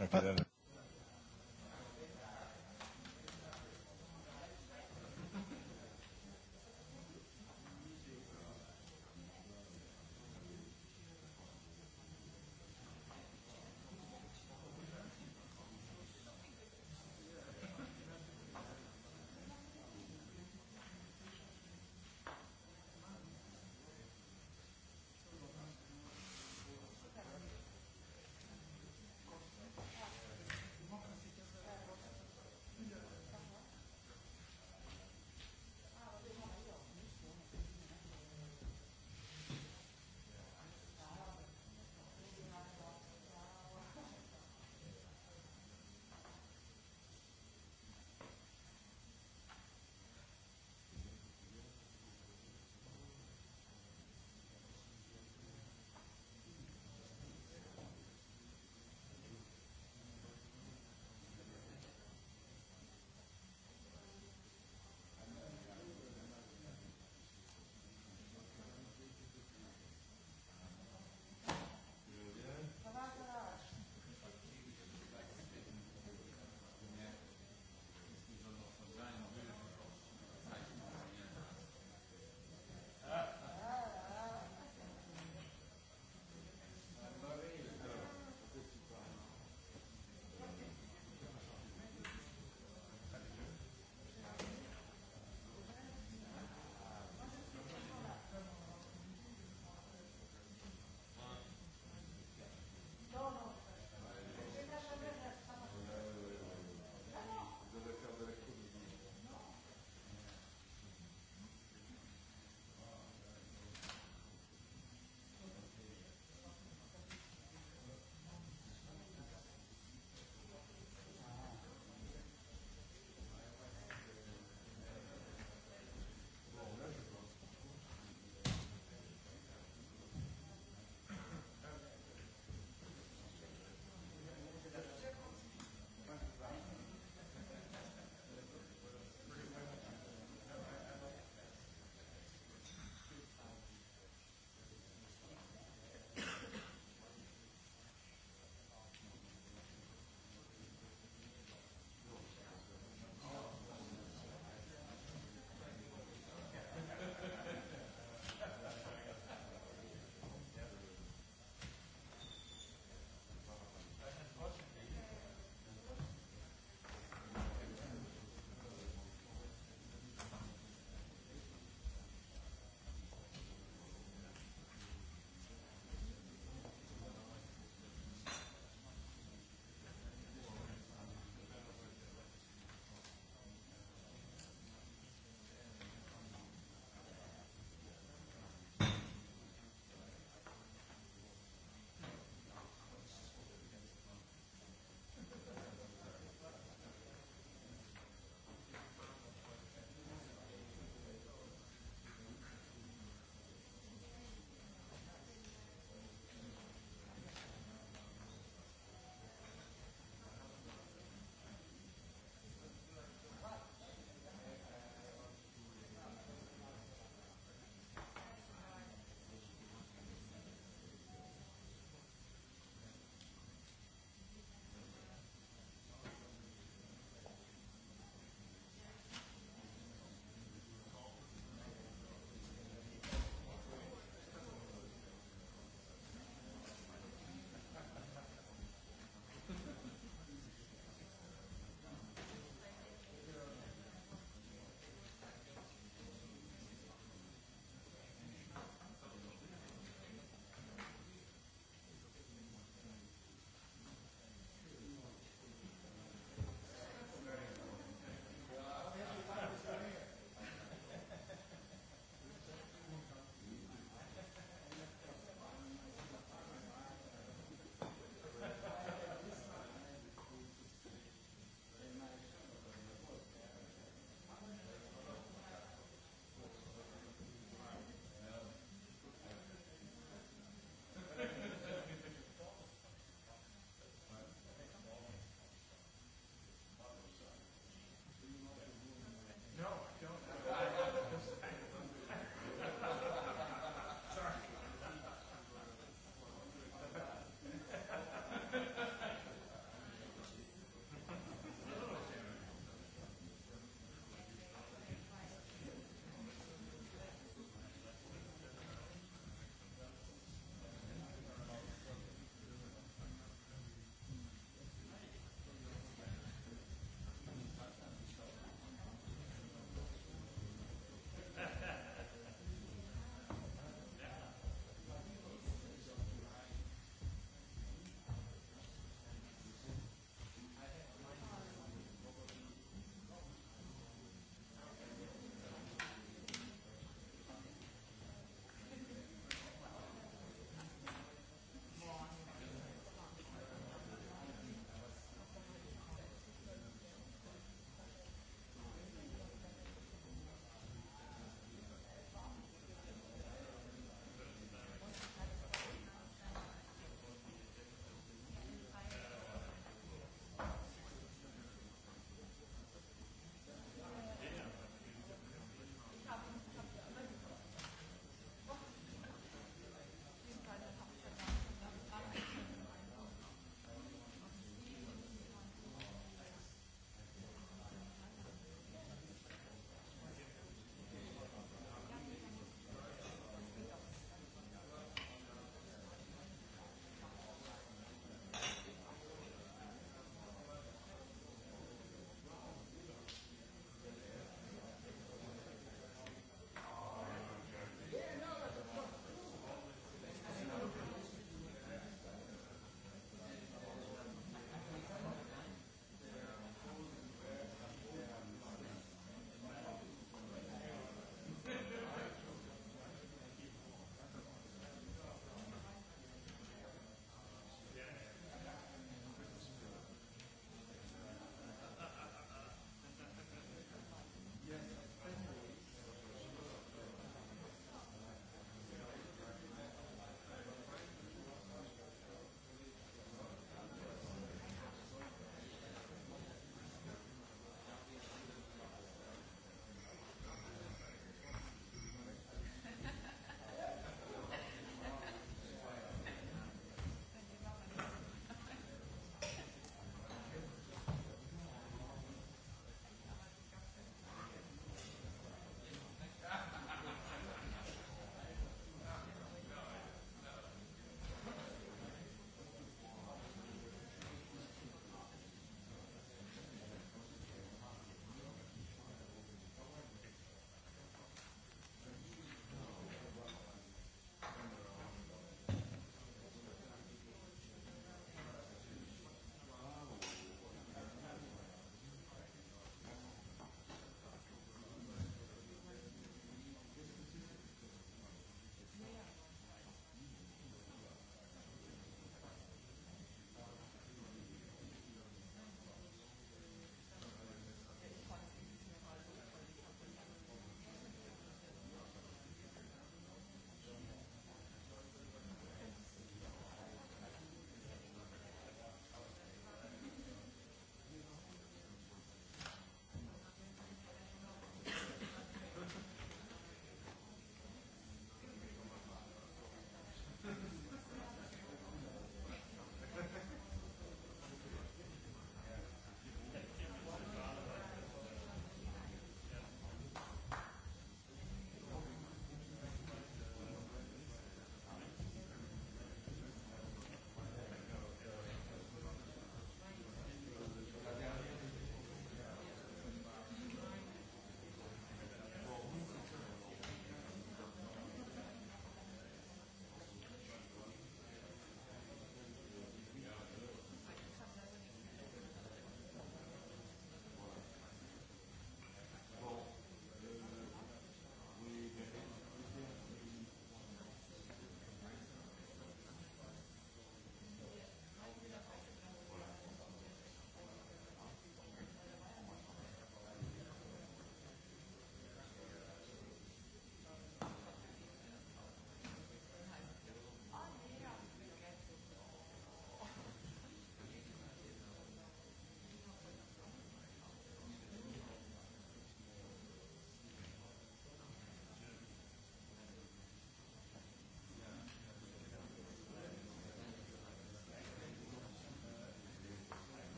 Okay,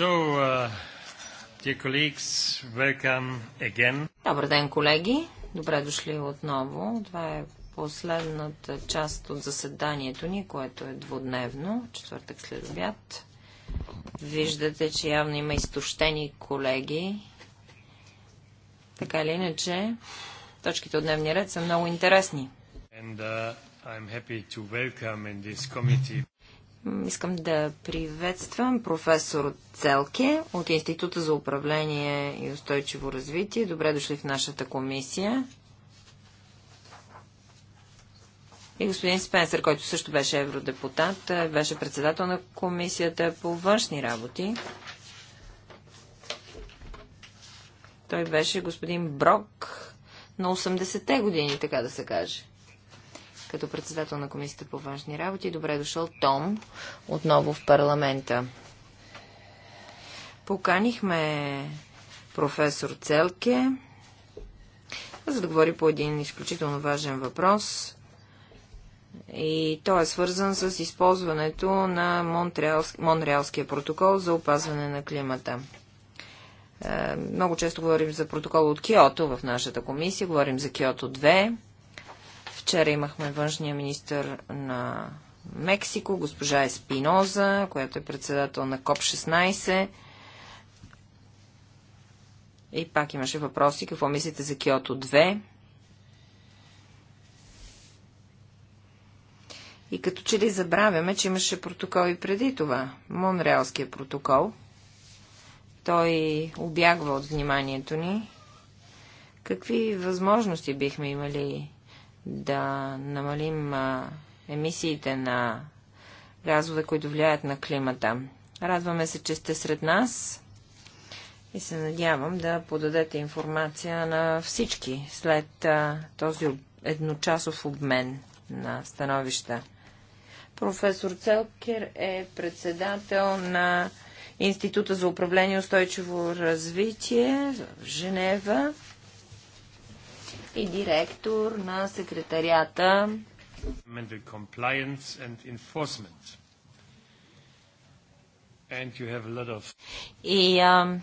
Uh, Добър ден, колеги! Добре дошли отново. Това е последната част от заседанието ни, което е двудневно, четвъртък след обяд. Виждате, че явно има изтощени колеги. Така или иначе, точките от дневния ред са много интересни. And, uh, I'm happy to welcome in this committee Искам да приветствам професор Целке от Института за управление и устойчиво развитие. Добре дошли в нашата комисия. И господин Спенсър, който също беше евродепутат, е, беше председател на комисията по външни работи. Той беше господин Брок на 80-те години, така да се каже като председател на Комисията по външни работи. Добре е дошъл Том отново в парламента. Поканихме професор Целке, за да говори по един изключително важен въпрос. И той е свързан с използването на Монреалския Монреалски протокол за опазване на климата. Е, много често говорим за протокол от Киото в нашата комисия, говорим за Киото 2. Вчера имахме външния министр на Мексико, госпожа Еспиноза, която е председател на КОП-16. И пак имаше въпроси. Какво мислите за Киото 2? И като че ли забравяме, че имаше протокол и преди това. Монреалския протокол. Той обягва от вниманието ни. Какви възможности бихме имали да намалим емисиите на газове, които влияят на климата. Радваме се, че сте сред нас и се надявам да подадете информация на всички след а, този едночасов обмен на становища. Професор Целкер е председател на Института за управление и устойчиво развитие в Женева и директор на секретарията и а,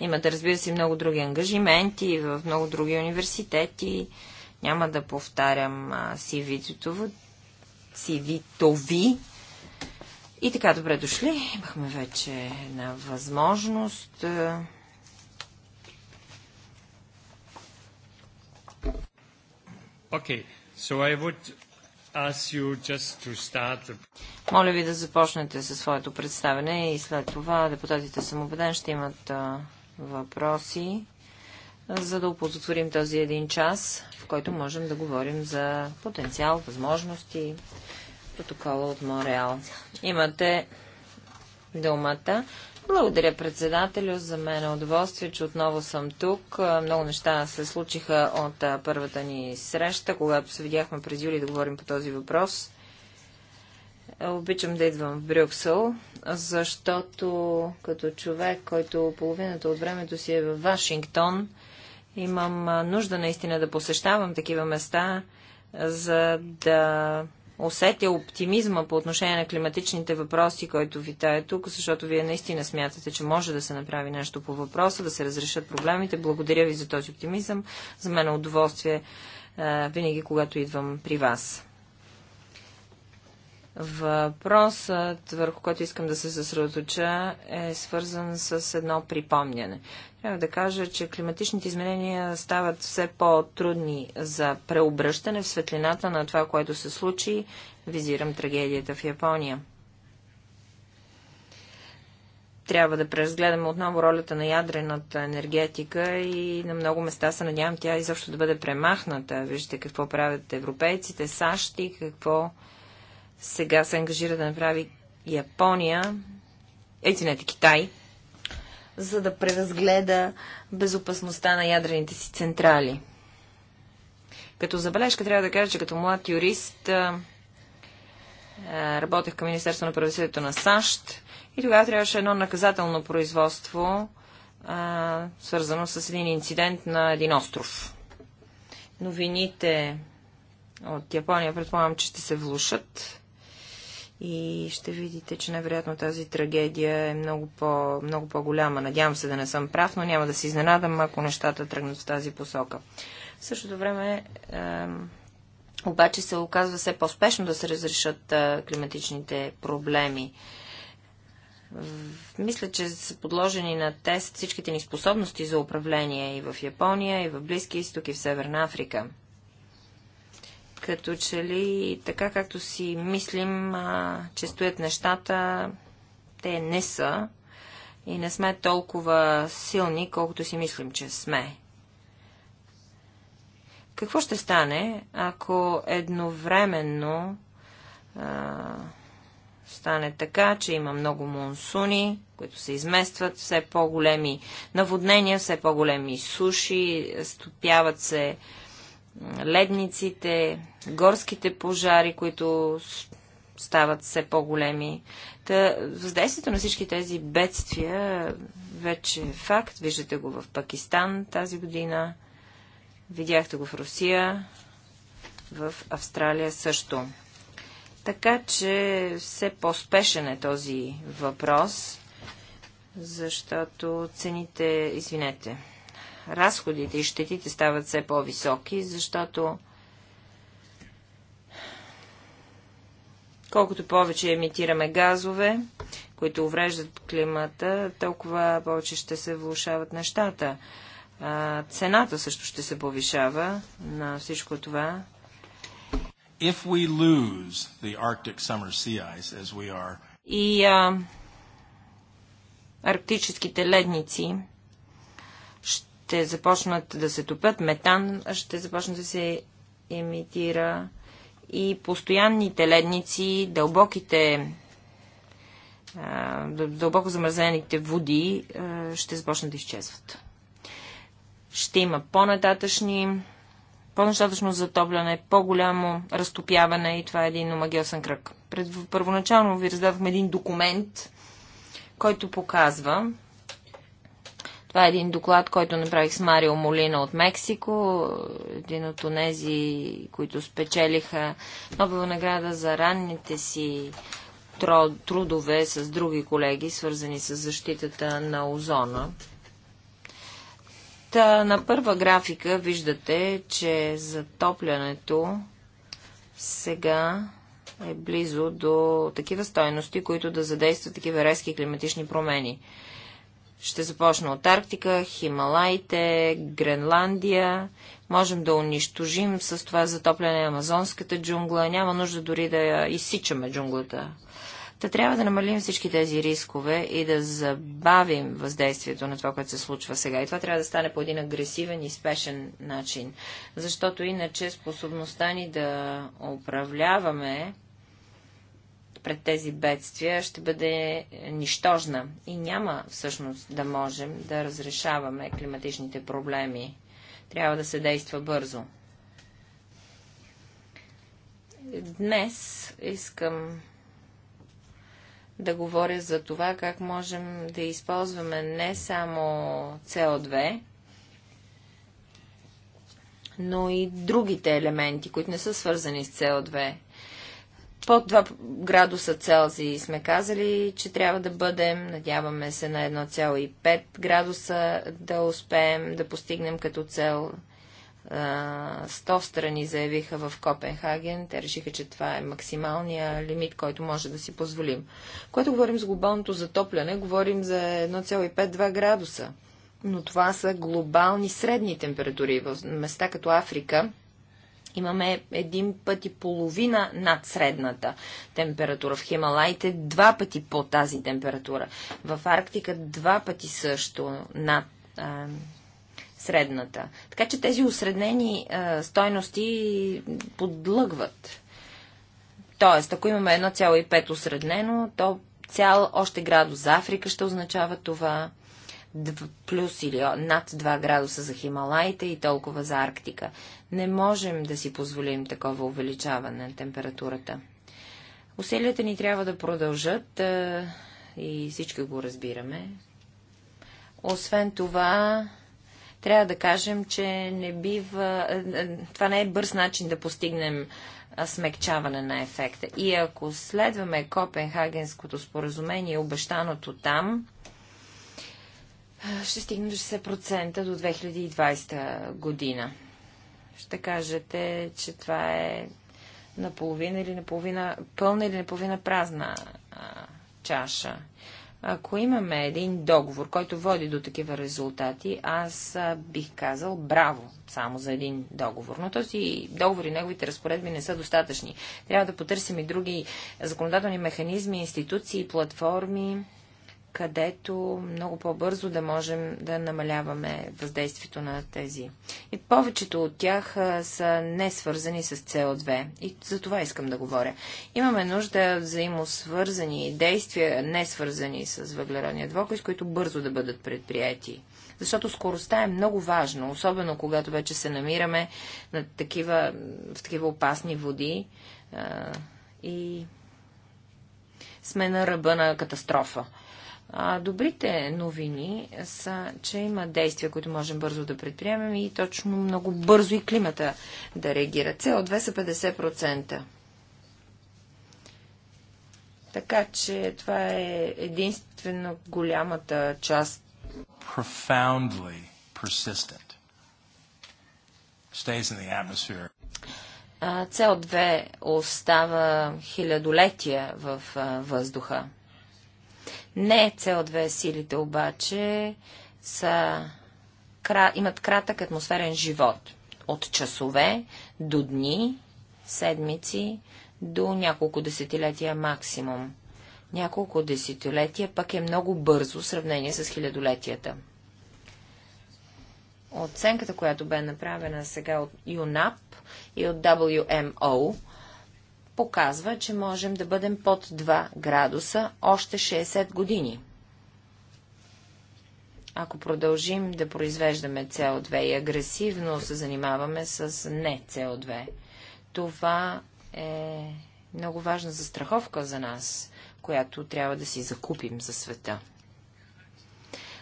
имате, разбира се, много други ангажименти в много други университети. Няма да повтарям CV-то ви. И така, добре дошли. Имахме вече една възможност. Okay, so I would ask you just to start Моля ви да започнете със своето представене и след това депутатите съм убеден ще имат а, въпроси, за да оползотворим този един час, в който можем да говорим за потенциал, възможности, протокола от Мореал. Имате думата. Благодаря, председателю. За мен е удоволствие, че отново съм тук. Много неща се случиха от първата ни среща, когато се видяхме през юли да говорим по този въпрос. Обичам да идвам в Брюксел, защото като човек, който половината от времето си е в Вашингтон, имам нужда наистина да посещавам такива места, за да усетя оптимизма по отношение на климатичните въпроси, който витае тук, защото вие наистина смятате, че може да се направи нещо по въпроса, да се разрешат проблемите. Благодаря ви за този оптимизъм. За мен е удоволствие винаги, когато идвам при вас. Въпросът, върху който искам да се съсредоточа, е свързан с едно припомняне. Трябва да кажа, че климатичните изменения стават все по-трудни за преобръщане в светлината на това, което се случи. Визирам трагедията в Япония. Трябва да преразгледаме отново ролята на ядрената енергетика и на много места се надявам тя изобщо да бъде премахната. Вижте какво правят европейците, САЩ и какво сега се ангажира да направи Япония, единете Китай, за да преразгледа безопасността на ядрените си централи. Като забележка трябва да кажа, че като млад юрист работех към Министерство на правосъдието на САЩ и тогава трябваше едно наказателно производство, свързано с един инцидент на един остров. Новините от Япония предполагам, че ще се влушат и ще видите, че невероятно тази трагедия е много, по, много по-голяма. Надявам се да не съм прав, но няма да се изненадам, ако нещата тръгнат в тази посока. В същото време е, обаче се оказва все по-спешно да се разрешат е, климатичните проблеми. Мисля, че са подложени на тест всичките ни способности за управление и в Япония, и в Близкия изток, и в Северна Африка. Като че ли, така както си мислим, че стоят нещата, те не са и не сме толкова силни, колкото си мислим, че сме. Какво ще стане, ако едновременно а, стане така, че има много монсуни, които се изместват, все по-големи наводнения, все по-големи суши, стопяват се ледниците, горските пожари, които стават все по-големи. Та, въздействието на всички тези бедствия вече е факт. Виждате го в Пакистан тази година, видяхте го в Русия, в Австралия също. Така че все по-спешен е този въпрос, защото цените, извинете, разходите и щетите стават все по-високи, защото Колкото повече емитираме газове, които увреждат климата, толкова повече ще се влушават нещата. цената също ще се повишава на всичко това. If we lose the Arctic summer sea ice, as we are... И а, арктическите ледници ще започнат да се топят, метан ще започне да се емитира и постоянните ледници, дълбоките дълбоко замързените води ще започнат да изчезват. Ще има по-нататъчни по-нататъчно затопляне, по-голямо разтопяване и това е един омагиосен кръг. Пред, първоначално ви раздавахме един документ, който показва, това е един доклад, който направих с Марио Молина от Мексико, един от онези, които спечелиха Нобелова награда за ранните си трудове с други колеги, свързани с защитата на озона. Та, на първа графика виждате, че затоплянето сега е близо до такива стойности, които да задействат такива резки климатични промени. Ще започна от Арктика, Хималаите, Гренландия. Можем да унищожим с това затопляне амазонската джунгла. Няма нужда дори да изсичаме джунглата. Та трябва да намалим всички тези рискове и да забавим въздействието на това, което се случва сега. И това трябва да стане по един агресивен и спешен начин. Защото иначе способността ни да управляваме пред тези бедствия ще бъде нищожна и няма всъщност да можем да разрешаваме климатичните проблеми. Трябва да се действа бързо. Днес искам да говоря за това, как можем да използваме не само CO2, но и другите елементи, които не са свързани с CO2 под 2 градуса Целзий сме казали, че трябва да бъдем. Надяваме се на 1,5 градуса да успеем да постигнем като цел. 100 страни заявиха в Копенхаген. Те решиха, че това е максималния лимит, който може да си позволим. Когато говорим за глобалното затопляне, говорим за 1,5-2 градуса. Но това са глобални средни температури. В места като Африка Имаме един път и половина над средната температура. В Хималайте два пъти по тази температура. В Арктика два пъти също над а, средната. Така че тези осреднени а, стойности подлъгват. Тоест, ако имаме 1,5 осреднено, то цял още градус за Африка ще означава това плюс или над 2 градуса за Хималаите и толкова за Арктика. Не можем да си позволим такова увеличаване на температурата. Усилията ни трябва да продължат и всички го разбираме. Освен това, трябва да кажем, че не бива. Това не е бърз начин да постигнем смекчаване на ефекта. И ако следваме Копенхагенското споразумение, обещаното там, ще стигне до 60% до 2020 година. Ще кажете, че това е наполовина или наполовина, пълна или наполовина празна а, чаша. Ако имаме един договор, който води до такива резултати, аз а, бих казал браво само за един договор. Но този договор и неговите разпоредби не са достатъчни. Трябва да потърсим и други законодателни механизми, институции, платформи, където много по-бързо да можем да намаляваме въздействието на тези. И повечето от тях са не свързани с CO2. И за това искам да говоря. Имаме нужда взаимосвързани действия, не свързани с въглеродния двокис, които бързо да бъдат предприяти. Защото скоростта е много важна, особено когато вече се намираме на такива, в такива опасни води а, и сме на ръба на катастрофа. А, добрите новини са, че има действия, които можем бързо да предприемем и точно много бързо и климата да реагира. СО2 са 50%. Така че това е единствено голямата част. Profoundly persistent. Stays in the atmosphere. CO2 остава хилядолетия в въздуха. Не е цел две силите обаче са, имат кратък атмосферен живот. От часове до дни, седмици, до няколко десетилетия максимум. Няколко десетилетия пък е много бързо в сравнение с хилядолетията. Оценката, която бе направена сега от UNAP и от WMO, показва, че можем да бъдем под 2 градуса още 60 години. Ако продължим да произвеждаме CO2 и агресивно се занимаваме с не CO2, това е много важна застраховка за нас, която трябва да си закупим за света.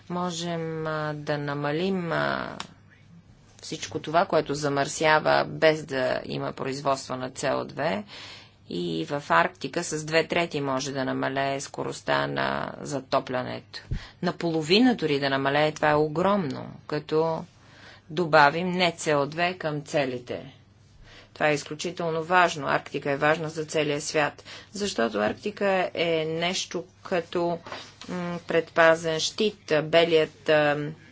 Можем да намалим всичко това, което замърсява без да има производство на CO2 и в Арктика с две трети може да намалее скоростта на затоплянето. Наполовина дори да намалее, това е огромно, като добавим не CO2 към целите. Това е изключително важно. Арктика е важна за целия свят, защото Арктика е нещо като предпазен щит. Белият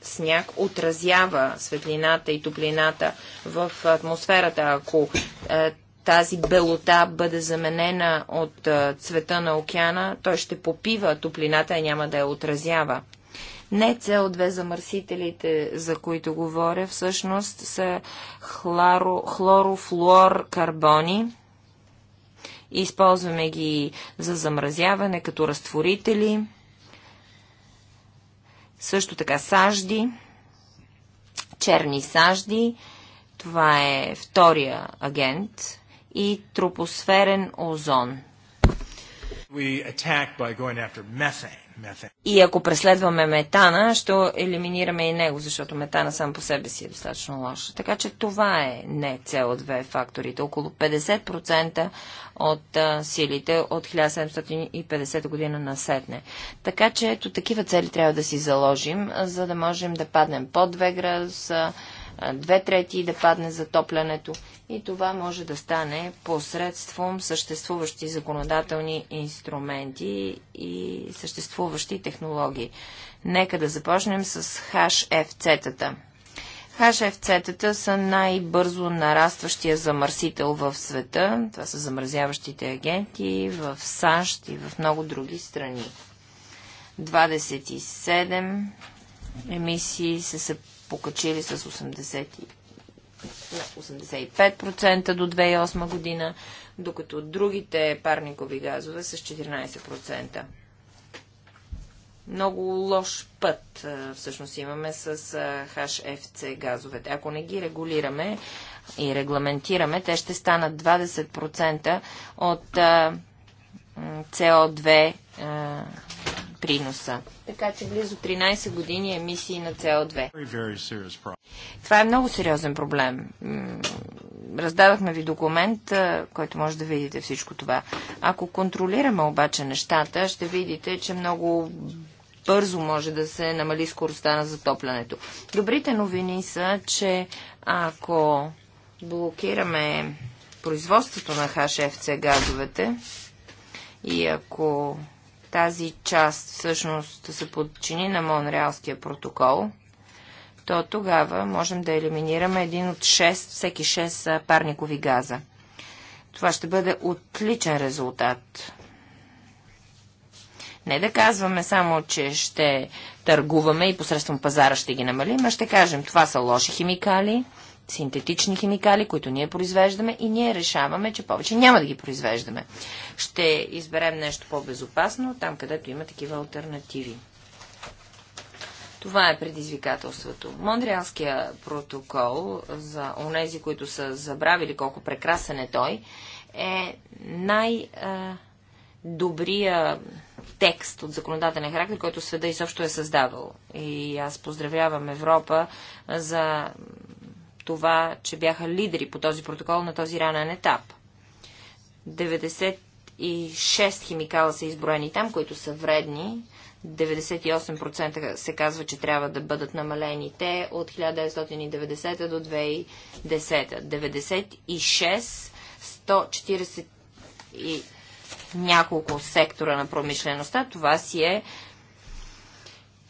сняг отразява светлината и топлината в атмосферата. Ако тази белота бъде заменена от цвета на океана, той ще попива топлината и няма да я отразява. Не CO2 замърсителите, за които говоря, всъщност са хлоро, карбони Използваме ги за замразяване като разтворители. Също така сажди, черни сажди. Това е втория агент, и тропосферен озон. И ако преследваме метана, ще елиминираме и него, защото метана сам по себе си е достатъчно лош. Така че това е не цел от две факторите. Около 50% от а, силите от 1750 година насетне. Така че ето такива цели трябва да си заложим, за да можем да паднем под 2 градуса две трети да падне затоплянето. И това може да стане посредством съществуващи законодателни инструменти и съществуващи технологии. Нека да започнем с HFC-тата. HFC-тата са най-бързо нарастващия замърсител в света. Това са замразяващите агенти в САЩ и в много други страни. 27 емисии се са покачили с 80 85% до 2008 година, докато другите парникови газове с 14%. Много лош път всъщност имаме с HFC газовете. Ако не ги регулираме и регламентираме, те ще станат 20% от CO2 приноса. Така че близо 13 години емисии на CO2. Това е много сериозен проблем. Раздавахме ви документ, който може да видите всичко това. Ако контролираме обаче нещата, ще видите, че много бързо може да се намали скоростта на затоплянето. Добрите новини са, че ако блокираме производството на HFC газовете и ако тази част всъщност се подчини на Монреалския протокол, то тогава можем да елиминираме един от 6, всеки 6 парникови газа. Това ще бъде отличен резултат. Не да казваме само, че ще търгуваме и посредством пазара ще ги намалим, а ще кажем, това са лоши химикали, синтетични химикали, които ние произвеждаме и ние решаваме, че повече няма да ги произвеждаме. Ще изберем нещо по-безопасно, там където има такива альтернативи. Това е предизвикателството. Монреалския протокол за онези, които са забравили колко прекрасен е той, е най-добрия текст от законодателен характер, който света изобщо е създавал. И аз поздравявам Европа за това, че бяха лидери по този протокол на този ранен етап. 96 химикала са изброени там, които са вредни. 98% се казва, че трябва да бъдат намалени те от 1990 до 2010. 96, 140 и няколко сектора на промишлеността. Това си е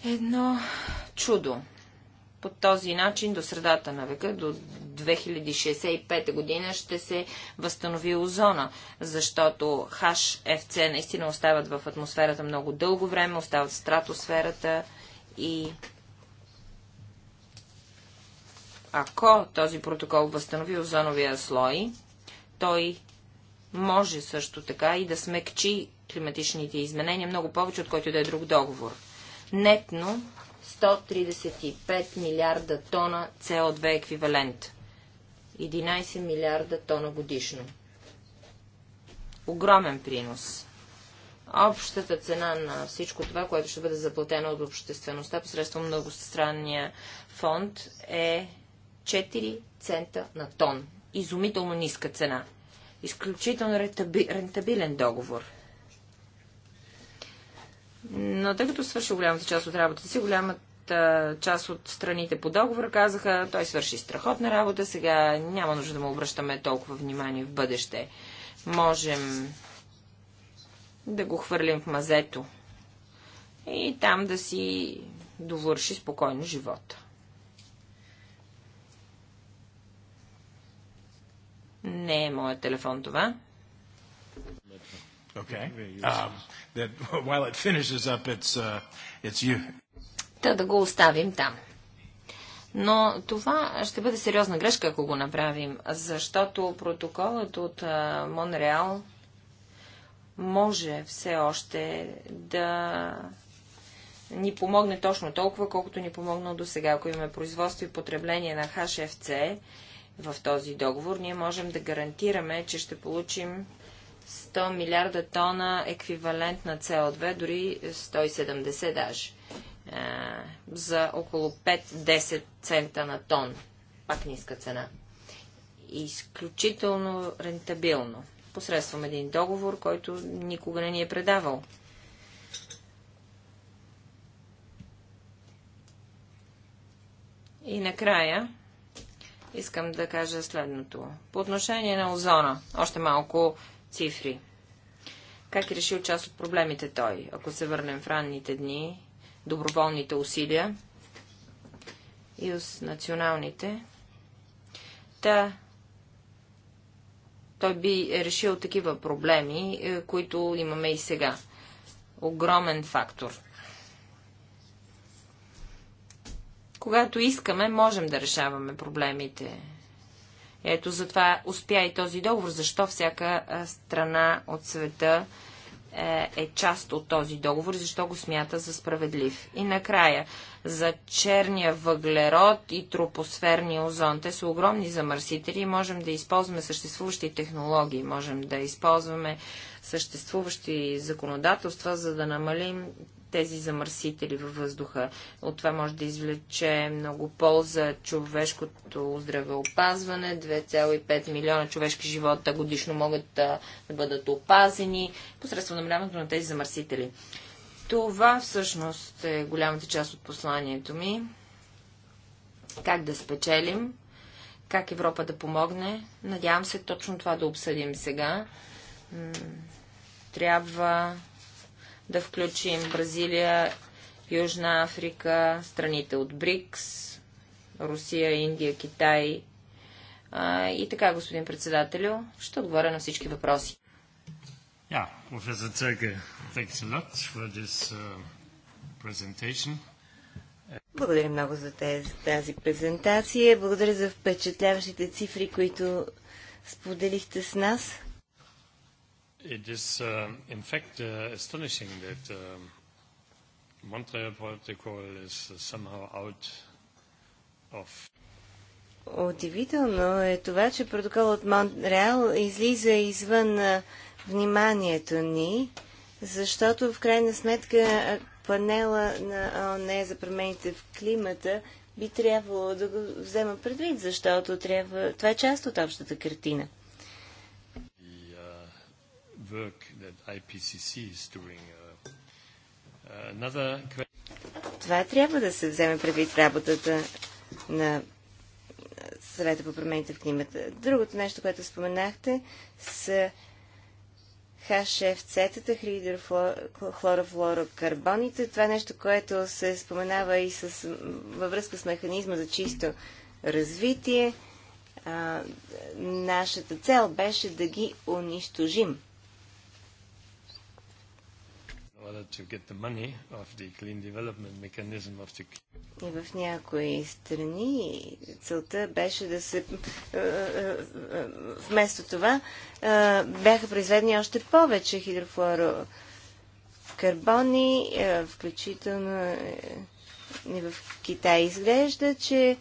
едно чудо по този начин до средата на века, до 2065 година ще се възстанови озона, защото HFC наистина остават в атмосферата много дълго време, остават в стратосферата и ако този протокол възстанови озоновия слой, той може също така и да смекчи климатичните изменения много повече, от който да е друг договор. Нетно 135 милиарда тона CO2 еквивалент. 11 милиарда тона годишно. Огромен принос. Общата цена на всичко това, което ще бъде заплатено от обществеността посредством многостранния фонд е 4 цента на тон. Изумително ниска цена. Изключително рентаби... рентабилен договор. Но тъй като свърши голямата част от работата си, голяма част от страните по договора казаха, той свърши страхотна работа, сега няма нужда да му обръщаме толкова внимание в бъдеще. Можем да го хвърлим в мазето и там да си довърши спокойно живота. Не е моят телефон това. Okay. Um, that while it finishes up, it's uh, it's you. Та да го оставим там. Но това ще бъде сериозна грешка, ако го направим, защото протоколът от Монреал може все още да ни помогне точно толкова, колкото ни помогна до сега. Ако имаме производство и потребление на HFC в този договор, ние можем да гарантираме, че ще получим 100 милиарда тона еквивалент на CO2, дори 170 даже. Е, за около 5-10 цента на тон. Пак ниска цена. Изключително рентабилно. Посредством един договор, който никога не ни е предавал. И накрая искам да кажа следното. По отношение на озона, още малко цифри. Как е решил част от проблемите той? Ако се върнем в ранните дни, доброволните усилия и с националните. Та той би решил такива проблеми, е, които имаме и сега. Огромен фактор. Когато искаме, можем да решаваме проблемите. Ето затова успя и този договор, защо всяка страна от света е, е част от този договор и защо го смята за справедлив. И накрая, за черния въглерод и тропосферния озон. Те са огромни замърсители и можем да използваме съществуващи технологии, можем да използваме съществуващи законодателства, за да намалим тези замърсители във въздуха. От това може да извлече много полза човешкото здравеопазване. 2,5 милиона човешки живота годишно могат да бъдат опазени посредством намаляването на тези замърсители. Това всъщност е голямата част от посланието ми. Как да спечелим, как Европа да помогне. Надявам се точно това да обсъдим сега. Трябва да включим Бразилия, Южна Африка, страните от БРИКС, Русия, Индия, Китай. А, и така, господин председателю, ще отговоря на всички въпроси. Ja, Professor Zerke, thanks a lot for this uh, presentation. Благодаря много за тези, тази презентация. Благодаря за впечатляващите цифри, които споделихте с нас. It is, um, in fact, uh, astonishing that Montreal um, Protocol is somehow out of Удивително е това, че протокол от Монреал излиза извън вниманието ни, защото в крайна сметка панела на ОНЕ за промените в климата би трябвало да го взема предвид, защото трябва... това е част от общата картина work that IPCC is doing. Uh, another Това трябва да се вземе предвид работата на съвета по промените в климата. Другото нещо, което споменахте, с HFC-тата, хлорофлорокарбоните. Това е нещо, което се споменава и с, във връзка с механизма за чисто развитие. А, нашата цел беше да ги унищожим order to get the money of the clean development mechanism of the... И в някои страни целта беше да се... Е, е, е, вместо това бяха произведени още повече хидрофлорокарбони, включително в Китай. Изглежда, че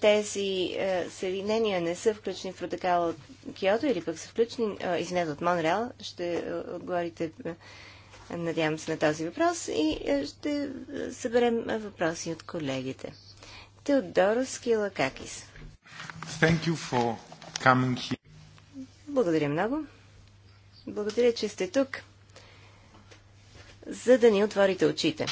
тези съединения не са включени в протокола от Киото или пък са включени, извинете, от Монреал. Ще отговорите Надявам се на този въпрос и е, ще съберем въпроси от колегите. Теодорос Килакакис. Благодаря много. Благодаря, че сте тук, за да ни отворите очите.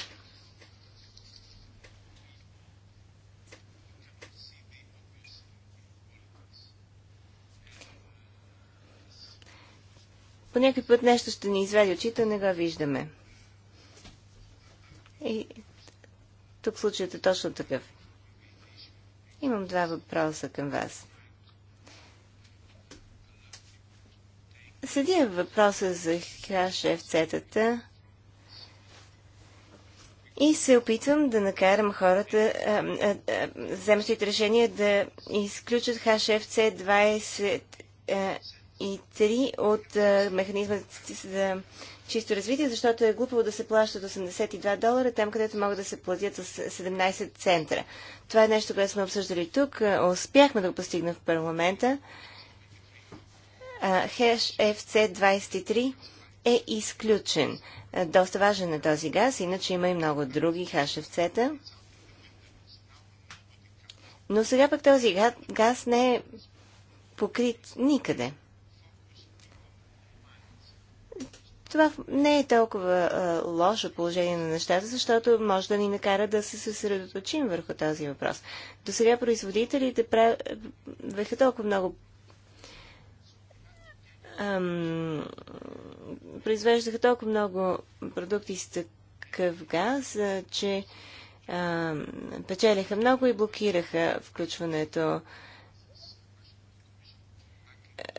По някой път нещо ще ни изведе очите, не го виждаме. И тук случаят е точно такъв. Имам два въпроса към вас. Следя въпроса за HFC-тата и се опитвам да накарам хората, вземащите решение, да изключат HFC 20 и 3 от а, е, механизма за чисто развитие, защото е глупаво да се плащат 82 долара там, където могат да се платят с 17 центра. Това е нещо, което сме обсъждали тук. Е, успяхме да го постигнем в парламента. Хеш FC23 е изключен. Е, доста важен е този газ, иначе има и много други хашевцета. Но сега пък този газ не е покрит никъде. Това не е толкова а, лошо положение на нещата, защото може да ни накара да се съсредоточим върху този въпрос. До сега производителите правеха толкова много ам, произвеждаха толкова много продукти с такъв газ, а, че а, печелиха много и блокираха включването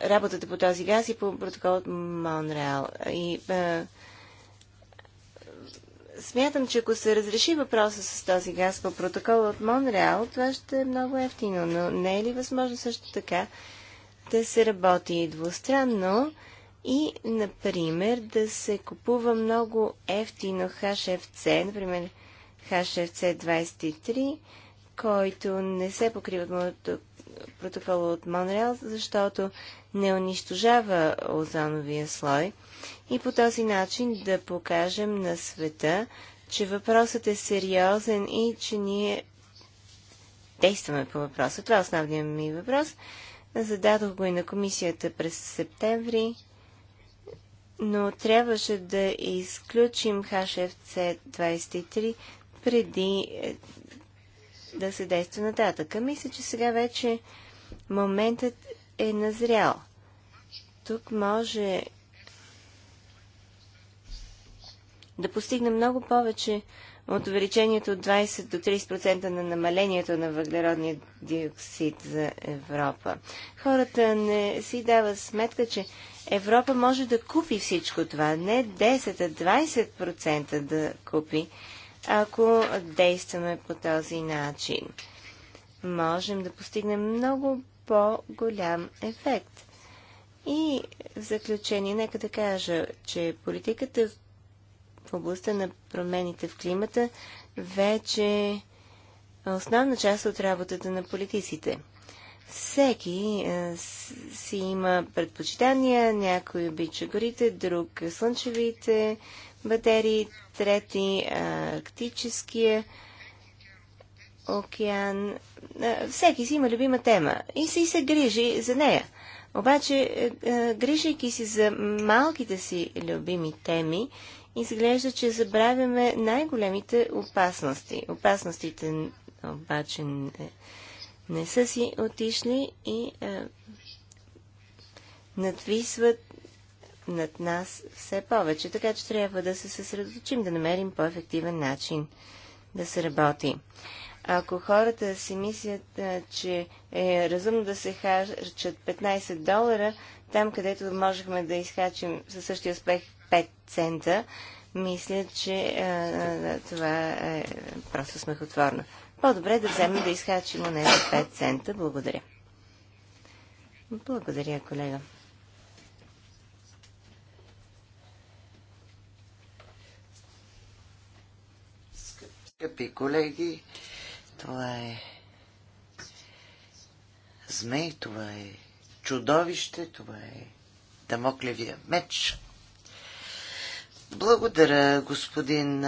работата по този газ и по протокол от Монреал. И а, смятам, че ако се разреши въпроса с този газ по протокол от Монреал, това ще е много ефтино. Но не е ли възможно също така да се работи двустранно и, например, да се купува много ефтино HFC, например HFC 23, който не се покрива от протокола от Монреал, защото не унищожава озоновия слой и по този начин да покажем на света, че въпросът е сериозен и че ние действаме по въпроса. Това е основният ми въпрос. Зададох го и на комисията през септември, но трябваше да изключим HFC 23 преди да се действа нататък. Мисля, че сега вече моментът е назрял. Тук може да постигне много повече от увеличението от 20 до 30% на намалението на въглеродния диоксид за Европа. Хората не си дават сметка, че Европа може да купи всичко това. Не 10, а 20% да купи ако действаме по този начин. Можем да постигнем много по-голям ефект. И в заключение, нека да кажа, че политиката в областта на промените в климата вече е основна част от работата на политиците. Всеки е, си има предпочитания, някой обича горите, друг слънчевите, батерии, трети Арктическия океан. Всеки си има любима тема и си се грижи за нея. Обаче, е, е, грижайки си за малките си любими теми, изглежда, че забравяме най-големите опасности. Опасностите обаче не, не са си отишли и а, е, надвисват над нас все повече, така че трябва да се съсредоточим, да намерим по-ефективен начин да се работи. Ако хората си мислят, че е разумно да се харчат 15 долара, там където можехме да изхачим със същия успех 5 цента, мисля, че а, това е просто смехотворно. По-добре да вземем да изхачим у него 5 цента. Благодаря. Благодаря, колега. Скъпи колеги, това е змей, това е чудовище, това е дамоклевия меч. Благодаря, господин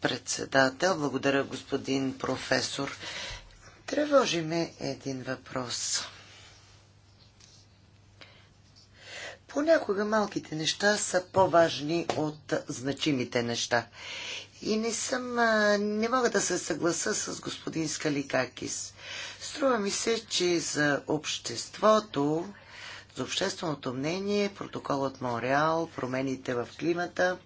председател, благодаря, господин професор. Тревожи ме един въпрос. Понякога малките неща са по-важни от значимите неща. И не съм, не мога да се съгласа с господин Скаликакис. Струва ми се, че за обществото, за общественото мнение, протоколът Монреал, промените в климата,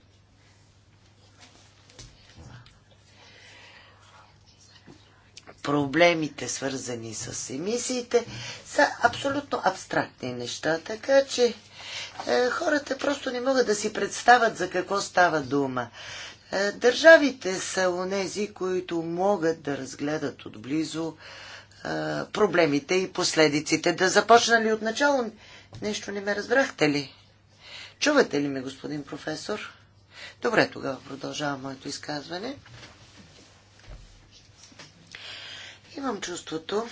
проблемите, свързани с емисиите, са абсолютно абстрактни неща, така че е, хората просто не могат да си представят за какво става дума. Е, държавите са онези, които могат да разгледат отблизо е, проблемите и последиците. Да започна ли от начало? Нещо не ме разбрахте ли? Чувате ли ме, господин професор? Добре, тогава продължавам моето изказване. Имам чувството,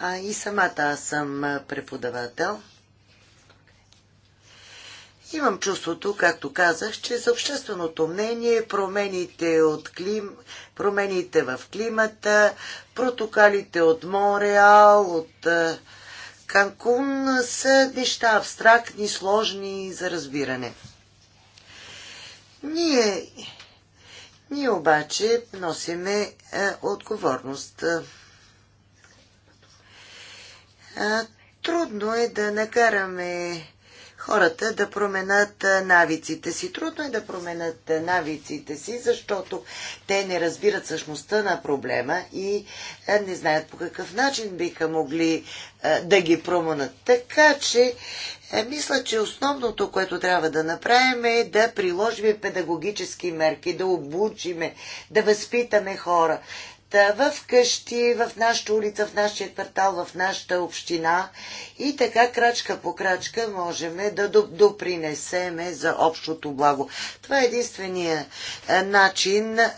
а и самата аз съм преподавател, Имам чувството, както казах, че за общественото мнение промените, от клим, промените в климата, протокалите от Мореал, от Канкун са неща абстрактни, сложни за разбиране. Ние, ние обаче носиме е, отговорност. Е, трудно е да накараме хората да променят навиците си. Трудно е да променят навиците си, защото те не разбират същността на проблема и не знаят по какъв начин биха могли да ги променят. Така че мисля, че основното, което трябва да направим е да приложим педагогически мерки, да обучиме, да възпитаме хора в къщи, в нашата улица, в нашия квартал, в нашата община и така крачка по крачка можем да допринесеме за общото благо. Това е единствения е, начин е,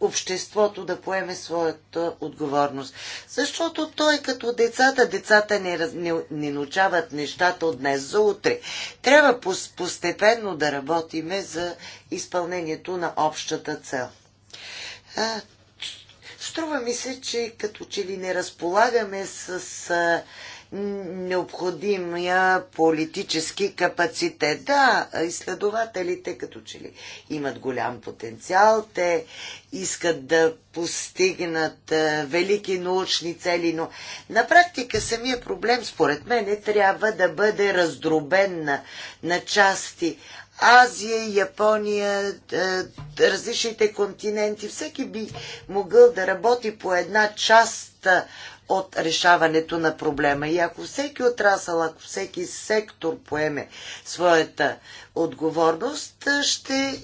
обществото да поеме своята отговорност. Защото той като децата, децата не, раз, не, не научават нещата от днес за утре. Трябва постепенно да работиме за изпълнението на общата цел. Е, Струва ми се, че като че ли не разполагаме с необходимия политически капацитет. Да, изследователите като че ли имат голям потенциал, те искат да постигнат велики научни цели, но на практика самия проблем, според мен, е, трябва да бъде раздробен на, на части, Азия, Япония, е, различните континенти. Всеки би могъл да работи по една част е, от решаването на проблема. И ако всеки отрасъл, ако всеки сектор поеме своята отговорност, е, ще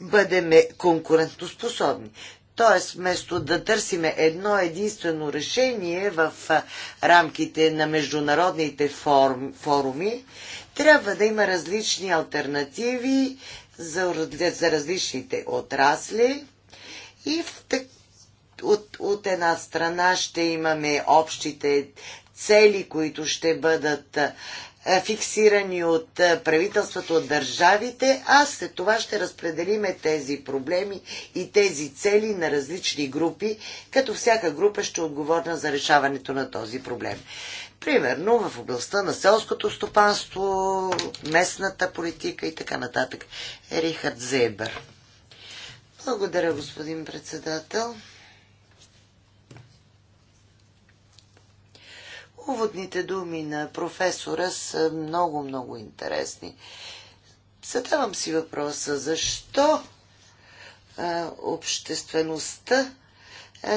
бъдем конкурентоспособни. Тоест, вместо да търсиме едно единствено решение в рамките на международните форуми, трябва да има различни альтернативи за, за различните отрасли и в, от, от една страна ще имаме общите цели, които ще бъдат фиксирани от правителството, от държавите, а след това ще разпределиме тези проблеми и тези цели на различни групи, като всяка група ще е отговорна за решаването на този проблем. Примерно в областта на селското стопанство, местната политика и така нататък. Рихард Зейбър. Благодаря, господин председател. Уводните думи на професора са много-много интересни. Задавам си въпроса, защо а, обществеността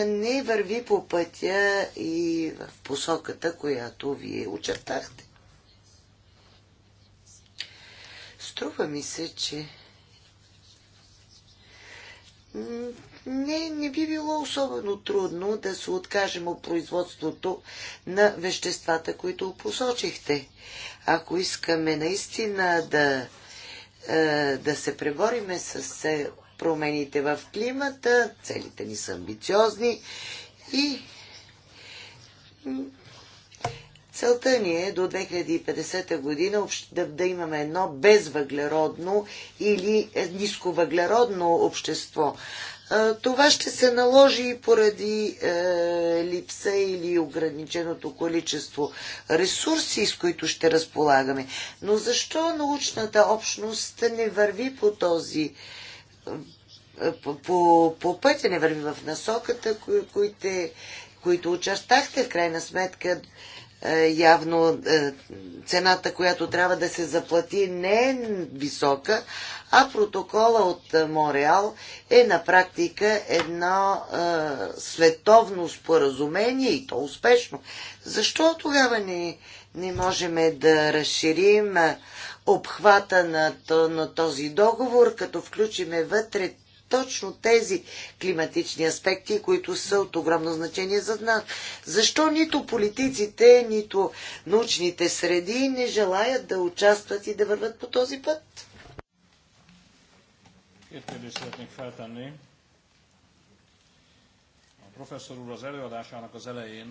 не върви по пътя и в посоката, която вие очертахте. Струва ми се, че не, не би било особено трудно да се откажем от производството на веществата, които посочихте. Ако искаме наистина да, е, да се пребориме с е, промените в климата, целите ни са амбициозни и целта ни е до 2050 година да, да имаме едно безвъглеродно или нисковъглеродно общество. Това ще се наложи и поради е, липса или ограниченото количество ресурси, с които ще разполагаме. Но защо научната общност не върви по този по, по, по пътя не върви в насоката, кои, които, които участахте, В крайна сметка, е, явно е, цената, която трябва да се заплати, не е висока, а протокола от Мореал е на практика едно е, световно споразумение и то успешно. Защо тогава не, не можем да разширим е, обхвата на, на този договор, като включиме вътре точно тези климатични аспекти, които са от огромно значение за нас. Защо нито политиците, нито научните среди не желаят да участват и да върват по този път? Професор, úr az előadásának az elején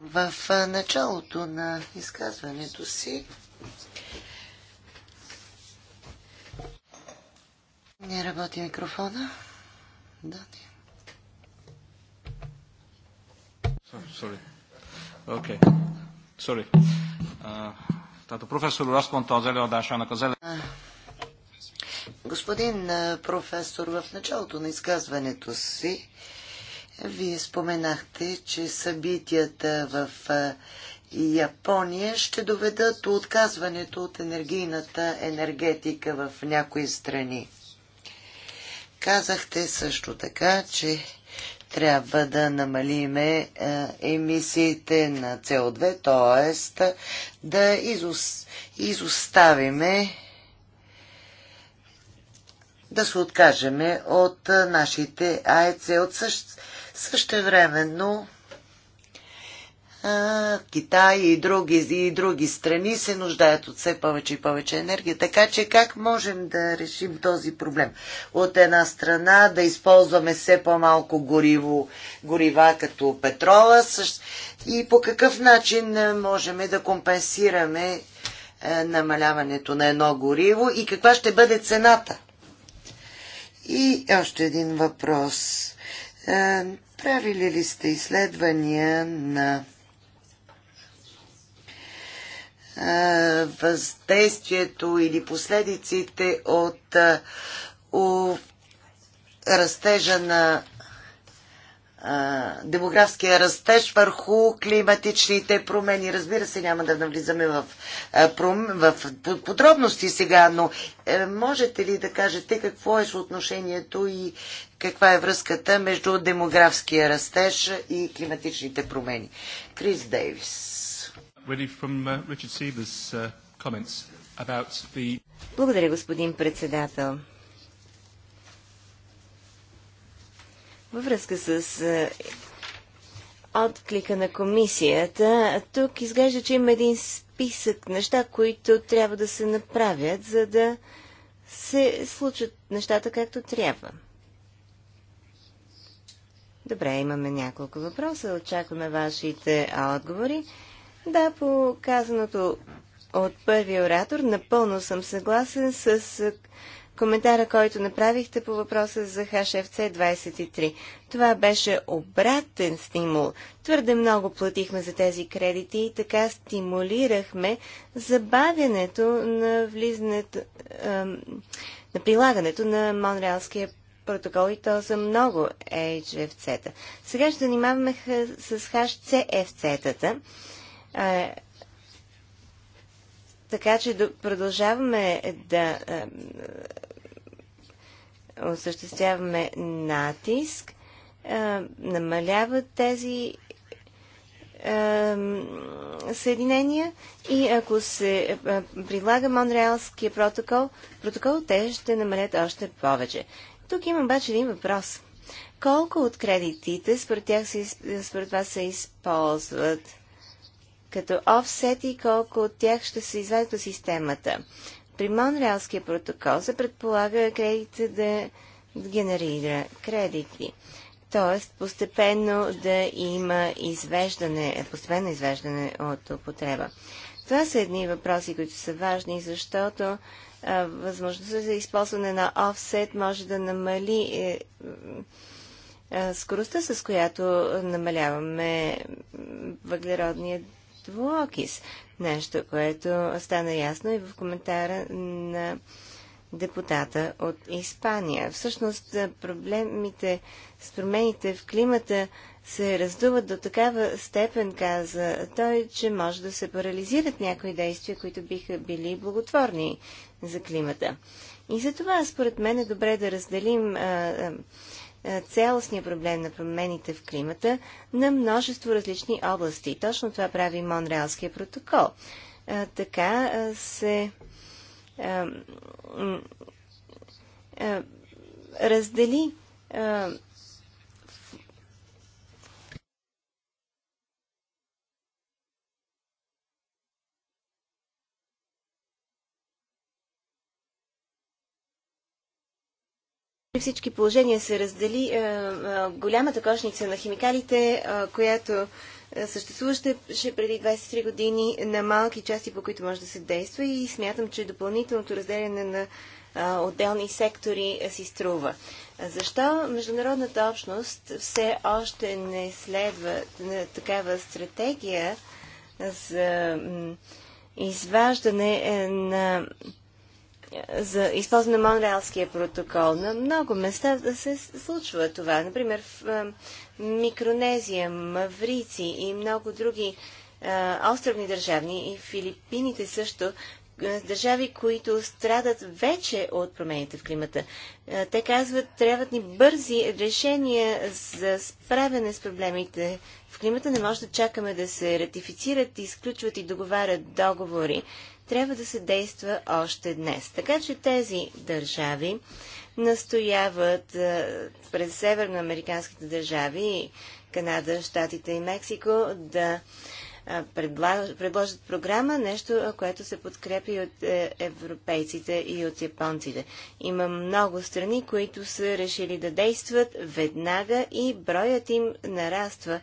в началото на изказването си не работи микрофона. Да, не. Sorry. Okay. Sorry. Господин професор, в началото на изказването си вие споменахте, че събитията в Япония ще доведат до отказването от енергийната енергетика в някои страни. Казахте също така, че трябва да намалиме емисиите на CO2, т.е. да изос... изоставиме да се откажеме от нашите АЕЦ. От същ... Същевременно Китай и други, и други страни се нуждаят от все повече и повече енергия. Така че как можем да решим този проблем? От една страна да използваме все по-малко гориво, горива като петрола и по какъв начин можем да компенсираме намаляването на едно гориво и каква ще бъде цената? И още един въпрос Правили ли сте изследвания на въздействието или последиците от у, растежа на а, демографския растеж върху климатичните промени. Разбира се, няма да навлизаме в, пром... в подробности сега, но е, можете ли да кажете какво е съотношението и каква е връзката между демографския растеж и климатичните промени. Крис Дейвис. Uh, uh, Благодаря, господин председател. Във връзка с е, отклика на комисията, тук изглежда, че има един списък неща, които трябва да се направят, за да се случат нещата както трябва. Добре, имаме няколко въпроса. Очакваме вашите отговори. Да, по казаното от първия оратор, напълно съм съгласен с коментара, който направихте по въпроса за HFC-23. Това беше обратен стимул. Твърде много платихме за тези кредити и така стимулирахме забавянето на влизането, на прилагането на Монреалския протоколите, и то много HFC-та. Сега ще занимаваме с HCFC-тата. Така че продължаваме да осъществяваме натиск, намаляват тези съединения и ако се прилага Монреалския протокол, протокол те ще намалят още повече. Тук има обаче един въпрос. Колко от кредитите според, тях се, според вас се използват като офсет и колко от тях ще се извадят от системата? При Монреалския протокол се предполага кредитите да генерира кредити. Тоест, постепенно да има извеждане, постепенно извеждане от употреба. Това са едни въпроси, които са важни, защото възможността за използване на офсет може да намали е, скоростта, с която намаляваме въглеродния двуокис. Нещо, което стана ясно и в коментара на депутата от Испания. Всъщност проблемите с промените в климата се раздуват до такава степен, каза той, че може да се парализират някои действия, които биха били благотворни за климата. И за това, според мен, е добре да разделим а, а, цялостния проблем на промените в климата на множество различни области. Точно това прави Монреалския протокол. А, така се раздели При всички положения се раздели е, е, голямата кошница на химикалите, е, която съществуваше преди 23 години на малки части, по които може да се действа и смятам, че допълнителното разделяне на отделни сектори си струва. Защо международната общност все още не следва такава стратегия за изваждане на за използване на Монреалския протокол. На много места да се случва това. Например, в Микронезия, Маврици и много други островни държавни и Филипините също държави, които страдат вече от промените в климата. Те казват, трябват ни бързи решения за справяне с проблемите в климата. Не може да чакаме да се ратифицират, изключват и договарят договори трябва да се действа още днес. Така че тези държави настояват е, през северноамериканските държави, Канада, Штатите и Мексико, да е, предложат програма, нещо, което се подкрепи от е, европейците и от японците. Има много страни, които са решили да действат веднага и броят им нараства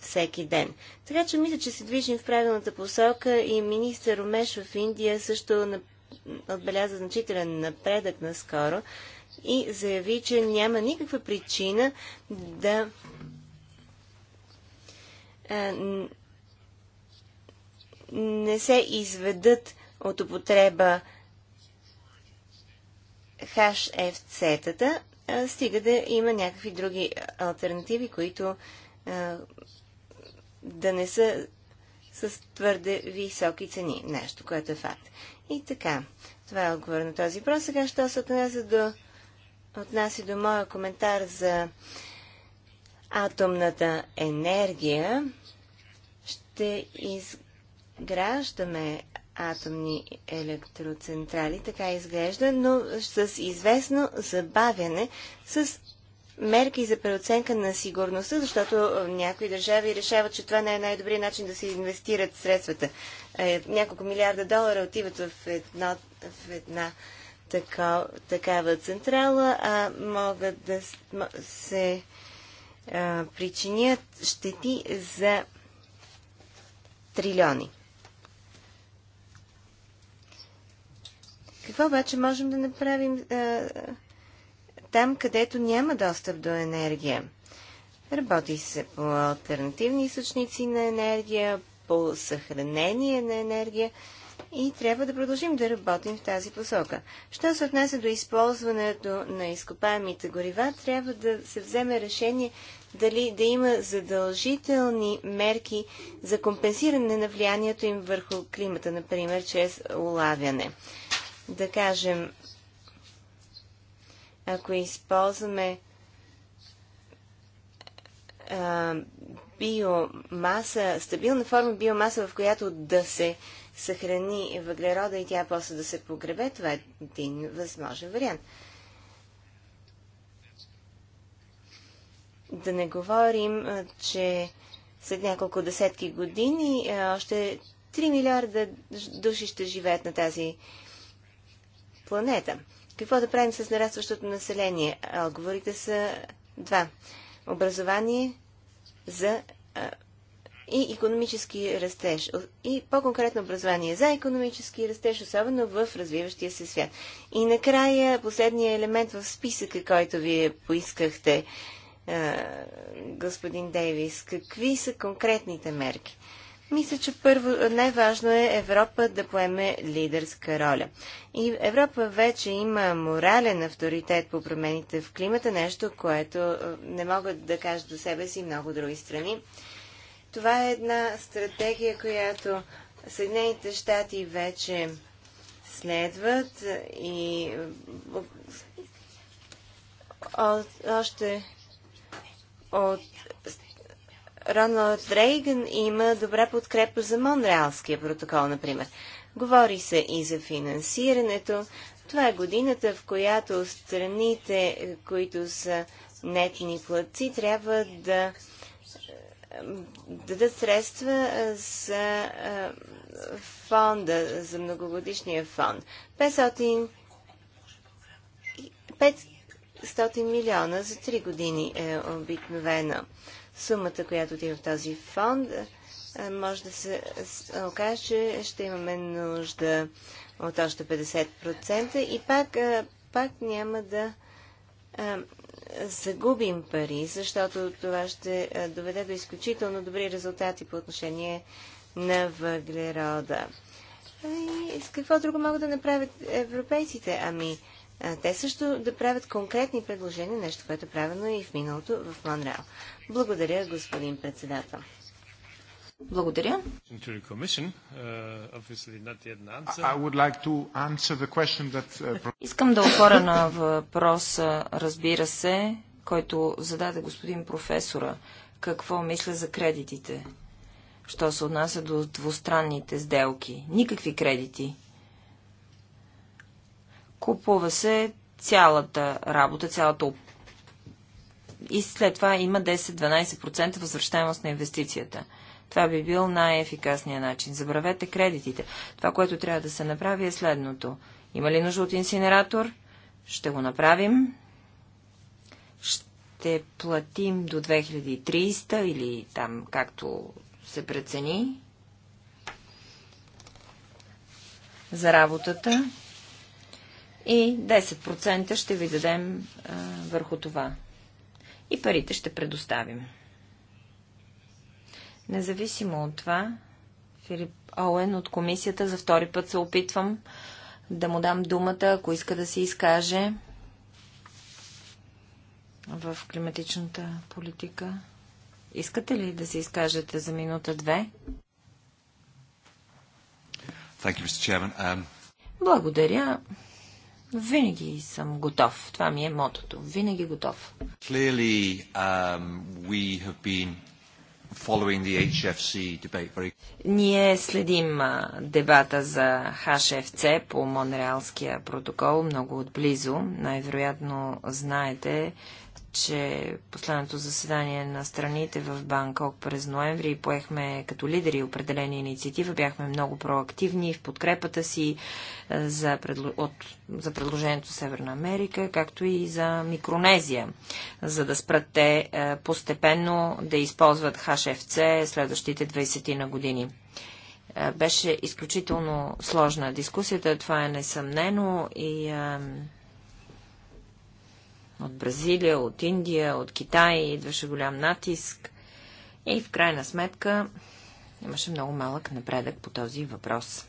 всеки ден. Така че мисля, че се движим в правилната посока и министър Ромеш в Индия също отбеляза значителен напредък наскоро и заяви, че няма никаква причина да не се изведат от употреба HFC-тата, е стига да има някакви други альтернативи, които да не са с твърде високи цени. Нещо, което е факт. И така, това е отговор на този въпрос. Сега, що се отнася до, отнася до моя коментар за атомната енергия, ще изграждаме атомни електроцентрали, така изглежда, но с известно забавяне с мерки за преоценка на сигурността, защото някои държави решават, че това не е най-добрият начин да се инвестират средствата. Е, няколко милиарда долара отиват в една, в една така, такава централа, а могат да се причинят щети за трилиони. Какво обаче можем да направим? А, там, където няма достъп до енергия. Работи се по альтернативни източници на енергия, по съхранение на енергия и трябва да продължим да работим в тази посока. Що се отнася до използването на изкопаемите горива, трябва да се вземе решение дали да има задължителни мерки за компенсиране на влиянието им върху климата, например, чрез улавяне. Да кажем, ако използваме а, биомаса, стабилна форма биомаса, в която да се съхрани въглерода и тя после да се погребе, това е един възможен вариант. Да не говорим, че след няколко десетки години още 3 милиарда души ще живеят на тази планета. Какво да правим с нарастващото население? Отговорите са два. Образование за и економически растеж. И по-конкретно образование за економически растеж, особено в развиващия се свят. И накрая последния елемент в списъка, който вие поискахте, господин Дейвис. Какви са конкретните мерки? Мисля, че първо най-важно е Европа да поеме лидерска роля. И Европа вече има морален авторитет по промените в климата, нещо, което е, не могат да кажат до себе си много други страни. Това е една стратегия, която Съединените щати вече следват и е, още от Роналд Рейган има добра подкрепа за Монреалския протокол, например. Говори се и за финансирането. Това е годината, в която страните, които са нетни платци, трябва да е, дадат средства е, за е, фонда, за многогодишния фонд. 500, 500 милиона за 3 години е обикновено сумата, която отива в този фонд, е, може да се е, окаже, че ще имаме нужда от още 50% и пак, е, пак няма да загубим пари, защото това ще доведе до изключително добри резултати по отношение на въглерода. И с какво друго могат да направят европейците? Ами, те също да правят конкретни предложения, нещо, което е правено и в миналото в Монреал. Благодаря, господин председател. Благодаря. Uh, uh, Искам да отворя на въпроса, разбира се, който зададе господин професора. Какво мисля за кредитите? Що се отнася до двустранните сделки? Никакви кредити. Купува се цялата работа, цялата и след това има 10-12% възвръщаемост на инвестицията. Това би бил най-ефикасният начин. Забравете кредитите. Това, което трябва да се направи е следното. Има ли нужда от инсинератор? Ще го направим. Ще платим до 2300 или там както се прецени за работата и 10% ще ви дадем а, върху това. И парите ще предоставим. Независимо от това, Филип Оуен от комисията за втори път се опитвам да му дам думата, ако иска да се изкаже в климатичната политика. Искате ли да се изкажете за минута-две? Um, Благодаря. Винаги съм готов. Това ми е мотото. Винаги готов. Clearly, um, we have been following the HFC debate very... Ние следим дебата за HFC по Монреалския протокол много отблизо. Най-вероятно знаете, че последното заседание на страните в Банкок през ноември поехме като лидери определени инициатива, Бяхме много проактивни в подкрепата си е, за, предло... от... за предложението Северна Америка, както и за Микронезия, за да спрат те е, постепенно да използват ХФЦ следващите 20 на години е, беше изключително сложна дискусията, това е несъмнено и от Бразилия, от Индия, от Китай идваше голям натиск. И в крайна сметка имаше много малък напредък по този въпрос.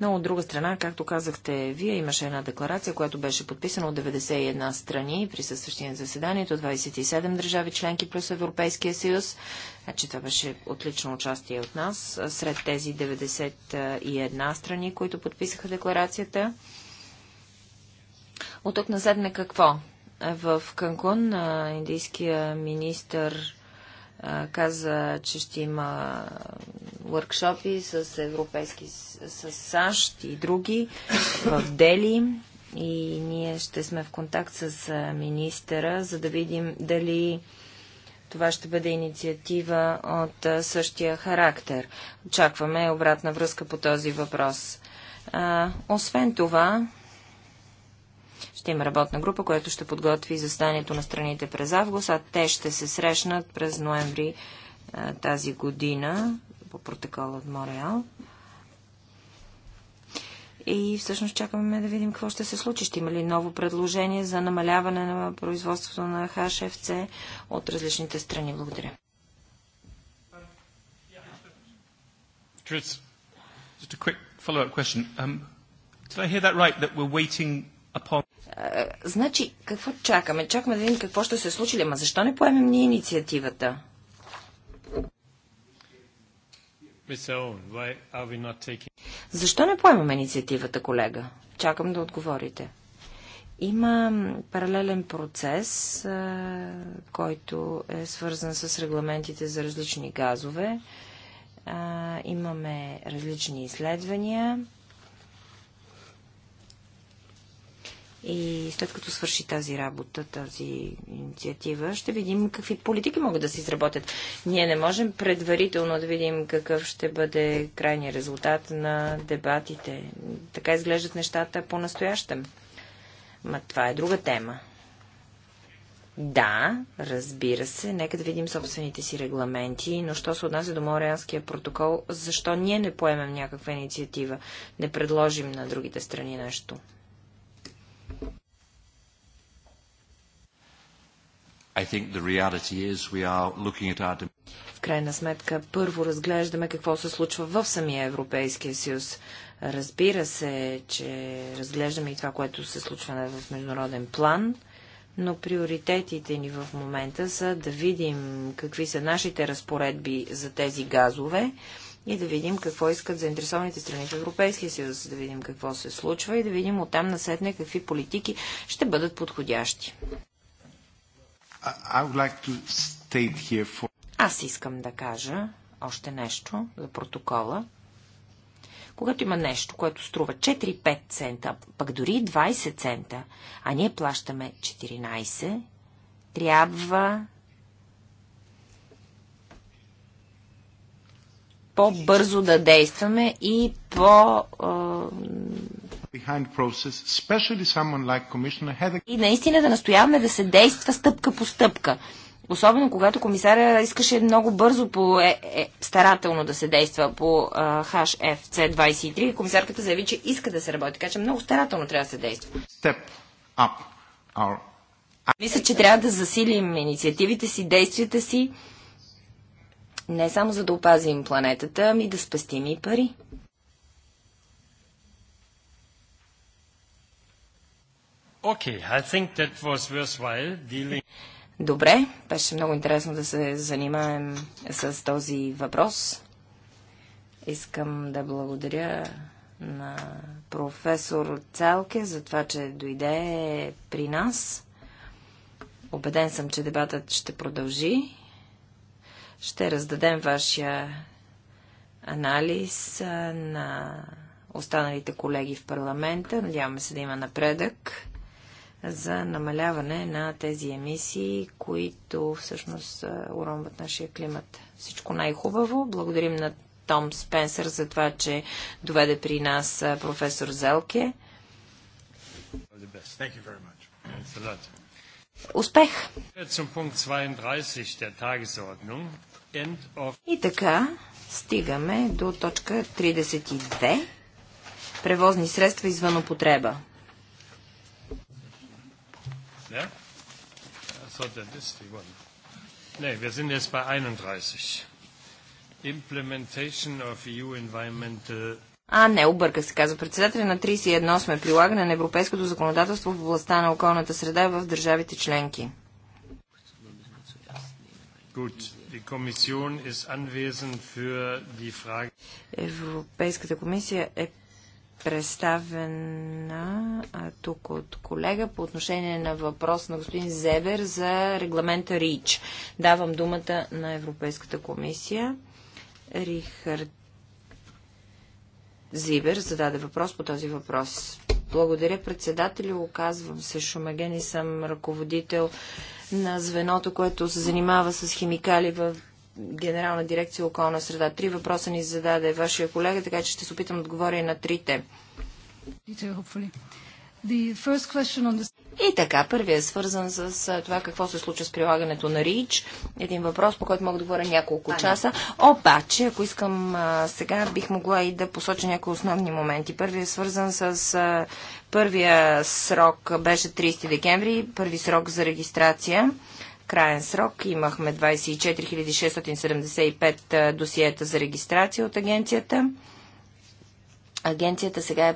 Но от друга страна, както казахте, вие имаше една декларация, която беше подписана от 91 страни, присъстващи на заседанието, 27 държави членки плюс Европейския съюз. Значи това беше отлично участие от нас. Сред тези 91 страни, които подписаха декларацията. От тук на какво? В Канкун индийския министр каза, че ще има въркшопи с европейски, с САЩ и други в Дели. И ние ще сме в контакт с министъра, за да видим дали това ще бъде инициатива от същия характер. Очакваме обратна връзка по този въпрос. освен това, ще има работна група, която ще подготви застанието на страните през август, а те ще се срещнат през ноември а, тази година по протокола от Мореал. И всъщност чакаме да видим какво ще се случи. Ще има ли ново предложение за намаляване на производството на ХФЦ от различните страни? Благодаря. Just a quick follow-up question. Um, did I hear that right, that we're waiting upon... А, е, значи, какво чакаме? Чакаме да видим какво ще се случи, ама защо не поемем ние инициативата? Защо не поемаме инициативата, колега? Чакам да отговорите. Има паралелен процес, е, който е свързан с регламентите за различни газове. Е, имаме различни изследвания И след като свърши тази работа, тази инициатива, ще видим какви политики могат да се изработят. Ние не можем предварително да видим какъв ще бъде крайният резултат на дебатите. Така изглеждат нещата по-настоящем. Ма това е друга тема. Да, разбира се, нека да видим собствените си регламенти, но що се отнася до Мореанския протокол, защо ние не поемем някаква инициатива, не предложим на другите страни нещо? В крайна сметка, първо разглеждаме какво се случва в самия Европейския съюз. Разбира се, че разглеждаме и това, което се случва в международен план, но приоритетите ни в момента са да видим какви са нашите разпоредби за тези газове и да видим какво искат заинтересованите страни в Европейския съюз, да видим какво се случва и да видим оттам насетне какви политики ще бъдат подходящи. Like for... Аз искам да кажа още нещо за протокола. Когато има нещо, което струва 4-5 цента, пък дори 20 цента, а ние плащаме 14, трябва по-бързо да действаме и по... И наистина да настояваме да се действа стъпка по стъпка. Особено когато комисаря искаше много бързо по е, е, старателно да се действа по е, HFC23, комисарката заяви, че иска да се работи, така че много старателно трябва да се действа. Step up our... Мисля, че трябва да засилим инициативите си, действията си не само за да опазим планетата, ами да спестим и пари. Okay, I think that was worthwhile dealing... Добре, беше много интересно да се занимаем с този въпрос. Искам да благодаря на професор Цалке за това, че дойде при нас. Обеден съм, че дебатът ще продължи ще раздадем вашия анализ на останалите колеги в парламента. Надяваме се да има напредък за намаляване на тези емисии, които всъщност уронват нашия климат. Всичко най-хубаво. Благодарим на том Спенсър за това, че доведе при нас професор Зелке. Успех! И така, стигаме до точка 32. Превозни средства извън употреба. E а, не, обърках се, казва председателя. На 31 сме прилагане на европейското законодателство в областта на околната среда в държавите членки. Good. Европейската комисия е представена а, тук от колега по отношение на въпрос на господин Зебер за регламента РИЧ. Давам думата на Европейската комисия. Рихард Зибер зададе въпрос по този въпрос. Благодаря председателю, оказвам се Шумаген и съм ръководител на звеното, което се занимава с химикали в Генерална дирекция околна среда. Три въпроса ни зададе вашия колега, така че ще се опитам да отговоря и на трите. The... И така, първият е свързан с това какво се случва с прилагането на РИЧ. Един въпрос, по който мога да говоря няколко часа. Обаче, ако искам а, сега, бих могла и да посоча някои основни моменти. Първият е свързан с а, първия срок беше 30 декември, първи срок за регистрация краен срок. Имахме 24 675 досиета за регистрация от агенцията. Агенцията сега е,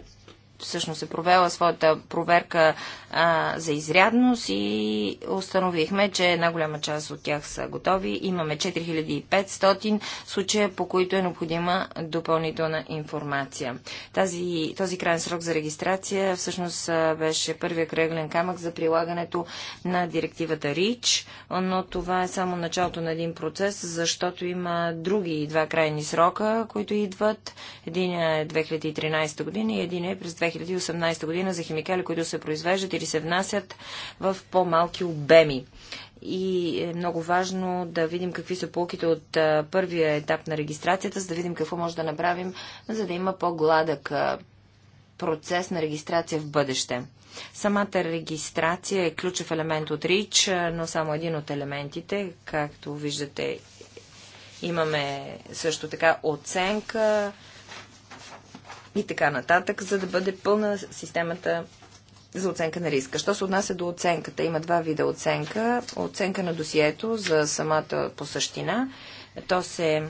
всъщност е провела своята проверка а, за изрядност и установихме, че една голяма част от тях са готови. Имаме 4500 случая, по които е необходима допълнителна информация. Тази, този крайен срок за регистрация всъщност беше първия кръглен камък за прилагането на директивата РИЧ, но това е само началото на един процес, защото има други два крайни срока, които идват. Един е 2013 година и един е през 2018 година за химикали, които се произвеждат и кадри се внасят в по-малки обеми и е много важно да видим какви са полките от първия етап на регистрацията, за да видим какво може да направим, за да има по-гладък процес на регистрация в бъдеще. Самата регистрация е ключов елемент от РИЧ, но само един от елементите. Както виждате, имаме също така оценка и така нататък, за да бъде пълна системата за оценка на риска. Що се отнася до оценката? Има два вида оценка. Оценка на досието за самата по същина. То се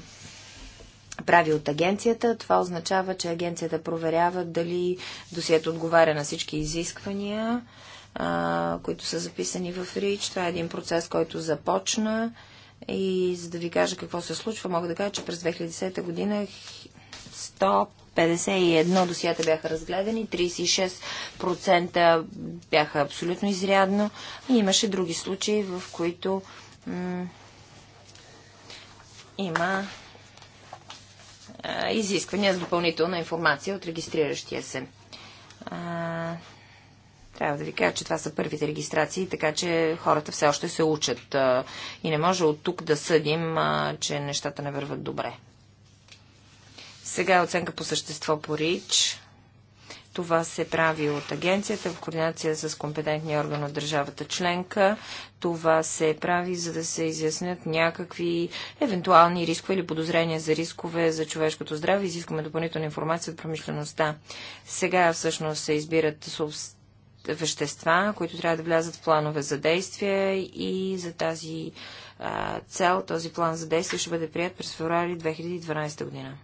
прави от агенцията. Това означава, че агенцията проверява дали досието отговаря на всички изисквания, а, които са записани в РИЧ. Това е един процес, който започна. И за да ви кажа какво се случва, мога да кажа, че през 2010 година 100 51 досията бяха разгледани, 36% бяха абсолютно изрядно и имаше други случаи, в които има изисквания с допълнителна информация от регистриращия се. А, трябва да ви кажа, че това са първите регистрации, така че хората все още се учат а, и не може от тук да съдим, че нещата не върват добре. Сега е оценка по същество по РИЧ. Това се прави от агенцията в координация с компетентния орган от държавата членка. Това се прави, за да се изяснят някакви евентуални рискове или подозрения за рискове за човешкото здраве. Изискваме допълнителна информация от промишлеността. Сега всъщност се избират вещества, които трябва да влязат в планове за действие и за тази цел, този план за действие ще бъде прият през феврари 2012 година.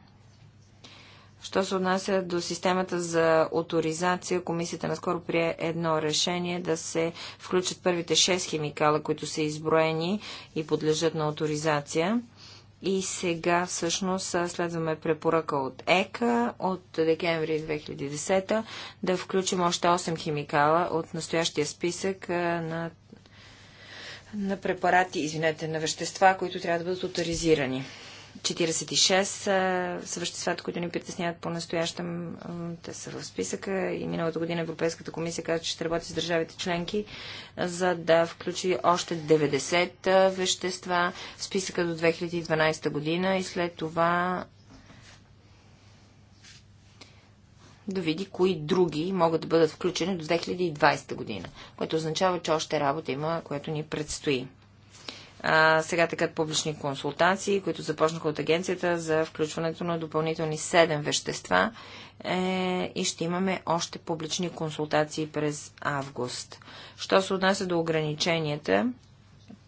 Що се отнася до системата за авторизация, комисията наскоро прие едно решение да се включат първите 6 химикала, които са изброени и подлежат на авторизация. И сега всъщност следваме препоръка от ЕКА от декември 2010 да включим още 8 химикала от настоящия списък на, на препарати, извинете, на вещества, които трябва да бъдат авторизирани. 46 са веществата, които ни притесняват по-настоящем. Те са в списъка и миналата година Европейската комисия каза, че ще работи с държавите членки, за да включи още 90 вещества в списъка до 2012 година и след това да види кои други могат да бъдат включени до 2020 година, което означава, че още работа има, което ни предстои. А, сега такът публични консултации, които започнаха от агенцията за включването на допълнителни 7 вещества е, и ще имаме още публични консултации през август. Що се отнася до ограниченията,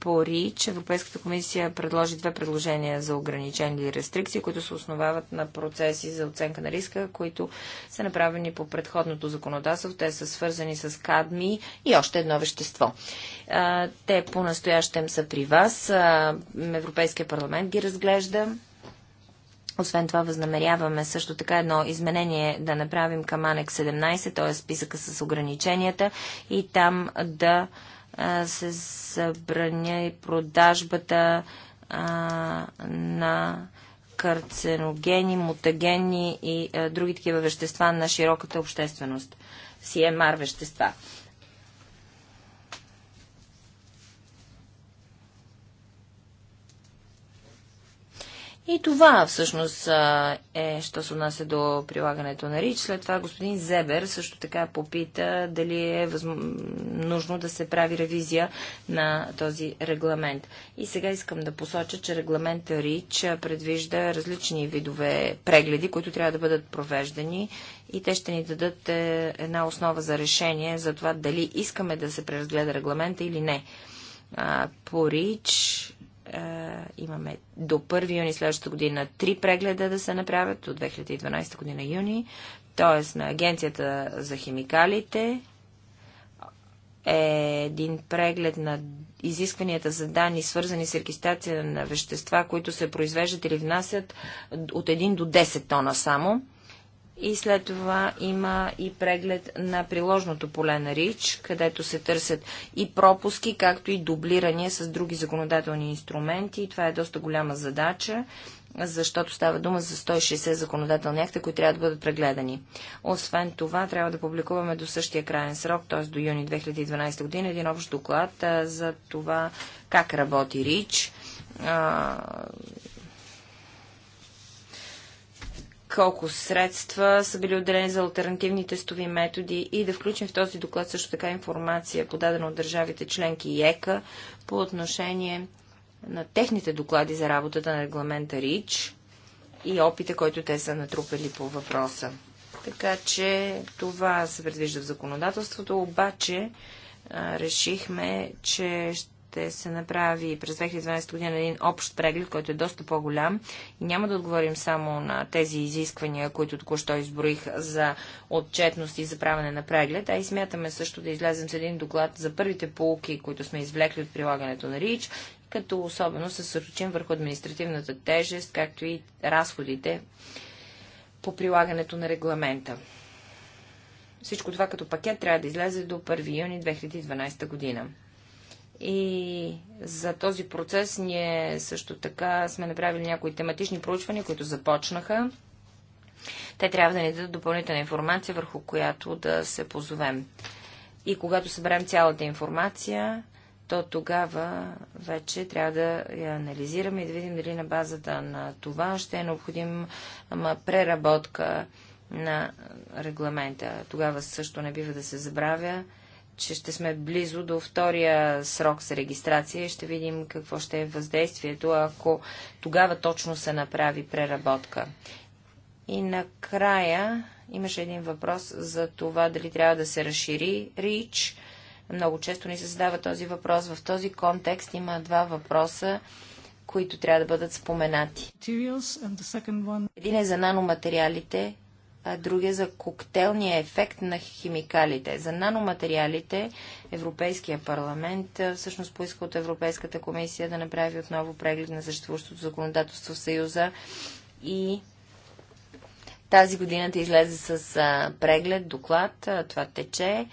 спори, че Европейската комисия предложи две предложения за ограничени или рестрикции, които се основават на процеси за оценка на риска, които са направени по предходното законодателство. Те са свързани с кадми и още едно вещество. Те по-настоящем са при вас. Европейския парламент ги разглежда. Освен това, възнамеряваме също така едно изменение да направим към АНЕК 17, т.е. списъка с ограниченията и там да се забраня и продажбата на карценогени, мутагени и други такива вещества на широката общественост. CMR е вещества. И това всъщност е, що се отнася до прилагането на РИЧ. След това господин Зебер също така попита дали е възм... нужно да се прави ревизия на този регламент. И сега искам да посоча, че регламента РИЧ предвижда различни видове прегледи, които трябва да бъдат провеждани и те ще ни дадат е, една основа за решение за това дали искаме да се преразгледа регламента или не. По РИЧ е, имаме до 1 юни следващата година три прегледа да се направят, до 2012 година юни, т.е. на Агенцията за химикалите е един преглед на изискванията за данни, свързани с регистрация на вещества, които се произвеждат или внасят от 1 до 10 тона само. И след това има и преглед на приложното поле на РИЧ, където се търсят и пропуски, както и дублиране с други законодателни инструменти. И това е доста голяма задача, защото става дума за 160 законодателни акта, които трябва да бъдат прегледани. Освен това, трябва да публикуваме до същия крайен срок, т.е. до юни 2012 година, един общ доклад за това как работи РИЧ колко средства са били отделени за альтернативни тестови методи и да включим в този доклад също така информация, подадена от държавите членки и ЕКА по отношение на техните доклади за работата на регламента РИЧ и опита, който те са натрупали по въпроса. Така че това се предвижда в законодателството, обаче решихме, че ще ще се направи през 2012 година един общ преглед, който е доста по-голям и няма да отговорим само на тези изисквания, които току-що изброих за отчетност и за правене на преглед, а и смятаме също да излезем с един доклад за първите полуки, които сме извлекли от прилагането на РИЧ, като особено се съсредоточим върху административната тежест, както и разходите по прилагането на регламента. Всичко това като пакет трябва да излезе до 1 юни 2012 година. И за този процес ние също така сме направили някои тематични проучвания, които започнаха. Те трябва да ни дадат допълнителна информация, върху която да се позовем. И когато съберем цялата информация, то тогава вече трябва да я анализираме и да видим дали на базата на това ще е необходим преработка на регламента. Тогава също не бива да се забравя, че ще сме близо до втория срок за регистрация и ще видим какво ще е въздействието, ако тогава точно се направи преработка. И накрая имаше един въпрос за това дали трябва да се разшири РИЧ. Много често ни се задава този въпрос. В този контекст има два въпроса, които трябва да бъдат споменати. Един е за наноматериалите а другия за коктейлния ефект на химикалите. За наноматериалите Европейския парламент всъщност поиска от Европейската комисия да направи отново преглед на съществуващото законодателство в Съюза и тази година те излезе с преглед, доклад, това тече.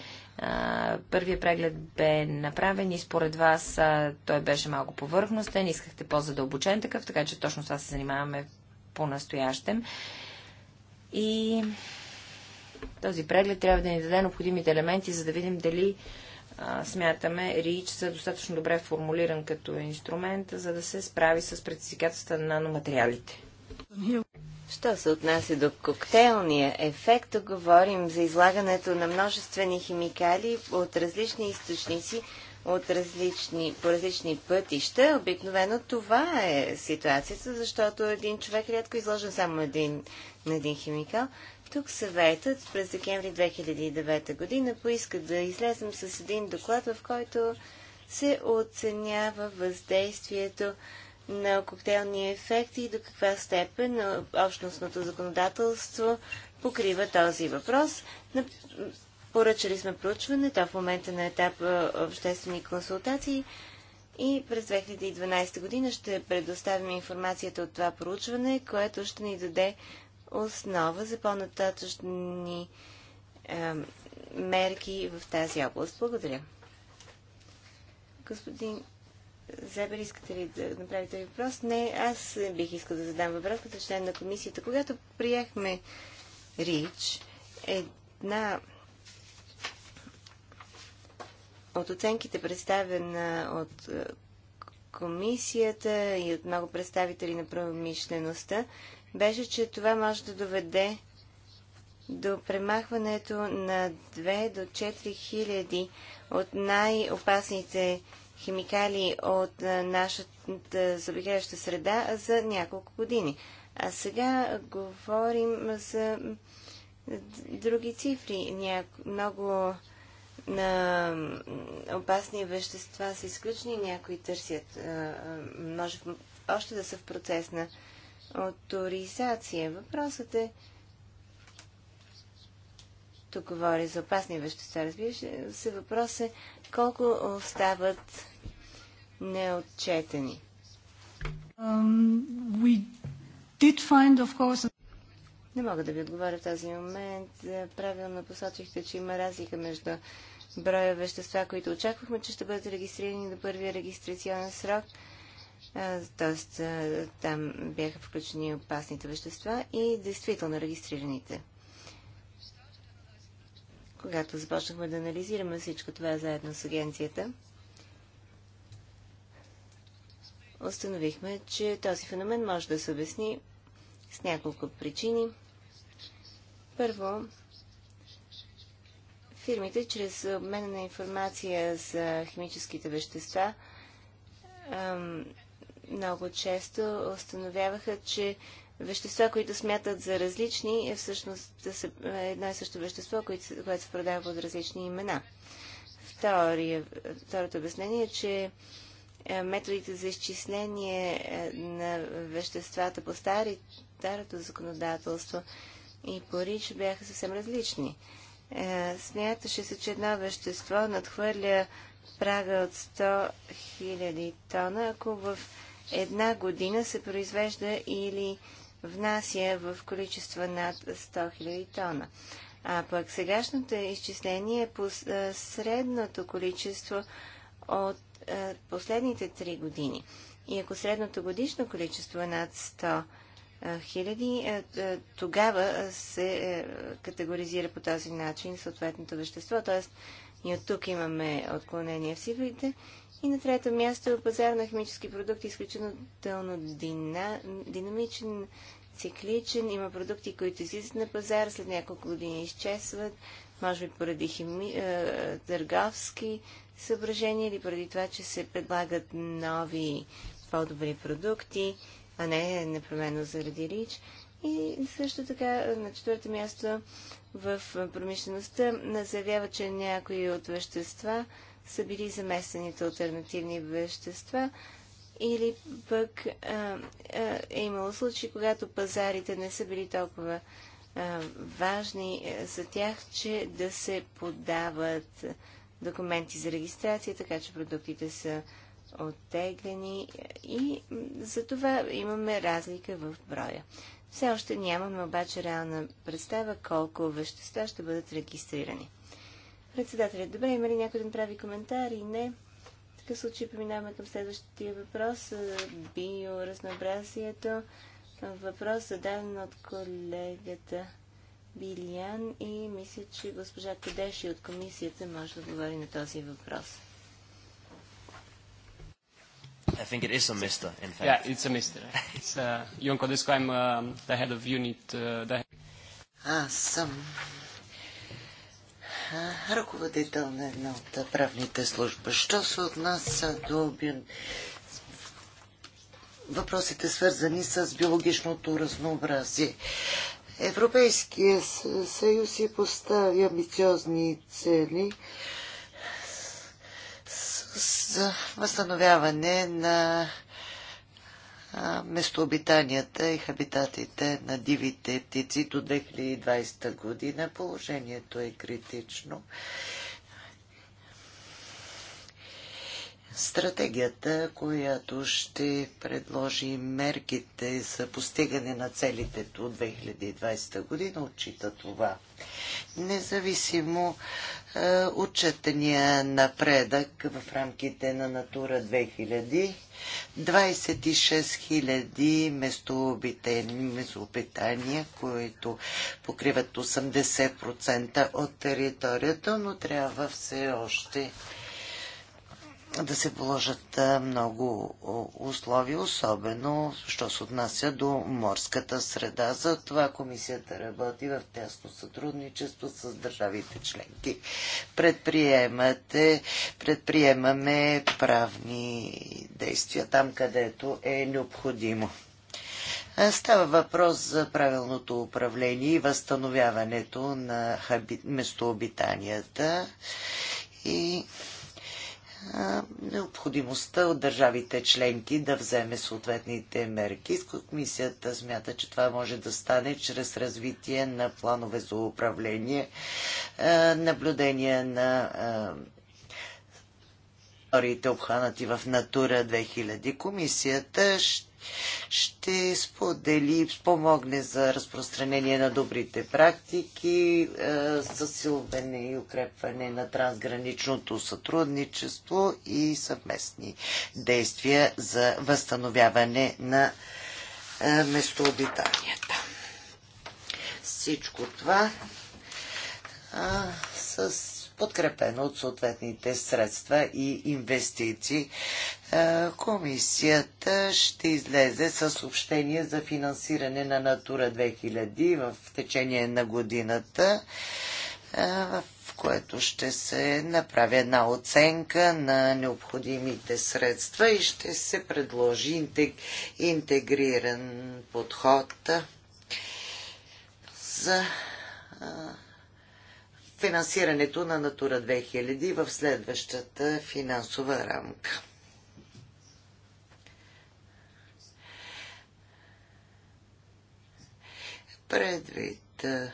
Първият преглед бе направен и според вас той беше малко повърхностен, искахте по-задълбочен такъв, така че точно това се занимаваме по-настоящем. И този преглед трябва да ни даде необходимите елементи, за да видим дали а, смятаме РИЧ за достатъчно добре формулиран като инструмент, за да се справи с предизвикателствата на наноматериалите. Що се отнася до коктейлния ефект, говорим за излагането на множествени химикали от различни източници, от различни, по различни пътища. Обикновено това е ситуацията, защото един човек рядко изложен само един на един химикал. Тук съветът през декември 2009 година поиска да излезем с един доклад, в който се оценява въздействието на коктейлния ефект и до каква степен общностното законодателство покрива този въпрос. Поръчали сме проучване, то в момента на етап обществени консултации и през 2012 година ще предоставим информацията от това проучване, което ще ни даде основа за по-нататъчни е, мерки в тази област. Благодаря. Господин Зебер, искате ли да направите въпрос? Не, аз бих искал да задам въпрос като член на комисията. Когато приехме РИЧ, една от оценките представена от е, комисията и от много представители на промишлеността беше, че това може да доведе до премахването на 2 до 4 хиляди от най-опасните химикали от нашата заобикаляща среда за няколко години. А сега говорим за други цифри. Много на опасни вещества са изключени, някои търсят, може още да са в процес на авторизация. Въпросът е, тук говоря за опасни вещества, разбираш се, въпрос е колко остават неотчетени. Um, we did find, of course... Не мога да ви отговоря в този момент. Правилно посочихте, че има разлика между броя вещества, които очаквахме, че ще бъдат регистрирани до първия регистрационен срок – т.е. там бяха включени опасните вещества и действително регистрираните. Когато започнахме да анализираме всичко това заедно с агенцията, установихме, че този феномен може да се обясни с няколко причини. Първо, фирмите чрез обмена на информация за химическите вещества много често установяваха, че вещества, които смятат за различни, е всъщност да са едно и също вещество, което, което се продава под различни имена. Втория, второто обяснение е, че е, методите за изчисление е, на веществата по стари, старото законодателство и по РИЧ бяха съвсем различни. Е, смяташе се, че едно вещество надхвърля прага от 100 000 тона, ако в една година се произвежда или внася в количества над 100 000 тона. А пък сегашното изчисление е по средното количество от последните 3 години. И ако средното годишно количество е над 100 хиляди, тогава се е, категоризира по този начин съответното вещество. Т.е. и от тук имаме отклонение в цифрите и на трето място е пазар на химически продукти е изключително дина, динамичен, цикличен. Има продукти, които излизат на пазар, след няколко години изчезват, може би поради хими, е, търговски съображения или поради това, че се предлагат нови, по-добри продукти, а не непременно заради рич. И също така на четвърто място в промишлеността заявява, че някои от вещества са били замесени от альтернативни вещества или пък а, а, е имало случаи, когато пазарите не са били толкова а, важни е, за тях, че да се подават документи за регистрация, така че продуктите са оттеглени и за това имаме разлика в броя. Все още нямаме обаче реална представа колко вещества ще бъдат регистрирани. Председателят, добре, има ли някой да направи коментари? Не. В такъв случай преминаваме към следващия въпрос. Биоразнообразието. Въпрос зададен от колегата Билиан и мисля, че госпожа Кадеши от комисията може да отговори на този въпрос. I think it is a mister, in fact. Yeah, it's a mister. It's uh, Jon Kodesko, I'm um, uh, the head of unit. Uh, the... Ah, some ръководител на една от правните служба. Що се отнася до въпросите свързани с биологичното разнообразие? Европейския съюз си поставя амбициозни цели за възстановяване на местообитанията и хабитатите на дивите птици до 2020 година. Положението е критично стратегията, която ще предложи мерките за постигане на целите до 2020 година, отчита това. Независимо е, отчетения напредък в рамките на Натура 2000, 26 000 местообитания, които покриват 80% от територията, но трябва все още да се положат много условия, особено, що се отнася до морската среда. За това комисията работи в тясно сътрудничество с държавите членки. Предприемате, предприемаме правни действия там, където е необходимо. Става въпрос за правилното управление и възстановяването на местообитанията и необходимостта от държавите членки да вземе съответните мерки. Комисията смята, че това може да стане чрез развитие на планове за управление, наблюдение на териториите обхванати в Натура 2000. Комисията ще сподели, спомогне за разпространение на добрите практики, е, засилване и укрепване на трансграничното сътрудничество и съвместни действия за възстановяване на е, местообитанията. Всичко това а, с подкрепено от съответните средства и инвестиции. Е, комисията ще излезе с съобщение за финансиране на Натура 2000 в течение на годината, е, в което ще се направи една оценка на необходимите средства и ще се предложи интегриран подход за е, финансирането на Натура 2000 в следващата финансова рамка. Предвид а,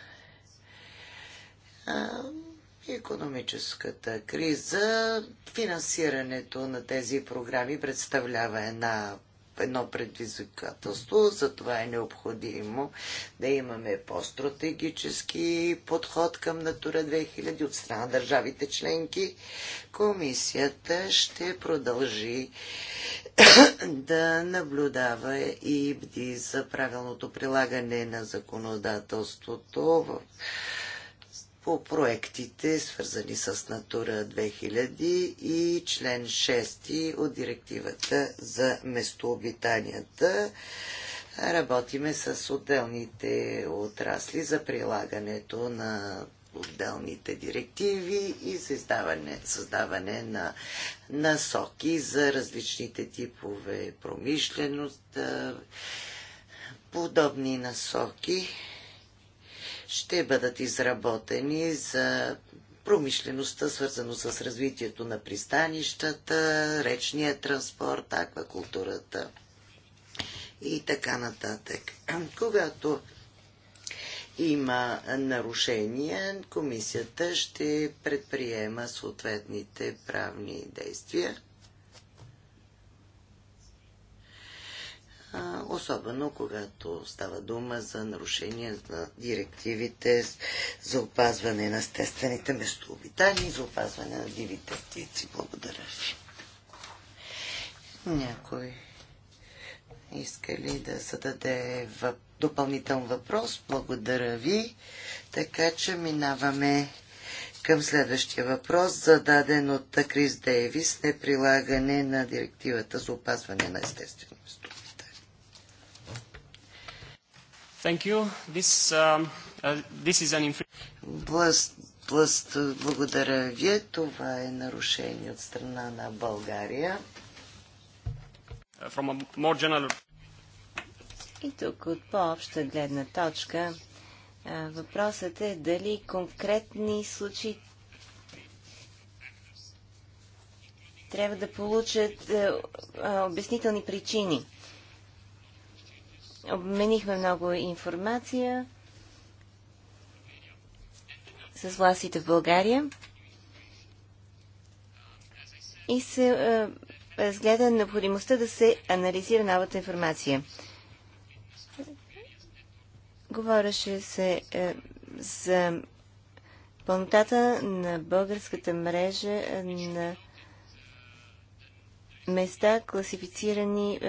економическата криза, финансирането на тези програми представлява една едно предизвикателство, затова е необходимо да имаме по-стратегически подход към Натура 2000 от страна държавите членки. Комисията ще продължи да наблюдава и бди за правилното прилагане на законодателството в по проектите, свързани с Натура 2000 и член 6 от директивата за местообитанията. Работиме с отделните отрасли за прилагането на отделните директиви и създаване, създаване на насоки за различните типове промишленост, подобни насоки ще бъдат изработени за промишлеността, свързано с развитието на пристанищата, речния транспорт, аквакултурата и така нататък. Когато има нарушения, комисията ще предприема съответните правни действия. особено когато става дума за нарушения на директивите за опазване на естествените местообитания и за опазване на дивите птици. Благодаря ви. Някой иска ли да зададе въп... допълнителен въпрос? Благодаря ви. Така че минаваме към следващия въпрос, зададен от Крис Дейвис, неприлагане на директивата за опазване на естествените местообитания. Thank you. This, um, uh, this is an благодаря ви. Това е нарушение от страна на България. Uh, from a more general... И тук от по-обща гледна точка въпросът е дали конкретни случаи трябва да получат е, обяснителни причини. Обменихме много информация с властите в България и се е, разгледа необходимостта да се анализира новата информация. Говореше се е, за пълнотата на българската мрежа е, на места, класифицирани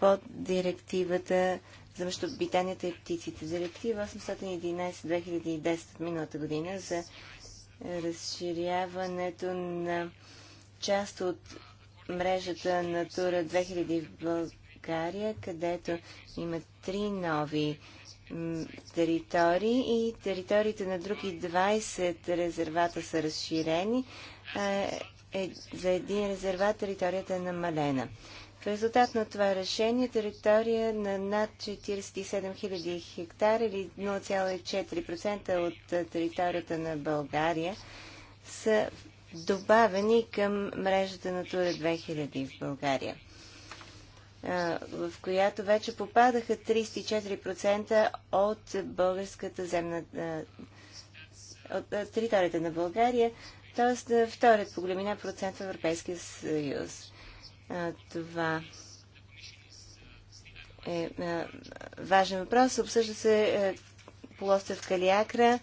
под директивата за мъщобитанията и птиците. Директива 811-2010 от миналата година за разширяването на част от мрежата Натура 2000 в България, където има три нови територии и териториите на други 20 резервата са разширени. Е, за един резерват територията е намалена. В резултат на това решение територия на над 47 000 хектара или 0,4% от територията на България са добавени към мрежата на Тура 2000 в България, в която вече попадаха 34% от българската земна от територията на България, т.е. вторият по големина процент в Европейския съюз. А, това е а, важен въпрос. Обсъжда се е, полуостров Калиакра.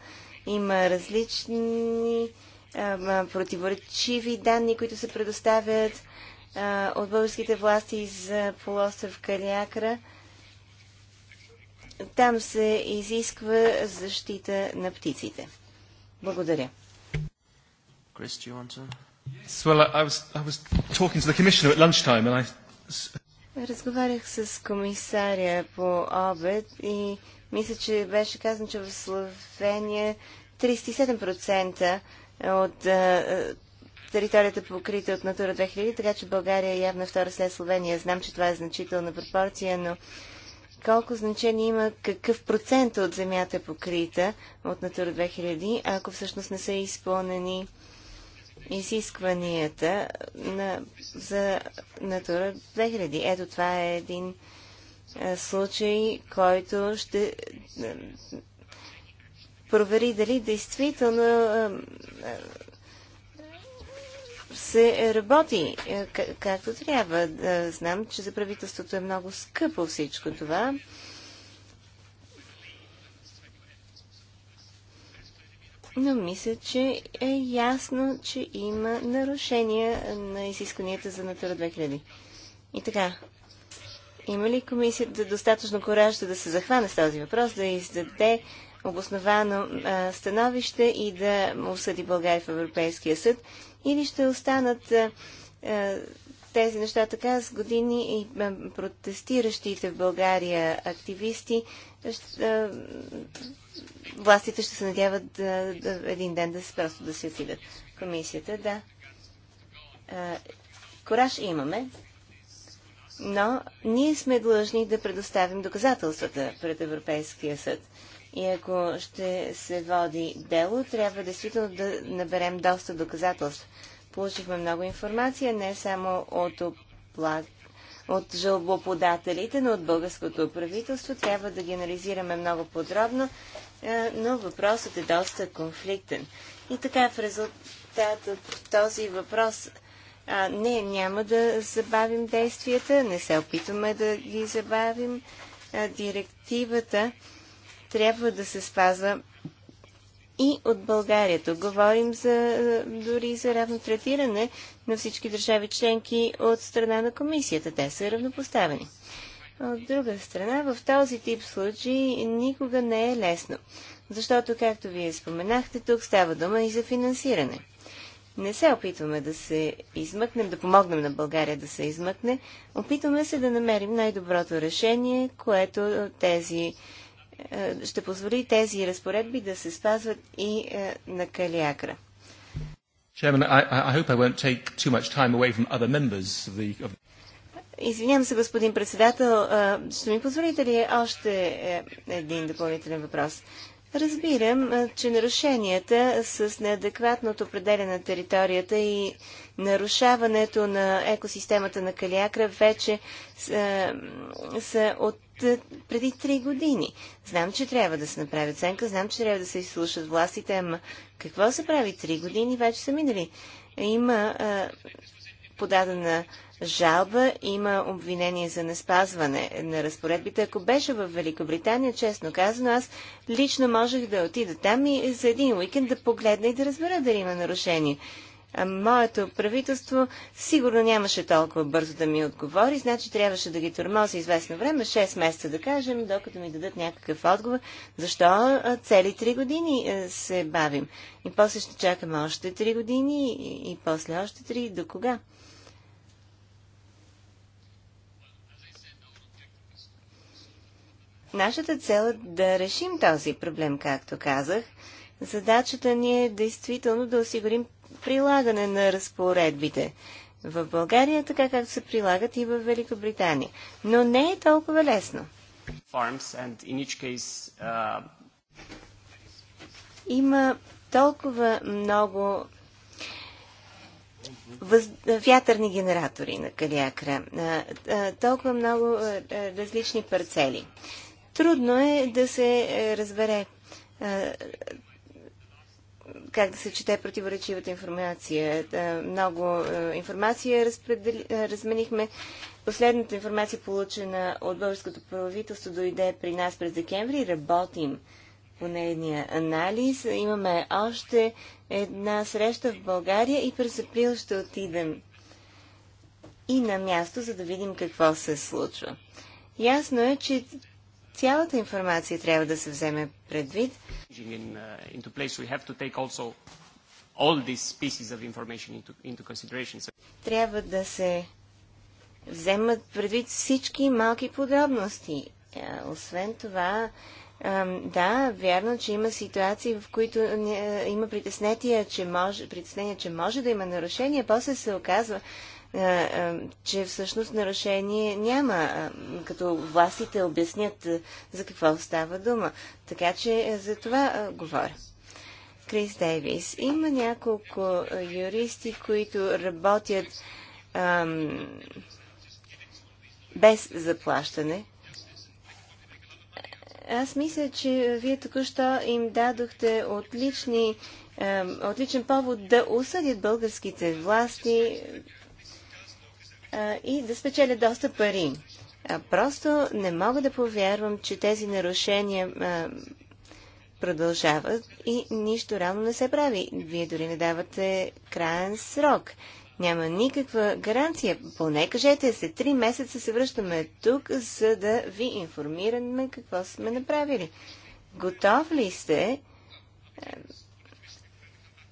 Има различни а, противоречиви данни, които се предоставят от българските власти за полуостров Калиакра. Там се изисква защита на птиците. Благодаря. Chris, do you want to Разговарях с комисаря по обед и мисля, че беше казано, че в Словения 37% от територията е покрита от Натура 2000, така че България е явно втора след Словения. Знам, че това е значителна пропорция, но колко значение има какъв процент от земята е покрита от Натура 2000, ако всъщност не са изпълнени изискванията на, за Натура 2000. Ето това е един случай, който ще провери дали действително се работи както трябва. Знам, че за правителството е много скъпо всичко това. но мисля, че е ясно, че има нарушения на изискванията за Натура 2000. И така, има ли комисията достатъчно кораж да се захване с този въпрос, да издаде обосновано а, становище и да осъди България в Европейския съд? Или ще останат а, а, тези неща така с години и протестиращите в България активисти ще, властите ще се надяват да, да, един ден да се просто да си отидат. Комисията, да. А, кораж имаме, но ние сме длъжни да предоставим доказателствата пред Европейския съд. И ако ще се води дело, трябва действително да наберем доста доказателства. Получихме много информация, не само от оплат от жълбоподателите но от българското правителство. Трябва да генерализираме много подробно, е, но въпросът е доста конфликтен. И така в резултат от този въпрос а, не, няма да забавим действията, не се опитваме да ги забавим. А, директивата трябва да се спазва и от България. Тук говорим за, дори за равно третиране на всички държави членки от страна на комисията. Те са равнопоставени. От друга страна, в този тип случаи никога не е лесно, защото, както вие споменахте, тук става дума и за финансиране. Не се опитваме да се измъкнем, да помогнем на България да се измъкне. Опитваме се да намерим най-доброто решение, което тези е, ще позволи тези разпоредби да се спазват и е, на Калиакра. Извинявам се, господин председател. Е, ще ми позволите ли още един допълнителен въпрос? Разбирам, че нарушенията с неадекватното определяне на територията и нарушаването на екосистемата на Калиакра вече са, са от преди три години. Знам, че трябва да се направи оценка, знам, че трябва да се изслушат властите, ама какво се прави? Три години вече са минали. Има а, подадена жалба, има обвинение за неспазване на разпоредбите. Ако беше в Великобритания, честно казано, аз лично можех да отида там и за един уикенд да погледна и да разбера дали има нарушение а моето правителство сигурно нямаше толкова бързо да ми отговори, значи трябваше да ги тормозя известно време, 6 месеца да кажем, докато ми дадат някакъв отговор, защо цели 3 години се бавим. И после ще чакаме още 3 години и после още 3, до кога? Нашата цел е да решим този проблем, както казах. Задачата ни е действително да осигурим прилагане на разпоредбите в България, така както се прилагат и в Великобритания. Но не е толкова лесно. Uh, Има толкова много въз... вятърни генератори на Калиакра, толкова много различни парцели. Трудно е да се е, разбере как да се чете противоречивата информация. Е, много е, информация разпредел... Е, разменихме. Последната информация, получена от българското правителство, дойде при нас през декември. Работим по нейния анализ. Имаме още една среща в България и през април ще отидем и на място, за да видим какво се случва. Ясно е, че Цялата информация трябва да се вземе предвид. Uh, трябва да се вземат предвид всички малки подробности. Е, освен това, да, вярно, че има ситуации, в които има притеснение, че може, притеснение, че може да има нарушение, после се оказва, е, е, че всъщност нарушение няма, е, като властите обяснят за какво става дума. Така че за това говоря. Крис Дейвис. Има няколко юристи, които работят ам, без заплащане. Аз мисля, че вие току-що им дадохте отлични, ам, отличен повод да осъдят българските власти и да спечеля доста пари. просто не мога да повярвам, че тези нарушения продължават и нищо рано не се прави. Вие дори не давате краен срок. Няма никаква гаранция. Поне кажете се, три месеца се връщаме тук, за да ви информираме какво сме направили. Готов ли сте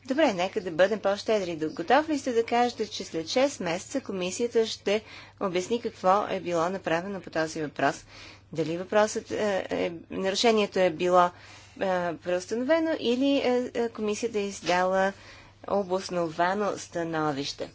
Добре, нека да бъдем по-щедри. Готов ли сте да кажете, че след 6 месеца комисията ще обясни какво е било направено по този въпрос? Дали въпросът е, е нарушението е било е, преустановено или е, е комисията е издала обосновано становище?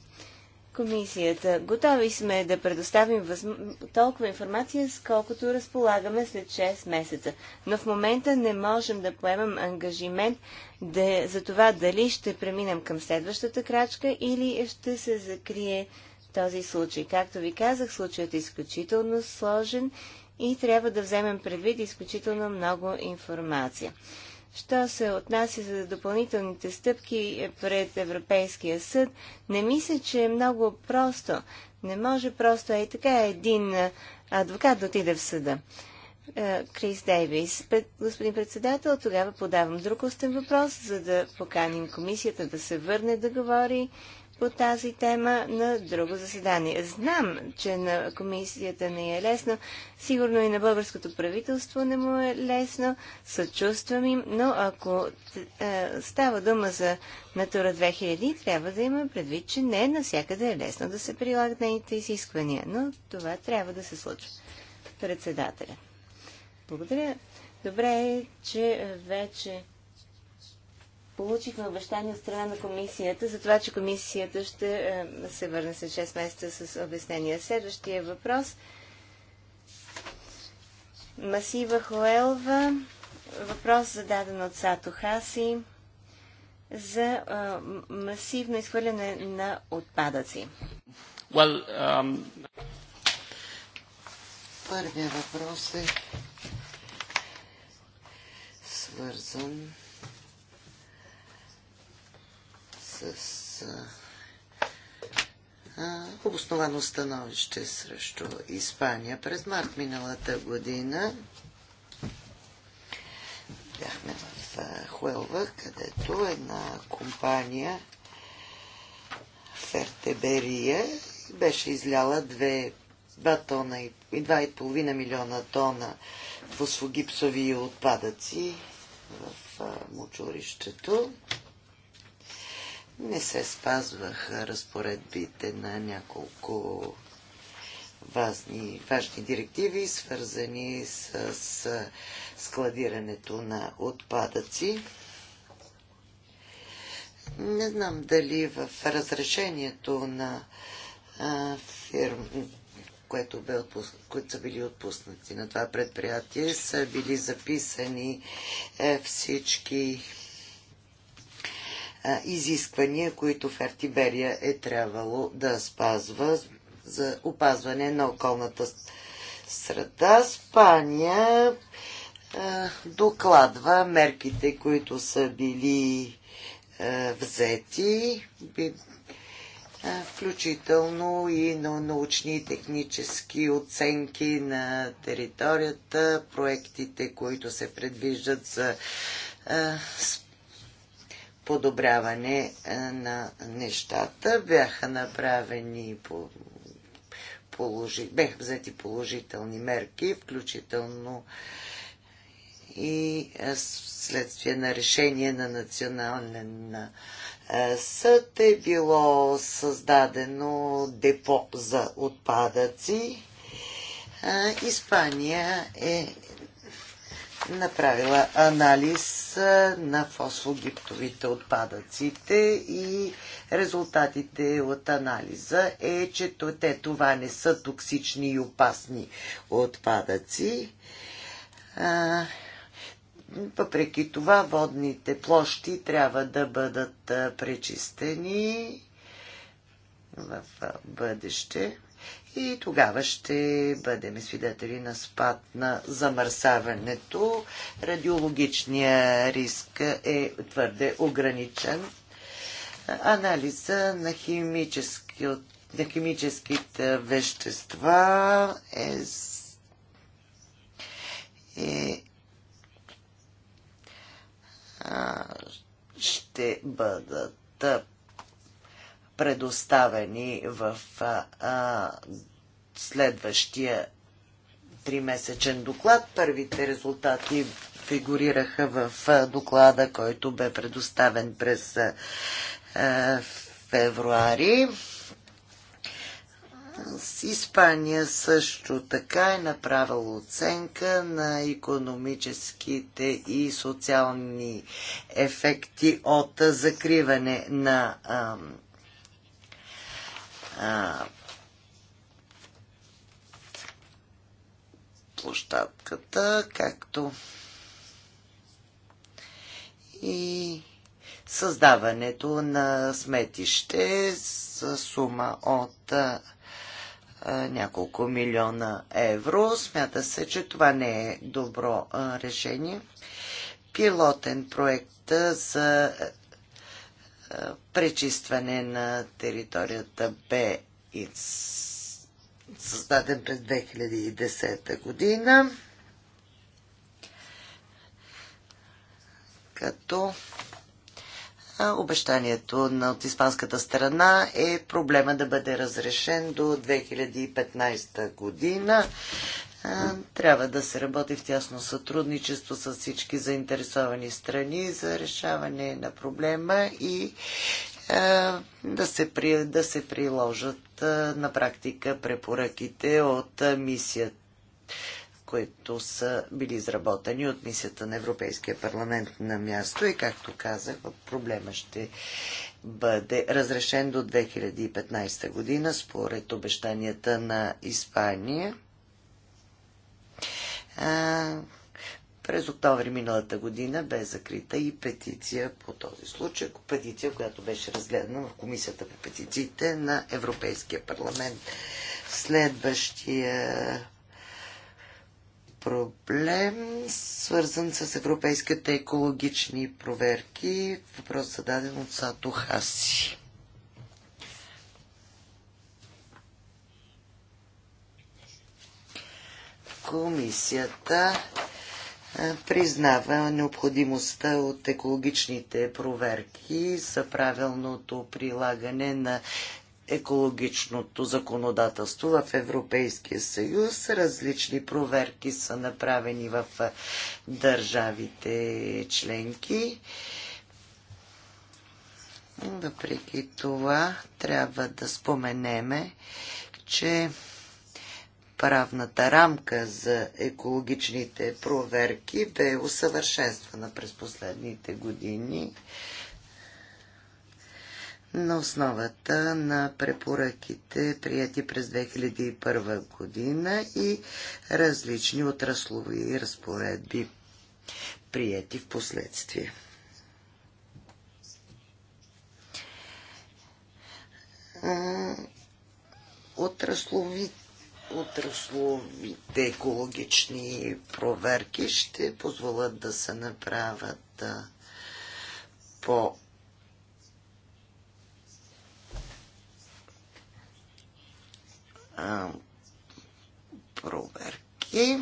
комисията. Готови сме да предоставим възм... толкова информация, сколкото разполагаме след 6 месеца. Но в момента не можем да поемам ангажимент да... за това дали ще преминем към следващата крачка или ще се закрие този случай. Както ви казах, случаят е изключително сложен и трябва да вземем предвид изключително много информация. Що се отнася за допълнителните стъпки пред Европейския съд, не мисля, че е много просто. Не може просто е така един адвокат да отиде в съда. Е, Крис Дейвис. Господин председател, тогава подавам друг устен въпрос, за да поканим комисията да се върне да говори по тази тема на друго заседание. Знам, че на комисията не е лесно, сигурно и на българското правителство не му е лесно, съчувствам им, но ако е, става дума за Натура 2000, трябва да има предвид, че не е навсякъде е лесно да се прилагат нейните изисквания, но това трябва да се случва. Председателя. Благодаря. Добре е, че вече Получихме обещание от страна на комисията за това, че комисията ще е, се върне след 6 месеца с обяснение. Следващия въпрос. Масива Хоелва. Въпрос зададен от Сато Хаси за а, е, масивно изхвърляне на отпадъци. Well, um... Първият въпрос е свързан с обосновано становище срещу Испания през март миналата година. Бяхме в Хуелва, където една компания Фертеберия беше изляла 2 тона и 2,5 милиона тона фосфогипсови отпадъци в мочурището не се спазваха разпоредбите на няколко важни, важни директиви, свързани с, складирането на отпадъци. Не знам дали в разрешението на а, фирм, което бе отпусна, които са били отпуснати на това предприятие, са били записани е, всички изисквания, които Фертиберия е трябвало да спазва за опазване на околната среда. Спания докладва мерките, които са били взети, включително и на научни и технически оценки на територията, проектите, които се предвиждат за подобряване на нещата. Бяха направени по, положи, бяха взети положителни мерки, включително и следствие на решение на Национален съд е било създадено депо за отпадъци. Испания е направила анализ на фосфогиптовите отпадъците и резултатите от анализа е, че те това не са токсични и опасни отпадъци. Въпреки това водните площи трябва да бъдат пречистени в бъдеще и тогава ще бъдем свидетели на спад на замърсаването. Радиологичния риск е твърде ограничен. Анализа на, химически, на химическите вещества е, е а, ще бъдат предоставени в а, а, следващия тримесечен доклад. Първите резултати фигурираха в доклада, който бе предоставен през а, февруари. С Испания също така е направила оценка на економическите и социални ефекти от закриване на площадката, както и създаването на сметище с сума от а, няколко милиона евро. Смята се, че това не е добро а, решение. Пилотен проект за пречистване на територията Б и създаден през 2010 година. Като обещанието на от испанската страна е проблема да бъде разрешен до 2015 година трябва да се работи в тясно сътрудничество с всички заинтересовани страни за решаване на проблема и да се, при, да се приложат на практика препоръките от мисията които са били изработени от мисията на Европейския парламент на място и, както казах, проблема ще бъде разрешен до 2015 година, според обещанията на Испания а, през октомври миналата година бе закрита и петиция по този случай, петиция, която беше разгледана в Комисията по петициите на Европейския парламент. Следващия проблем, свързан с европейските екологични проверки, въпрос зададен от Сато Хаси. комисията е, признава необходимостта от екологичните проверки за правилното прилагане на екологичното законодателство в Европейския съюз. Различни проверки са направени в е, държавите членки. Въпреки това трябва да споменеме, че правната рамка за екологичните проверки бе усъвършенствана през последните години на основата на препоръките, прияти през 2001 година и различни отраслови разпоредби, прияти в последствие. Отрасловите отрасловите екологични проверки ще позволят да се направят по проверки.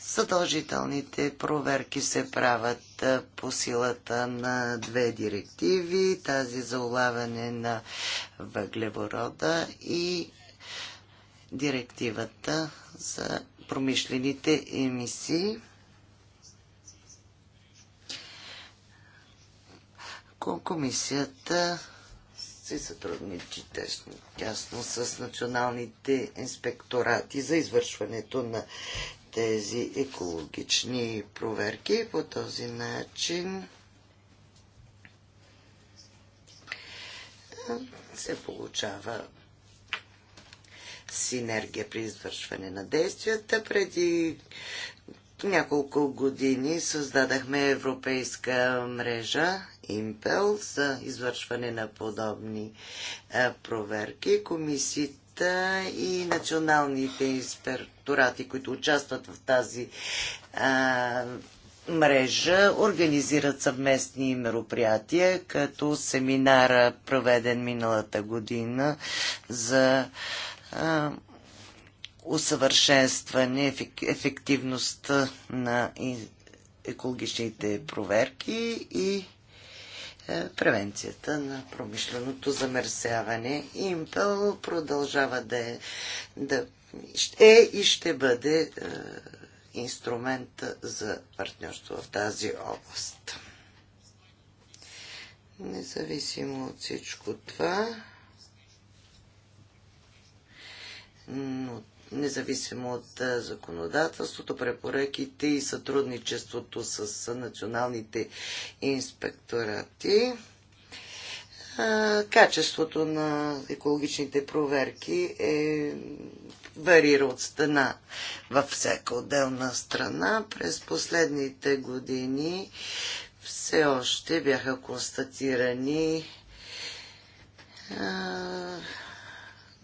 Съдължителните проверки се правят по силата на две директиви, тази за улавяне на въглеворода и директивата за промишлените емисии. Комисията се сътрудничи тясно с националните инспекторати за извършването на тези екологични проверки. По този начин се получава синергия при извършване на действията. Преди няколко години създадахме европейска мрежа Impel за извършване на подобни проверки. Комисиите и националните инспекторати, които участват в тази а, мрежа, организират съвместни мероприятия, като семинара, проведен миналата година за усъвършенстване ефективността на екологичните проверки и превенцията на промишленото замърсяване. Импел продължава да е, да е и ще бъде инструмент за партньорство в тази област. Независимо от всичко това, независимо от законодателството, препоръките и сътрудничеството с националните инспекторати. Качеството на екологичните проверки е варира от стена във всяка отделна страна. През последните години все още бяха констатирани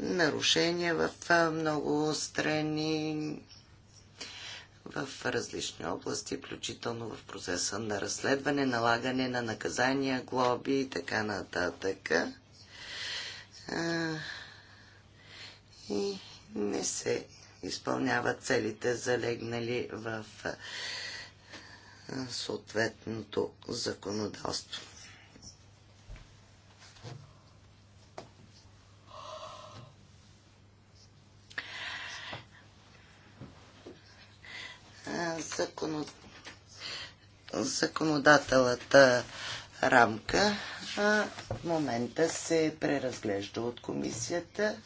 нарушения в много страни в различни области, включително в процеса на разследване, налагане на наказания, глоби и така нататък. И не се изпълняват целите, залегнали в съответното законодателство. законодателата законодателната рамка в момента се преразглежда от комисията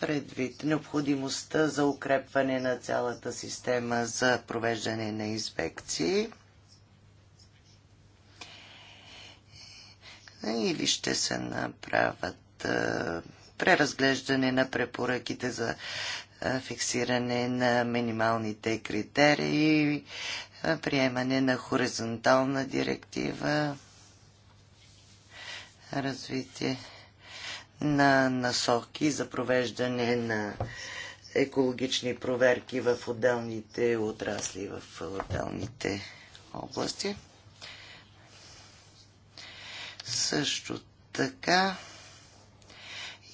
предвид необходимостта за укрепване на цялата система за провеждане на инспекции. Или ще се направят преразглеждане на препоръките за фиксиране на минималните критерии, приемане на хоризонтална директива, развитие на насоки за провеждане на екологични проверки в отделните отрасли, в отделните области. Също така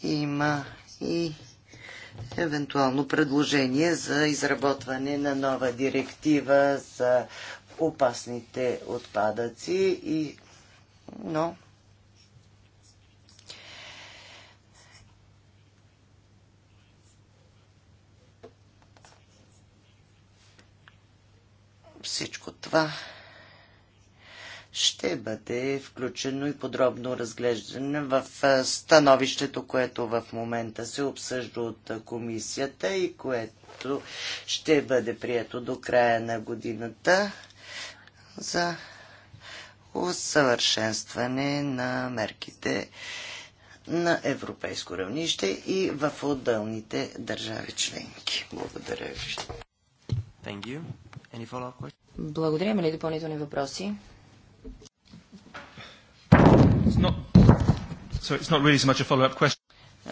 има и евентуално предложение за изработване на нова директива за опасните отпадъци и но всичко това ще бъде включено и подробно разглеждане в становището, което в момента се обсъжда от комисията и което ще бъде прието до края на годината за усъвършенстване на мерките на европейско равнище и в отделните държави членки. Благодаря ви. Благодаря. Има ли допълнителни въпроси?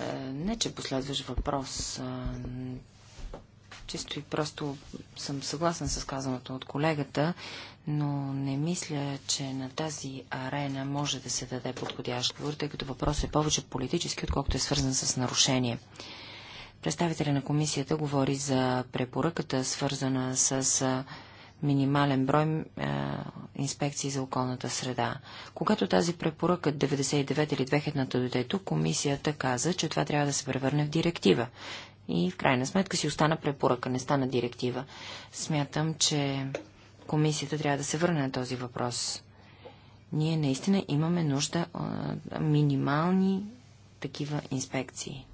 Е, не, че последваш въпрос. Чисто и просто съм съгласен с казаното от колегата, но не мисля, че на тази арена може да се даде подходящ отговор, тъй като въпросът е повече политически, отколкото е свързан с нарушение. Представителя на комисията говори за препоръката, свързана с минимален брой а, инспекции за околната среда. Когато тази препоръка 99 или 2000 дойде комисията каза, че това трябва да се превърне в директива. И в крайна сметка си остана препоръка, не стана директива. Смятам, че комисията трябва да се върне на този въпрос. Ние наистина имаме нужда от минимални такива инспекции.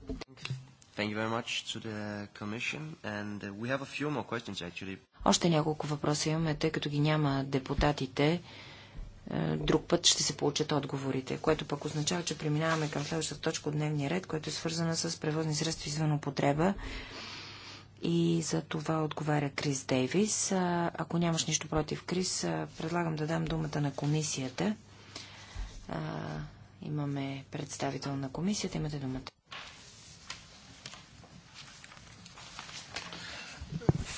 Thank you very much to the Commission. And uh, we have a few more questions, actually. Още няколко въпроса имаме, тъй като ги няма депутатите. Е, друг път ще се получат отговорите, което пък означава, че преминаваме към следващата точка от дневния ред, която е свързана с превозни средства извън употреба. И за това отговаря Крис Дейвис. Ако нямаш нищо против Крис, предлагам да дам думата на комисията. Имаме представител на комисията. Имате думата.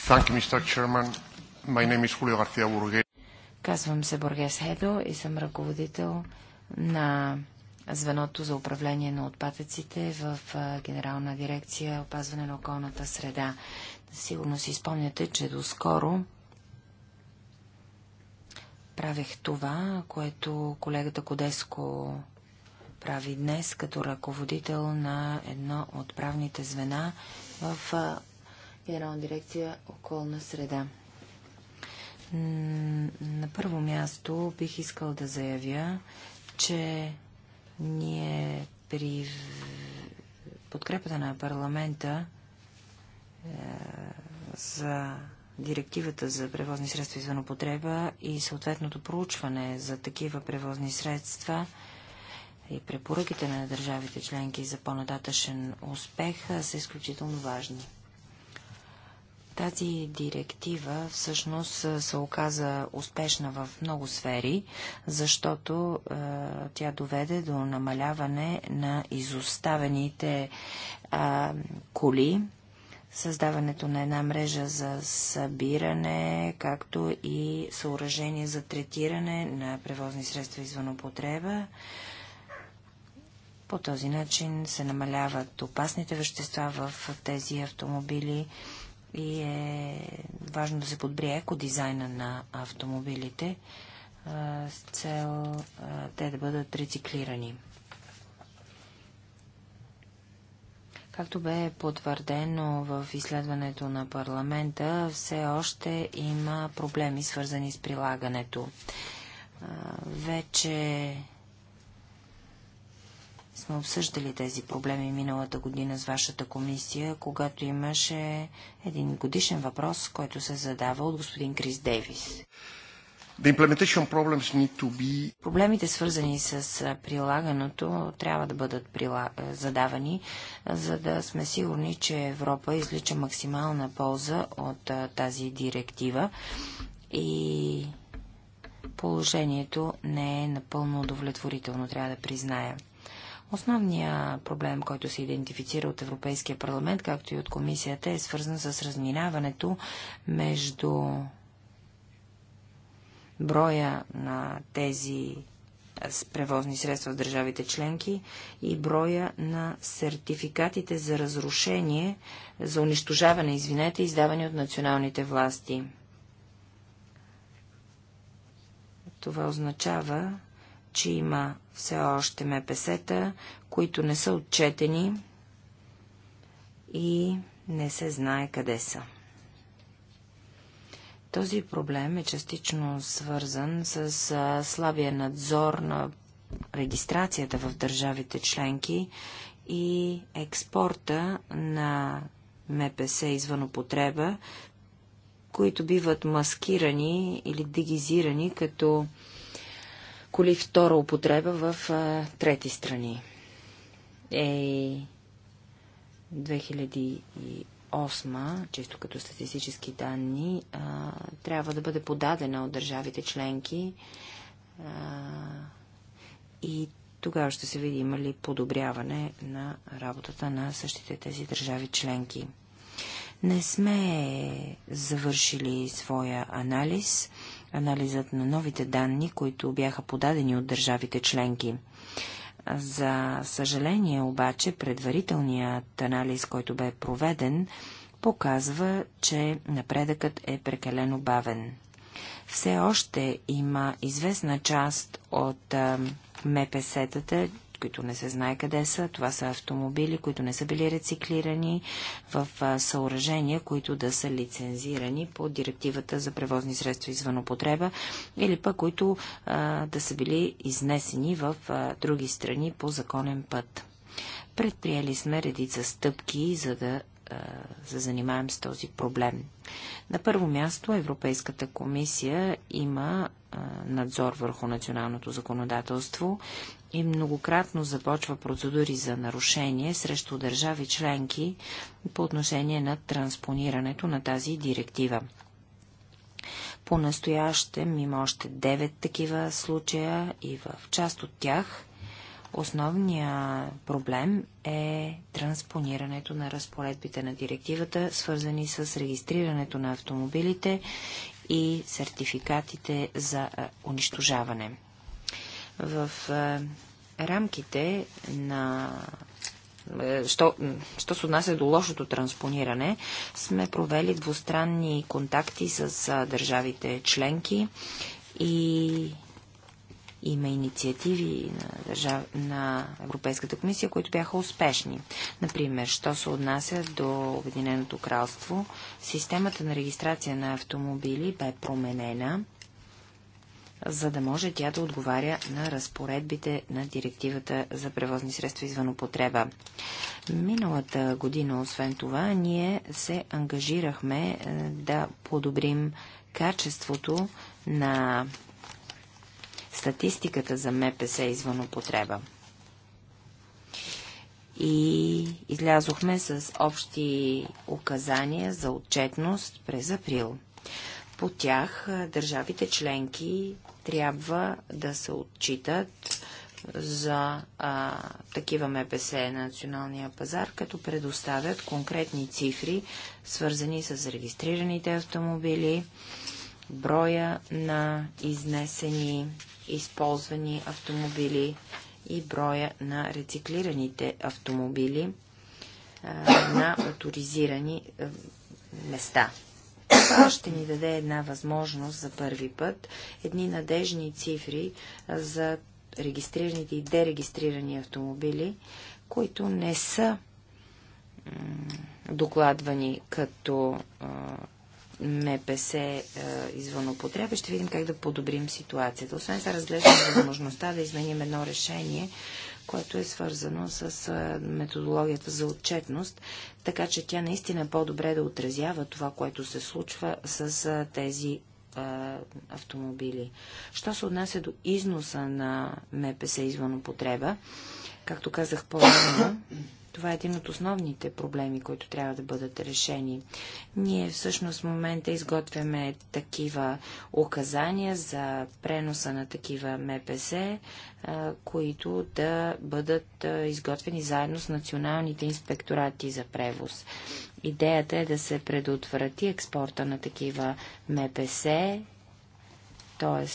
Thank you, Mr. Chairman. My name is Julio García Казвам се Бургес Хедо и съм ръководител на звеното за управление на отпадъците в Генерална дирекция опазване на околната среда. Сигурно си спомняте, че доскоро правех това, което колегата Кодеско прави днес като ръководител на едно от правните звена в Генерална дирекция околна среда. На първо място бих искал да заявя, че ние при подкрепата на парламента е, за директивата за превозни средства извън употреба и съответното проучване за такива превозни средства и препоръките на държавите членки за по-нататъчен успех са изключително важни. Тази директива всъщност е, се оказа успешна в много сфери, защото е, тя доведе до намаляване на изоставените е, коли, създаването на една мрежа за събиране, както и съоръжение за третиране на превозни средства извън употреба. По този начин се намаляват опасните вещества в тези автомобили и е важно да се подбрие екодизайна на автомобилите с цел те да бъдат рециклирани. Както бе потвърдено в изследването на парламента, все още има проблеми, свързани с прилагането. вече сме обсъждали тези проблеми миналата година с вашата комисия, когато имаше един годишен въпрос, който се задава от господин Крис Дейвис. Be... Проблемите, свързани с прилагането, трябва да бъдат прила... задавани, за да сме сигурни, че Европа излича максимална полза от тази директива и положението не е напълно удовлетворително, трябва да призная. Основният проблем, който се идентифицира от Европейския парламент, както и от комисията, е свързан с разминаването между броя на тези с превозни средства в държавите членки и броя на сертификатите за разрушение, за унищожаване, извинете, издавани от националните власти. Това означава, че има все още МПС-та, които не са отчетени и не се знае къде са. Този проблем е частично свързан с слабия надзор на регистрацията в държавите членки и експорта на МПС извън употреба, които биват маскирани или дегизирани като коли втора употреба в а, трети страни. Е 2008, чисто като статистически данни, а, трябва да бъде подадена от държавите членки а, и тогава ще се види има ли подобряване на работата на същите тези държави членки. Не сме завършили своя анализ анализът на новите данни, които бяха подадени от държавите членки. За съжаление обаче, предварителният анализ, който бе проведен, показва, че напредъкът е прекалено бавен. Все още има известна част от МПС-тата, които не се знае къде са. Това са автомобили, които не са били рециклирани в съоръжения, които да са лицензирани по директивата за превозни средства извън употреба или пък които а, да са били изнесени в а, други страни по законен път. Предприели сме редица стъпки, за да се занимаем с този проблем. На първо място Европейската комисия има надзор върху националното законодателство и многократно започва процедури за нарушение срещу държави членки по отношение на транспонирането на тази директива. По-настоящем има още 9 такива случая и в част от тях основният проблем е транспонирането на разпоредбите на директивата, свързани с регистрирането на автомобилите и сертификатите за унищожаване. В е, рамките на е, що, що се отнася до лошото транспониране, сме провели двустранни контакти с а, е, държавите членки и има инициативи на, държав... на Европейската комисия, които бяха успешни. Например, що се отнася до Обединеното кралство, системата на регистрация на автомобили бе променена за да може тя да отговаря на разпоредбите на директивата за превозни средства извън употреба. Миналата година, освен това, ние се ангажирахме е, да подобрим качеството на статистиката за МПС извън употреба. И излязохме с общи указания за отчетност през април. По тях е, държавите членки трябва да се отчитат за а, такива МПС на националния пазар, като предоставят конкретни цифри, свързани с регистрираните автомобили, броя на изнесени, използвани автомобили и броя на рециклираните автомобили а, на авторизирани места. Това ще ни даде една възможност за първи път, едни надежни цифри за регистрираните и дерегистрирани автомобили, които не са докладвани като МПС извън употреба, ще видим как да подобрим ситуацията. Освен това разглеждаме възможността да изменим едно решение, което е свързано с методологията за отчетност, така че тя наистина е по-добре да отразява това, което се случва с тези автомобили. Що се отнася до износа на МПС извън употреба, както казах по-рано, това е един от основните проблеми, които трябва да бъдат решени. Ние всъщност в момента изготвяме такива указания за преноса на такива МПС, които да бъдат изготвени заедно с националните инспекторати за превоз. Идеята е да се предотврати експорта на такива МПС, т.е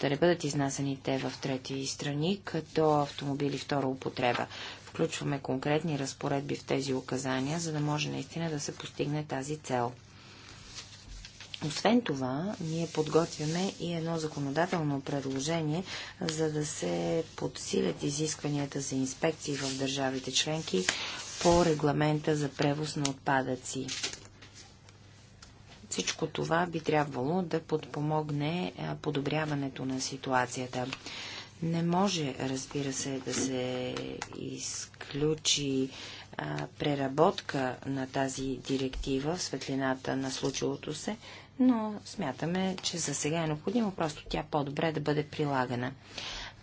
да не бъдат изнасяни те в трети страни, като автомобили втора употреба. Включваме конкретни разпоредби в тези указания, за да може наистина да се постигне тази цел. Освен това, ние подготвяме и едно законодателно предложение, за да се подсилят изискванията за инспекции в държавите членки по регламента за превоз на отпадъци. Всичко това би трябвало да подпомогне подобряването на ситуацията. Не може, разбира се, да се изключи а, преработка на тази директива в светлината на случилото се, но смятаме, че за сега е необходимо просто тя по-добре да бъде прилагана.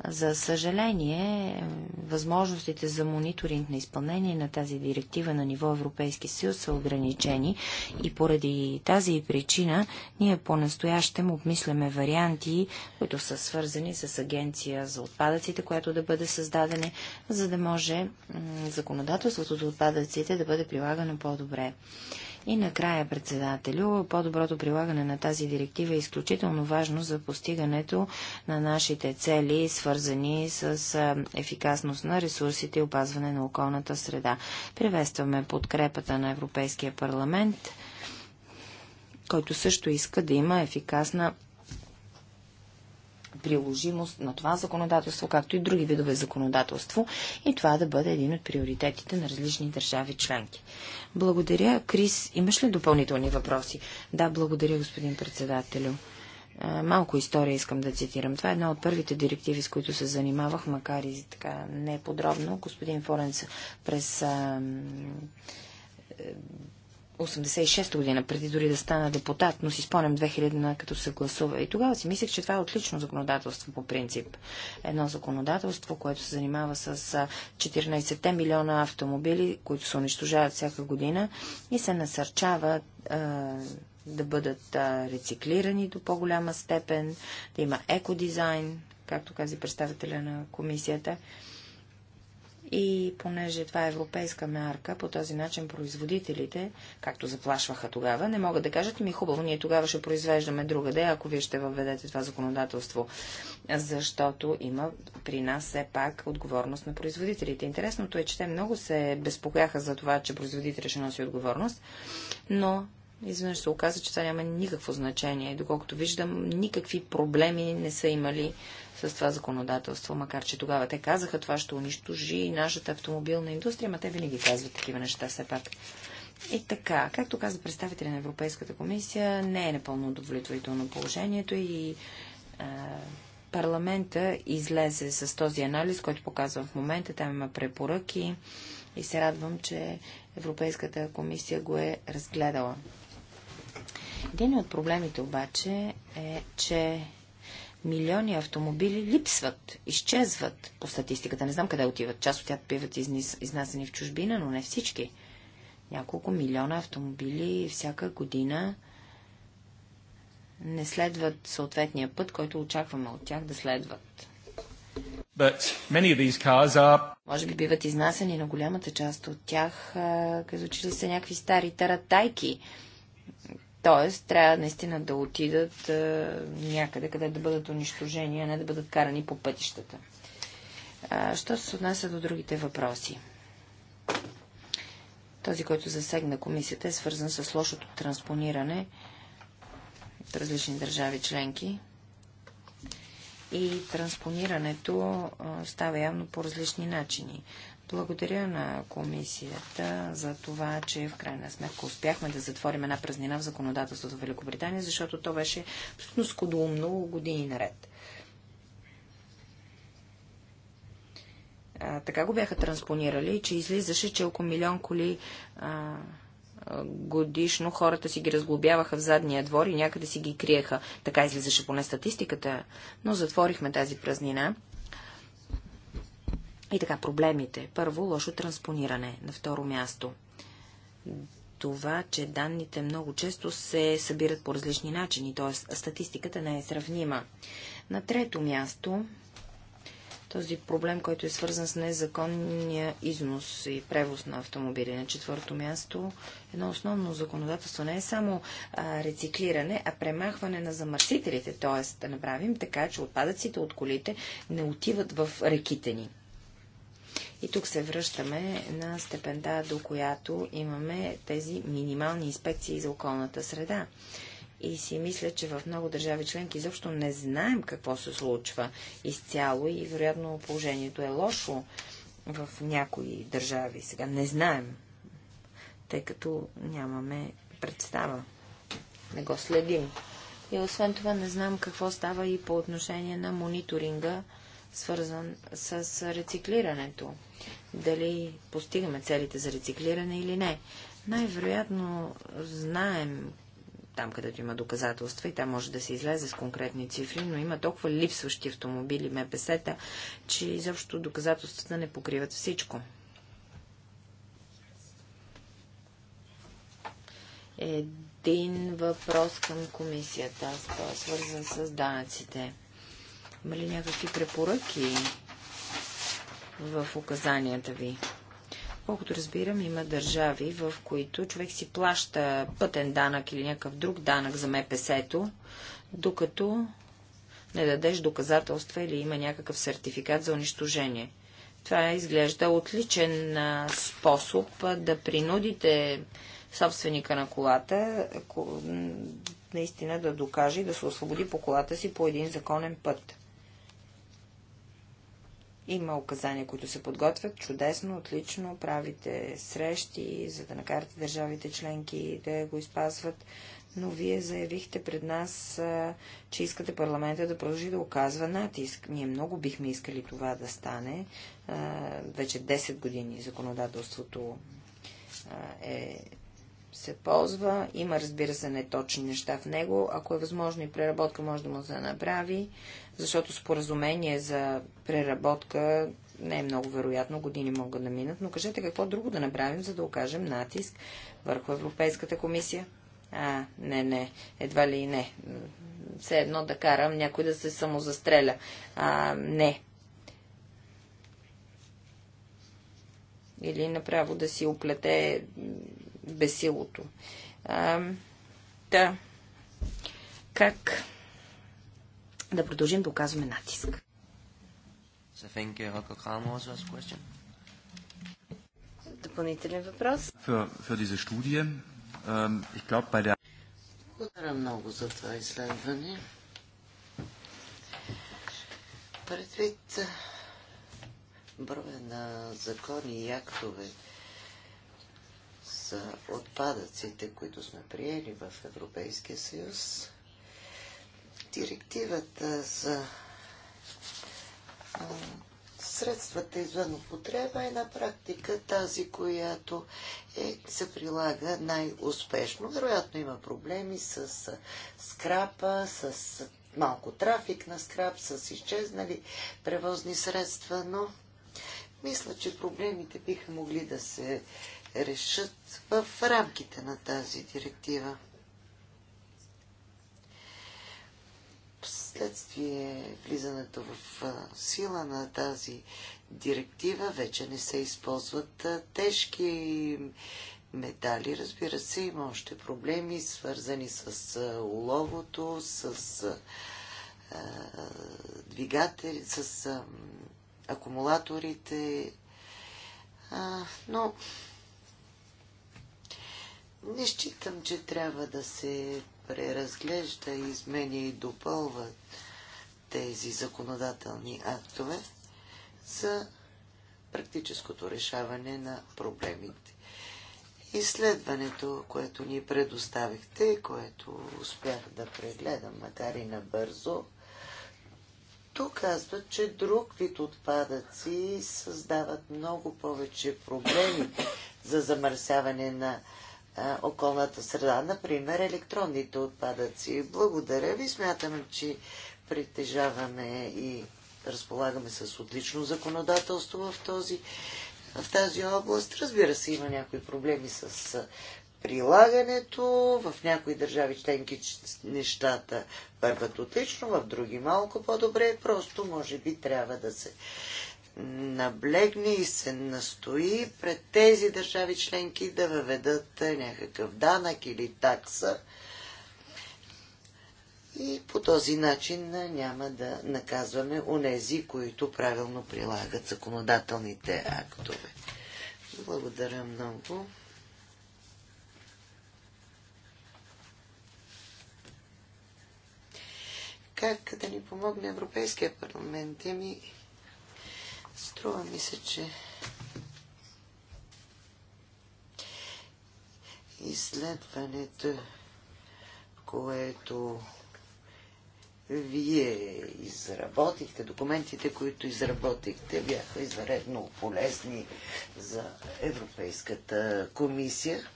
За съжаление, възможностите за мониторинг на изпълнение на тази директива на ниво Европейски съюз са ограничени и поради тази причина ние по-настоящем обмисляме варианти, които са свързани с агенция за отпадъците, която да бъде създадена, за да може законодателството за отпадъците да бъде прилагано по-добре. И накрая, председателю, по-доброто прилагане на тази директива е изключително важно за постигането на нашите цели, свързани с ефикасност на ресурсите и опазване на околната среда. Приветстваме подкрепата на Европейския парламент, който също иска да има ефикасна приложимост на това законодателство, както и други видове законодателство, и това да бъде един от приоритетите на различни държави членки. Благодаря. Крис, имаш ли допълнителни въпроси? Да, благодаря, господин председателю. Малко история искам да цитирам. Това е една от първите директиви, с които се занимавах, макар и така неподробно. Господин Форенц през 86-та година, преди дори да стана депутат, но си спомням 2000-та, като се гласува. И тогава си мислех, че това е отлично законодателство по принцип. Едно законодателство, което се занимава с 14-те милиона автомобили, които се унищожават всяка година и се насърчава да бъдат рециклирани до по-голяма степен, да има екодизайн, както каза представителя на комисията. И понеже това е европейска мярка, по този начин производителите, както заплашваха тогава, не могат да кажат, ми хубаво, ние тогава ще произвеждаме другаде, ако вие ще въведете това законодателство, защото има при нас все пак отговорност на производителите. Интересното е, че те много се безпокояха за това, че производителите ще носи отговорност, но изведнъж се оказа, че това няма никакво значение. доколкото виждам, никакви проблеми не са имали с това законодателство, макар че тогава те казаха, това ще унищожи и нашата автомобилна индустрия, ма те винаги казват такива неща все пак. И така, както каза представителя на Европейската комисия, не е напълно удовлетворително положението и а, парламента излезе с този анализ, който показвам в момента. Там има препоръки и се радвам, че Европейската комисия го е разгледала. Един от проблемите обаче е, че милиони автомобили липсват, изчезват по статистиката. Не знам къде отиват. Част от тях биват изнасени в чужбина, но не всички. Няколко милиона автомобили всяка година не следват съответния път, който очакваме от тях да следват. But many of these cars are... Може би биват изнасени на голямата част от тях, като че ли са някакви стари таратайки, Тоест, трябва наистина да отидат а, някъде, къде да бъдат унищожени, а не да бъдат карани по пътищата. А, що се отнася до другите въпроси? Този, който засегна комисията, е свързан с лошото транспониране от различни държави членки. И транспонирането а, става явно по различни начини. Благодаря на комисията за това, че в крайна сметка успяхме да затворим една празнина в законодателството в Великобритания, защото то беше абсолютно скудоумно години наред. А, така го бяха транспонирали, че излизаше, че около милион коли а, годишно хората си ги разглобяваха в задния двор и някъде си ги криеха. Така излизаше поне статистиката, но затворихме тази празнина и така, проблемите. Първо, лошо транспониране. На второ място. Това, че данните много често се събират по различни начини, т.е. статистиката не е сравнима. На трето място, този проблем, който е свързан с незаконния износ и превоз на автомобили. На четвърто място, едно основно законодателство не е само а, рециклиране, а премахване на замърсителите, т.е. да направим така, че отпадъците от колите не отиват в реките ни. И тук се връщаме на степента, до която имаме тези минимални инспекции за околната среда. И си мисля, че в много държави членки изобщо не знаем какво се случва изцяло и вероятно положението е лошо в някои държави. Сега не знаем, тъй като нямаме представа. Не го следим. И освен това не знам какво става и по отношение на мониторинга свързан с рециклирането. Дали постигаме целите за рециклиране или не. Най-вероятно знаем там, където има доказателства и там може да се излезе с конкретни цифри, но има толкова липсващи автомобили, МПС-та, че изобщо доказателствата не покриват всичко. Един въпрос към комисията, е свързан с данъците. Има ли някакви препоръки в указанията ви? Колкото разбирам, има държави, в които човек си плаща пътен данък или някакъв друг данък за МПС-то, докато не дадеш доказателства или има някакъв сертификат за унищожение. Това изглежда отличен способ да принудите собственика на колата наистина да докаже и да се освободи по колата си по един законен път. Има указания, които се подготвят чудесно, отлично, правите срещи, за да накарате държавите членки да го изпазват, но вие заявихте пред нас, че искате парламента да продължи да оказва натиск. Ние много бихме искали това да стане. Вече 10 години законодателството е се ползва. Има, разбира се, неточни неща в него. Ако е възможно и преработка, може да му се направи, защото споразумение за преработка не е много вероятно, години могат да минат, но кажете какво друго да направим, за да окажем натиск върху Европейската комисия. А, не, не, едва ли и не. Все едно да карам някой да се самозастреля. А, не. Или направо да си оплете бесилото. А, да. Как да продължим да оказваме натиск? Допълнителен въпрос. Ähm, благодаря много за това изследване. Предвид броя на закони и актове, за отпадъците, които сме приели в Европейския съюз, директивата за средствата извън употреба е на практика тази, която е, се прилага най-успешно. Вероятно има проблеми с скрапа, с малко трафик на скрап, с изчезнали превозни средства, но мисля, че проблемите биха могли да се решат в рамките на тази директива. Вследствие влизането в сила на тази директива вече не се използват тежки метали. Разбира се, има още проблеми, свързани с уловото, с двигатели, с акумулаторите. но не считам, че трябва да се преразглежда, изменя и допълва тези законодателни актове за практическото решаване на проблемите. Изследването, което ни предоставихте, което успях да прегледам, макар и набързо, то казват, че друг вид отпадъци създават много повече проблеми за замърсяване на околната среда, например електронните отпадъци. Благодаря ви, смятаме, че притежаваме и разполагаме с отлично законодателство в, този, в тази област. Разбира се, има някои проблеми с прилагането. В някои държави членки нещата върват отлично, в други малко по-добре. Просто, може би, трябва да се наблегне и се настои пред тези държави членки да въведат някакъв данък или такса. И по този начин няма да наказваме онези, които правилно прилагат законодателните актове. Благодаря много. Как да ни помогне Европейския парламент? Еми, Струва ми се, че изследването, което вие изработихте, документите, които изработихте, бяха изредно полезни за Европейската комисия.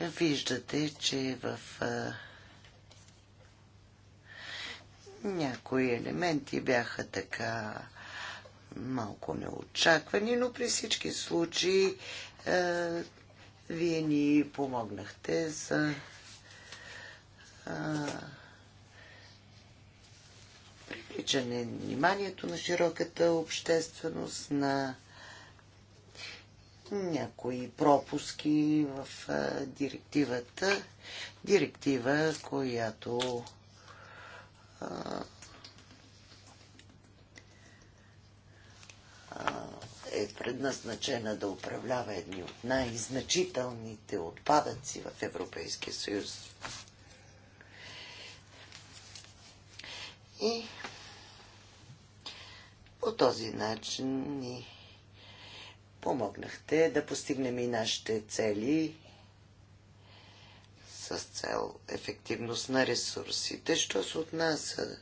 Виждате, че в а, някои елементи бяха така малко неочаквани, но при всички случаи е, вие ни помогнахте за е, привличане вниманието на широката общественост на някои пропуски в е, директивата. Директива, която е, е предназначена да управлява едни от най-значителните отпадъци в Европейския съюз. И по този начин ни помогнахте да постигнем и нашите цели с цел ефективност на ресурсите. Що се отнася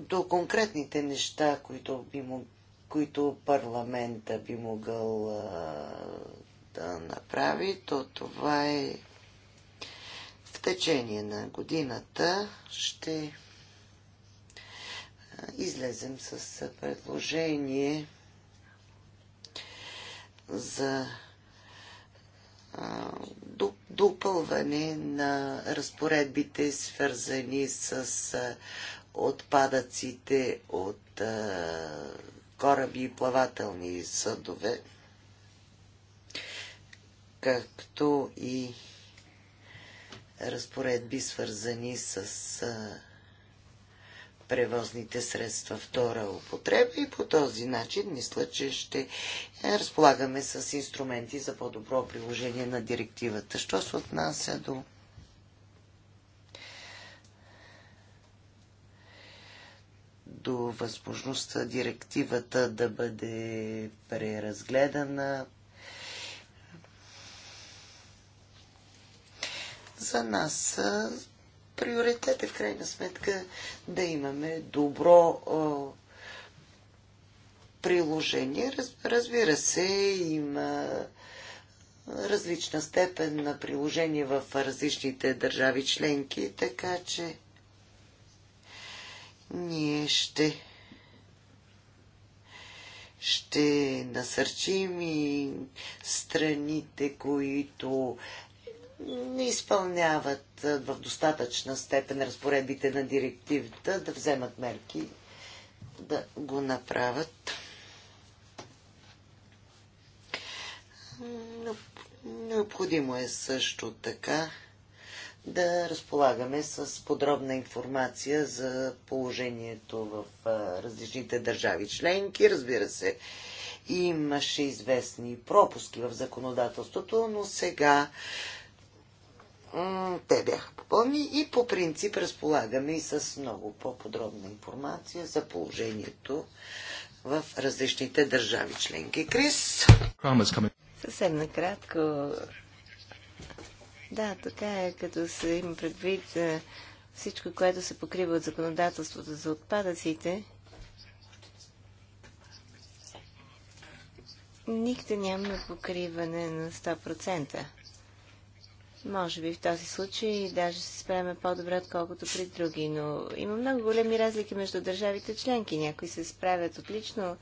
до конкретните неща, които, би мог, които парламента би могъл а, да направи, то това е в течение на годината ще излезем с предложение за допълване на разпоредбите, свързани с отпадъците от кораби и плавателни съдове, както и разпоредби, свързани с превозните средства втора употреба и по този начин мисля, че ще е, разполагаме с инструменти за по-добро приложение на директивата. Що се отнася до до възможността директивата да бъде преразгледана. За нас приоритет е в крайна сметка да имаме добро приложение. Разбира се, има различна степен на приложение в различните държави членки, така че ние ще ще насърчим и страните, които не изпълняват в достатъчна степен разпоредбите на директивата, да вземат мерки да го направят. Необходимо е също така да разполагаме с подробна информация за положението в различните държави членки. Разбира се, имаше известни пропуски в законодателството, но сега те бяха попълни и по принцип разполагаме и с много по-подробна информация за положението в различните държави членки. Крис? Съвсем накратко да, така е, като се има предвид е, всичко, което се покрива от законодателството за отпадъците. Никъде няма покриване на 100%. Може би в този случай даже се справяме по-добре, отколкото при други, но има много големи разлики между държавите членки. Някои се справят отлично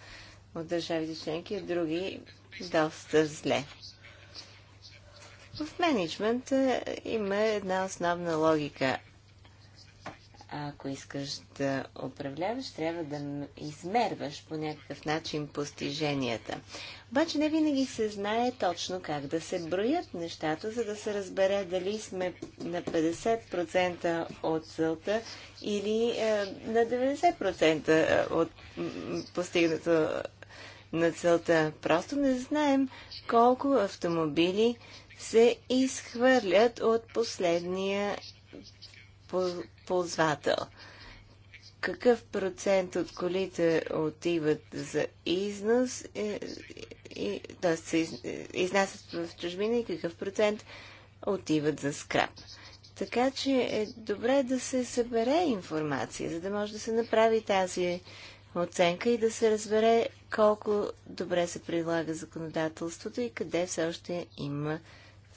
от държавите членки, а други доста зле. В менеджмента е, има една основна логика. Ако искаш да управляваш, трябва да измерваш по някакъв начин постиженията. Обаче не винаги се знае точно как да се броят нещата, за да се разбере дали сме на 50% от целта или е, на 90% е, от постигнато на целта. Просто не знаем колко автомобили се изхвърлят от последния ползвател. Какъв процент от колите отиват за износ, т.е. се изнасят в чужбина и какъв процент отиват за скрап. Така че е добре да се събере информация, за да може да се направи тази оценка и да се разбере колко добре се прилага законодателството и къде все още има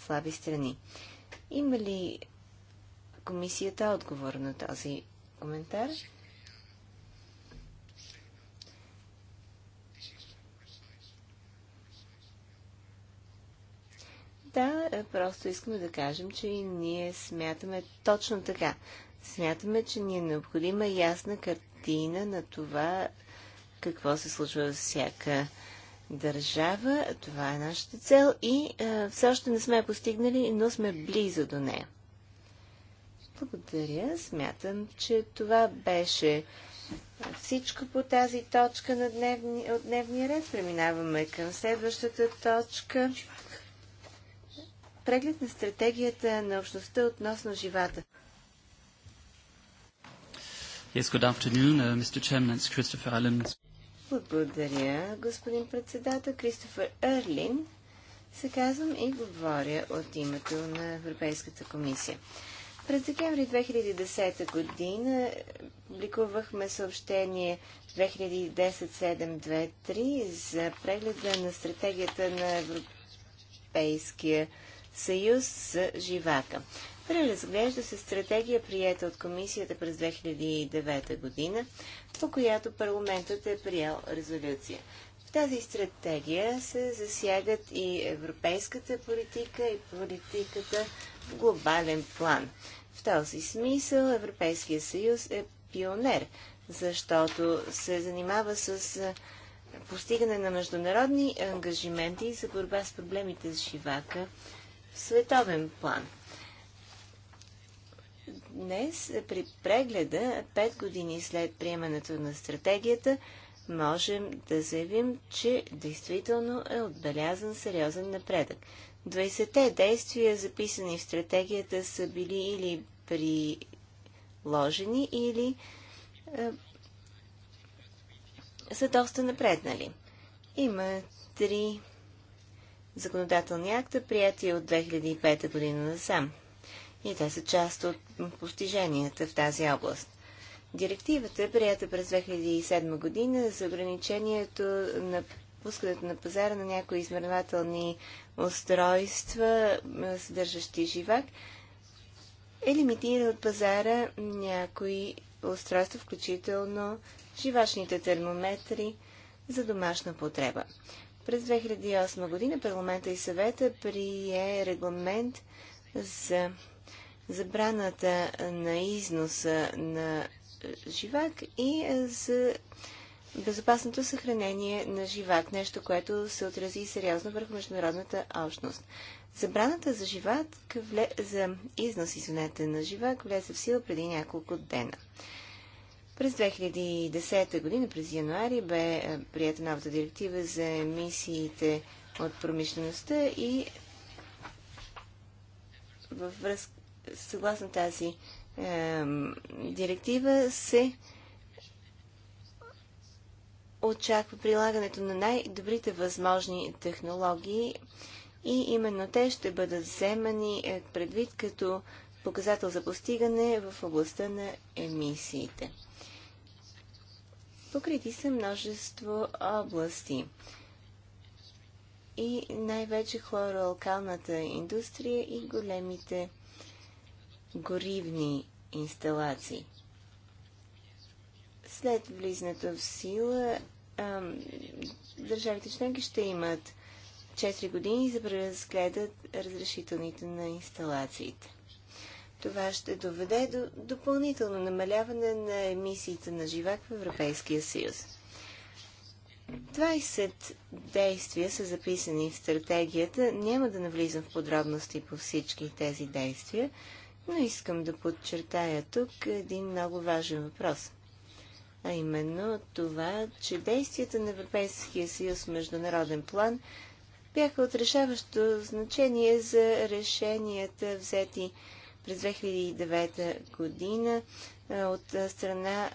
слаби страни. Има ли комисията отговор на този коментар? Да, е, просто искаме да кажем, че и ние смятаме точно така. Смятаме, че ни е необходима ясна картина на това, какво се случва с всяка държава. Това е нашата цел и а, е, все още не сме постигнали, но сме близо до нея. Благодаря. Смятам, че това беше всичко по тази точка на дневни, от дневния ред. Преминаваме към следващата точка. Преглед на стратегията на общността относно живата. Yes, good afternoon, uh, Mr. Chairman. It's Christopher Allen. Благодаря, господин председател. Кристофър Ерлин се казвам и говоря от името на Европейската комисия. През декември 2010 година публикувахме съобщение 2010-723 за прегледа на стратегията на Европейския съюз за живака преразглежда се стратегия, приета от комисията през 2009 година, по която парламентът е приел резолюция. В тази стратегия се засягат и европейската политика и политиката в глобален план. В този смисъл Европейския съюз е пионер, защото се занимава с постигане на международни ангажименти за борба с проблемите с живака в световен план. Днес, при прегледа, пет години след приемането на стратегията, можем да заявим, че действително е отбелязан сериозен напредък. 20-те действия, записани в стратегията, са били или приложени, или е, са доста напреднали. Има три законодателни акта, прияти от 2005 година насам и те са част от постиженията в тази област. Директивата е прията през 2007 година за ограничението на пускането на пазара на някои измервателни устройства, съдържащи живак, е лимитира от пазара някои устройства, включително живачните термометри за домашна потреба. През 2008 година парламента и съвета прие регламент за забраната на износа на живак и е, за безопасното съхранение на живак, нещо, което се отрази сериозно върху международната общност. Забраната за, живак, за износ извинете, на живак влезе в сила преди няколко дена. През 2010 година, през януари, бе е, прията новата директива за емисиите от промишлеността и във връзка съгласно тази е, директива се очаква прилагането на най-добрите възможни технологии и именно те ще бъдат вземани е, предвид като показател за постигане в областта на емисиите. Покрити са множество области и най-вече хлороалкалната индустрия и големите горивни инсталации. След влизането в сила държавите членки ще имат 4 години за да разгледат разрешителните на инсталациите. Това ще доведе до допълнително намаляване на емисиите на живак в Европейския съюз. 20 действия са записани в стратегията. Няма да навлизам в подробности по всички тези действия, но искам да подчертая тук един много важен въпрос. А именно това, че действията на Европейския съюз в международен план бяха от решаващо значение за решенията взети през 2009 година от страна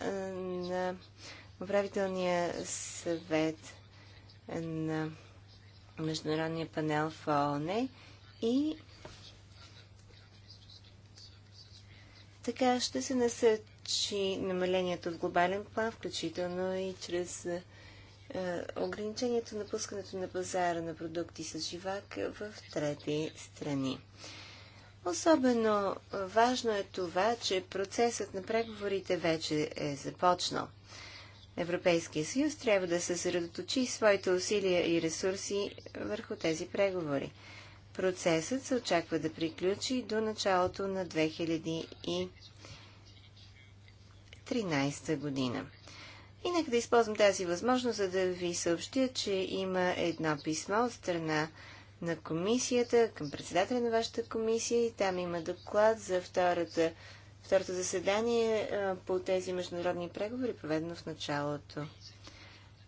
на управителния съвет на Международния панел в ООН и Така ще се насърчи намалението в глобален план, включително и чрез е, ограничението на пускането на пазара на продукти с живак в трети страни. Особено важно е това, че процесът на преговорите вече е започнал. Европейския съюз трябва да съсредоточи своите усилия и ресурси върху тези преговори. Процесът се очаква да приключи до началото на 2013 година. И нека да използвам тази възможност, за да ви съобщя, че има едно писмо от страна на комисията, към председателя на вашата комисия и там има доклад за втората, второто заседание по тези международни преговори, проведено в началото.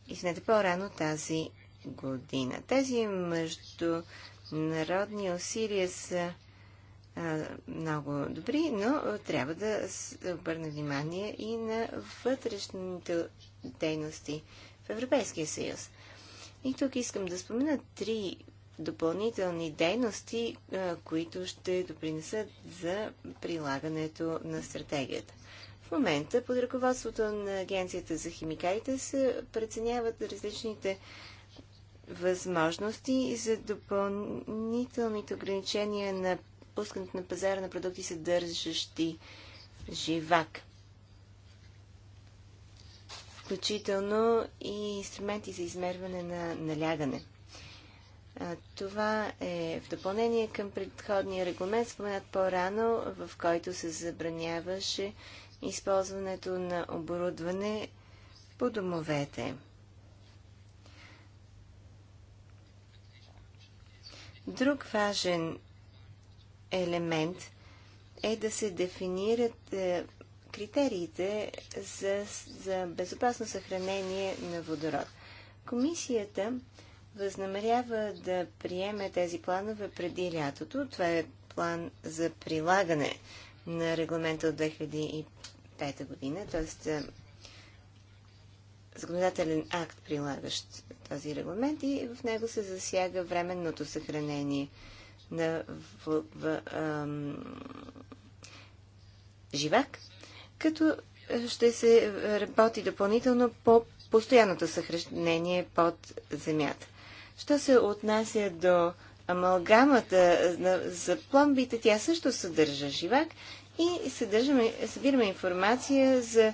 Извинете, по-рано тази година. Тези между народни усилия са а, много добри, но трябва да обърна внимание и на вътрешните дейности в Европейския съюз. И тук искам да спомена три допълнителни дейности, а, които ще допринесат за прилагането на стратегията. В момента под ръководството на Агенцията за химикалите се преценяват различните възможности за допълнителните ограничения на пускането на пазара на продукти, съдържащи живак. Включително и инструменти за измерване на налягане. Това е в допълнение към предходния регламент, споменат по-рано, в който се забраняваше използването на оборудване по домовете. Друг важен елемент е да се дефинират е, критериите за, за безопасно съхранение на водород. Комисията възнамерява да приеме тези планове преди лятото. Това е план за прилагане на регламента от 2005 година, т.е. Е, законодателен акт, прилагащ този регламент и в него се засяга временното съхранение на в, в, ам, живак, като е, ще се е, работи допълнително по постоянното съхранение под земята. Що се отнася до амалгамата е, за пломбите, тя също съдържа живак и съдържаме, събираме информация за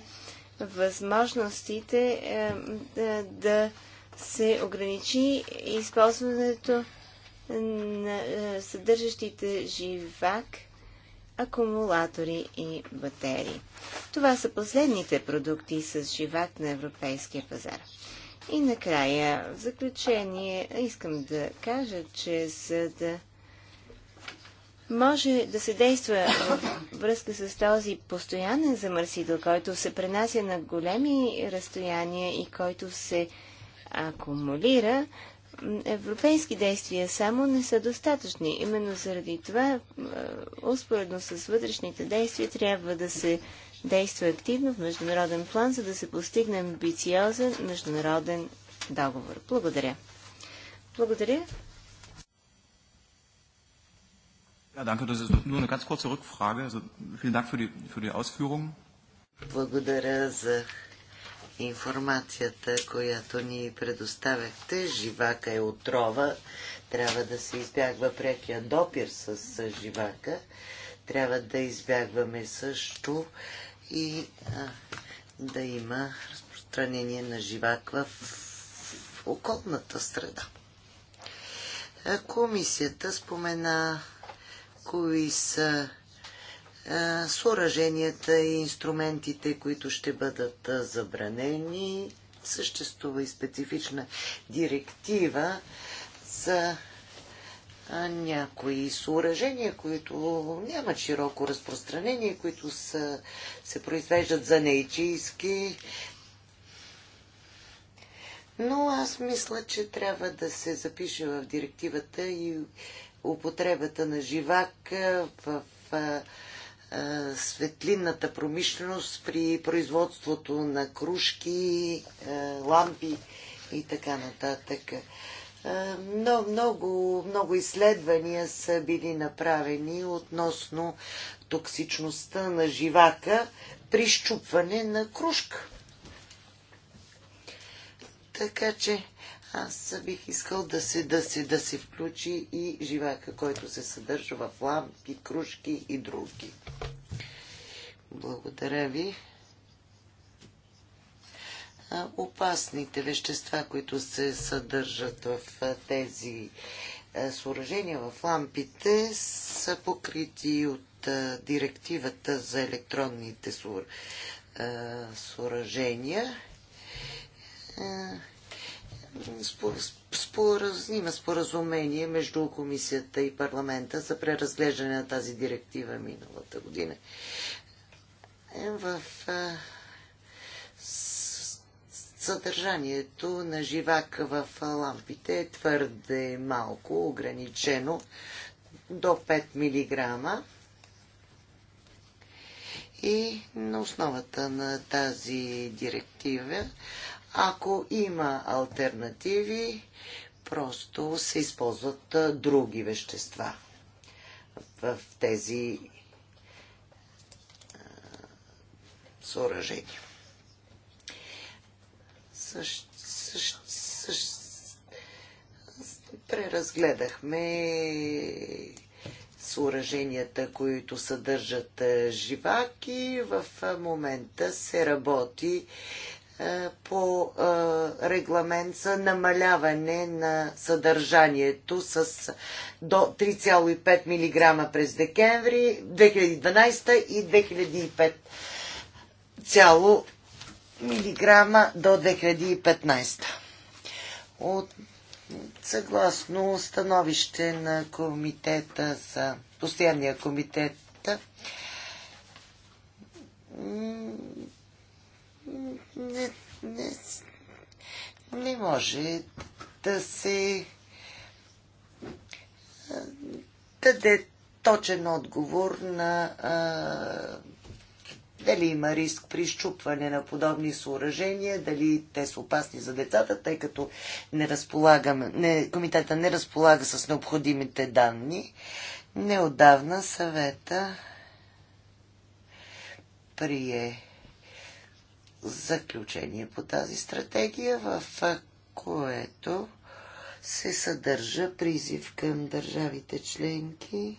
възможностите е, да се ограничи използването на е, съдържащите живак акумулатори и батерии. Това са последните продукти с живак на европейския пазар. И накрая, в заключение, искам да кажа, че за да може да се действа в връзка с този постоянен замърсител, който се пренася на големи разстояния и който се акумулира, европейски действия само не са достатъчни. Именно заради това, успоредно с вътрешните действия, трябва да се действа активно в международен план, за да се постигне амбициозен международен договор. Благодаря. Благодаря. Ja, danke. Das ist nur eine ganz kurze Rückfrage. Also vielen Dank für die, für die Ausführungen. Благодаря за информацията, която ни предоставяхте. Живака е отрова. Трябва да се избягва прекия допир с живака. Трябва да избягваме също и а, да има разпространение на живак в, околната среда. Комисията спомена кои са е, съоръженията и инструментите, които ще бъдат е, забранени. Съществува и специфична директива за е, някои съоръжения, които нямат широко разпространение, които са, се произвеждат за нейчийски. Но аз мисля, че трябва да се запише в директивата и употребата на живак в, в е, светлинната промишленост при производството на кружки, е, лампи и така нататък. Е, но много, много изследвания са били направени относно токсичността на живака при щупване на кружка. Така че аз бих искал да се, да се, да се включи и живака, който се съдържа в лампи, кружки и други. Благодаря ви. Опасните вещества, които се съдържат в тези съоръжения, в лампите, са покрити от директивата за електронните съоръжения има споразумение между комисията и парламента за преразглеждане на тази директива миналата година. Е, в съдържанието на живак в лампите е твърде малко, ограничено до 5 мг. И на основата на тази директива ако има альтернативи, просто се използват други вещества в тези съоръжения. Същ, същ, същ, преразгледахме съоръженията, които съдържат живаки. В момента се работи е, по е, регламент за намаляване на съдържанието с до 3,5 мг през декември 2012 и 2005 мг милиграма до 2015. От, съгласно становище на комитета за постоянния комитет не, не, не може да се даде точен отговор на а, дали има риск при изчупване на подобни съоръжения, дали те са опасни за децата, тъй като не разполагаме, не, комитета не разполага с необходимите данни. Неодавна съвета прие заключение по тази стратегия, в което се съдържа призив към държавите членки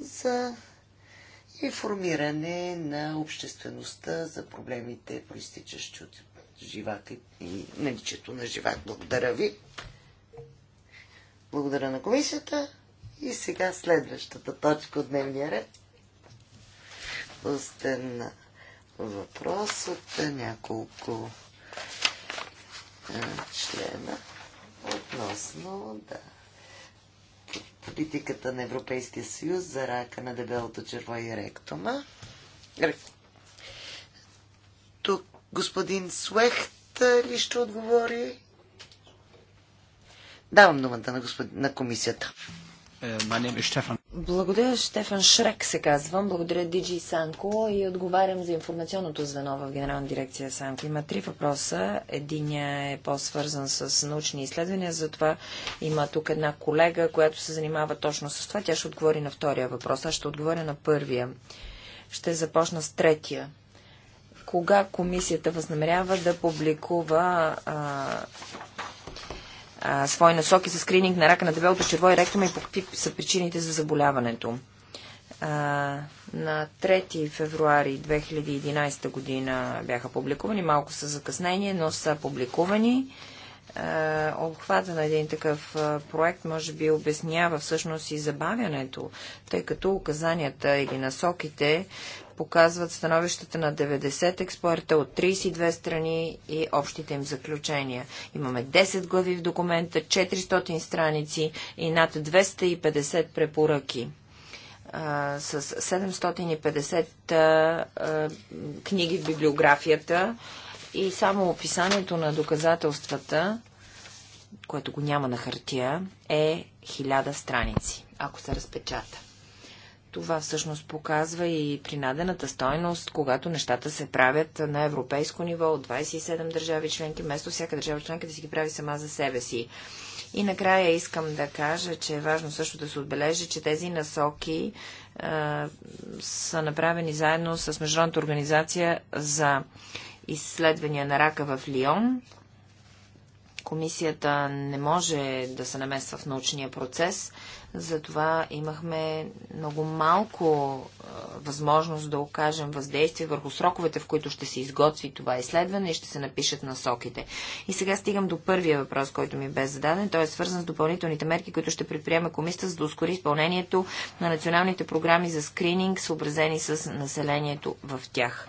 за информиране на обществеността за проблемите, проистичащи от живака и наличието на живак. Благодаря ви. Благодаря на комисията. И сега следващата точка от дневния ред. Пустен въпрос от е няколко е, члена относно да, политиката на Европейския съюз за рака на дебелото черво и ректома. Тук господин Суехт е, ли ще отговори? Давам думата на, господ... на комисията. My name is Stefan благодаря, Штефан Шрек се казвам. Благодаря Диджи Санко и отговарям за информационното звено в Генерална дирекция Санко. Има три въпроса. Единия е по-свързан с научни изследвания, затова има тук една колега, която се занимава точно с това. Тя ще отговори на втория въпрос. Аз ще отговоря на първия. Ще започна с третия. Кога комисията възнамерява да публикува а, а, свои насоки за скрининг на рака на дебелото черво и ректума и по какви са причините за заболяването. А, на 3 февруари 2011 година бяха публикувани, малко са закъснение, но са публикувани. обхвата на един такъв проект може би обяснява всъщност и забавянето, тъй като указанията или насоките показват становищата на 90 експорта от 32 страни и общите им заключения. Имаме 10 глави в документа, 400 страници и над 250 препоръки с 750 а, книги в библиографията и само описанието на доказателствата, което го няма на хартия, е 1000 страници, ако се разпечата. Това всъщност показва и принадената стойност, когато нещата се правят на европейско ниво от 27 държави членки, вместо всяка държава членка да си ги прави сама за себе си. И накрая искам да кажа, че е важно също да се отбележи, че тези насоки е, са направени заедно с Международната организация за изследвания на рака в Лион. Комисията не може да се намесва в научния процес, затова имахме много малко а, възможност да окажем въздействие върху сроковете, в които ще се изготви това изследване и ще се напишат насоките. И сега стигам до първия въпрос, който ми бе зададен. Той е свързан с допълнителните мерки, които ще предприеме комисията, за да ускори изпълнението на националните програми за скрининг, съобразени с населението в тях.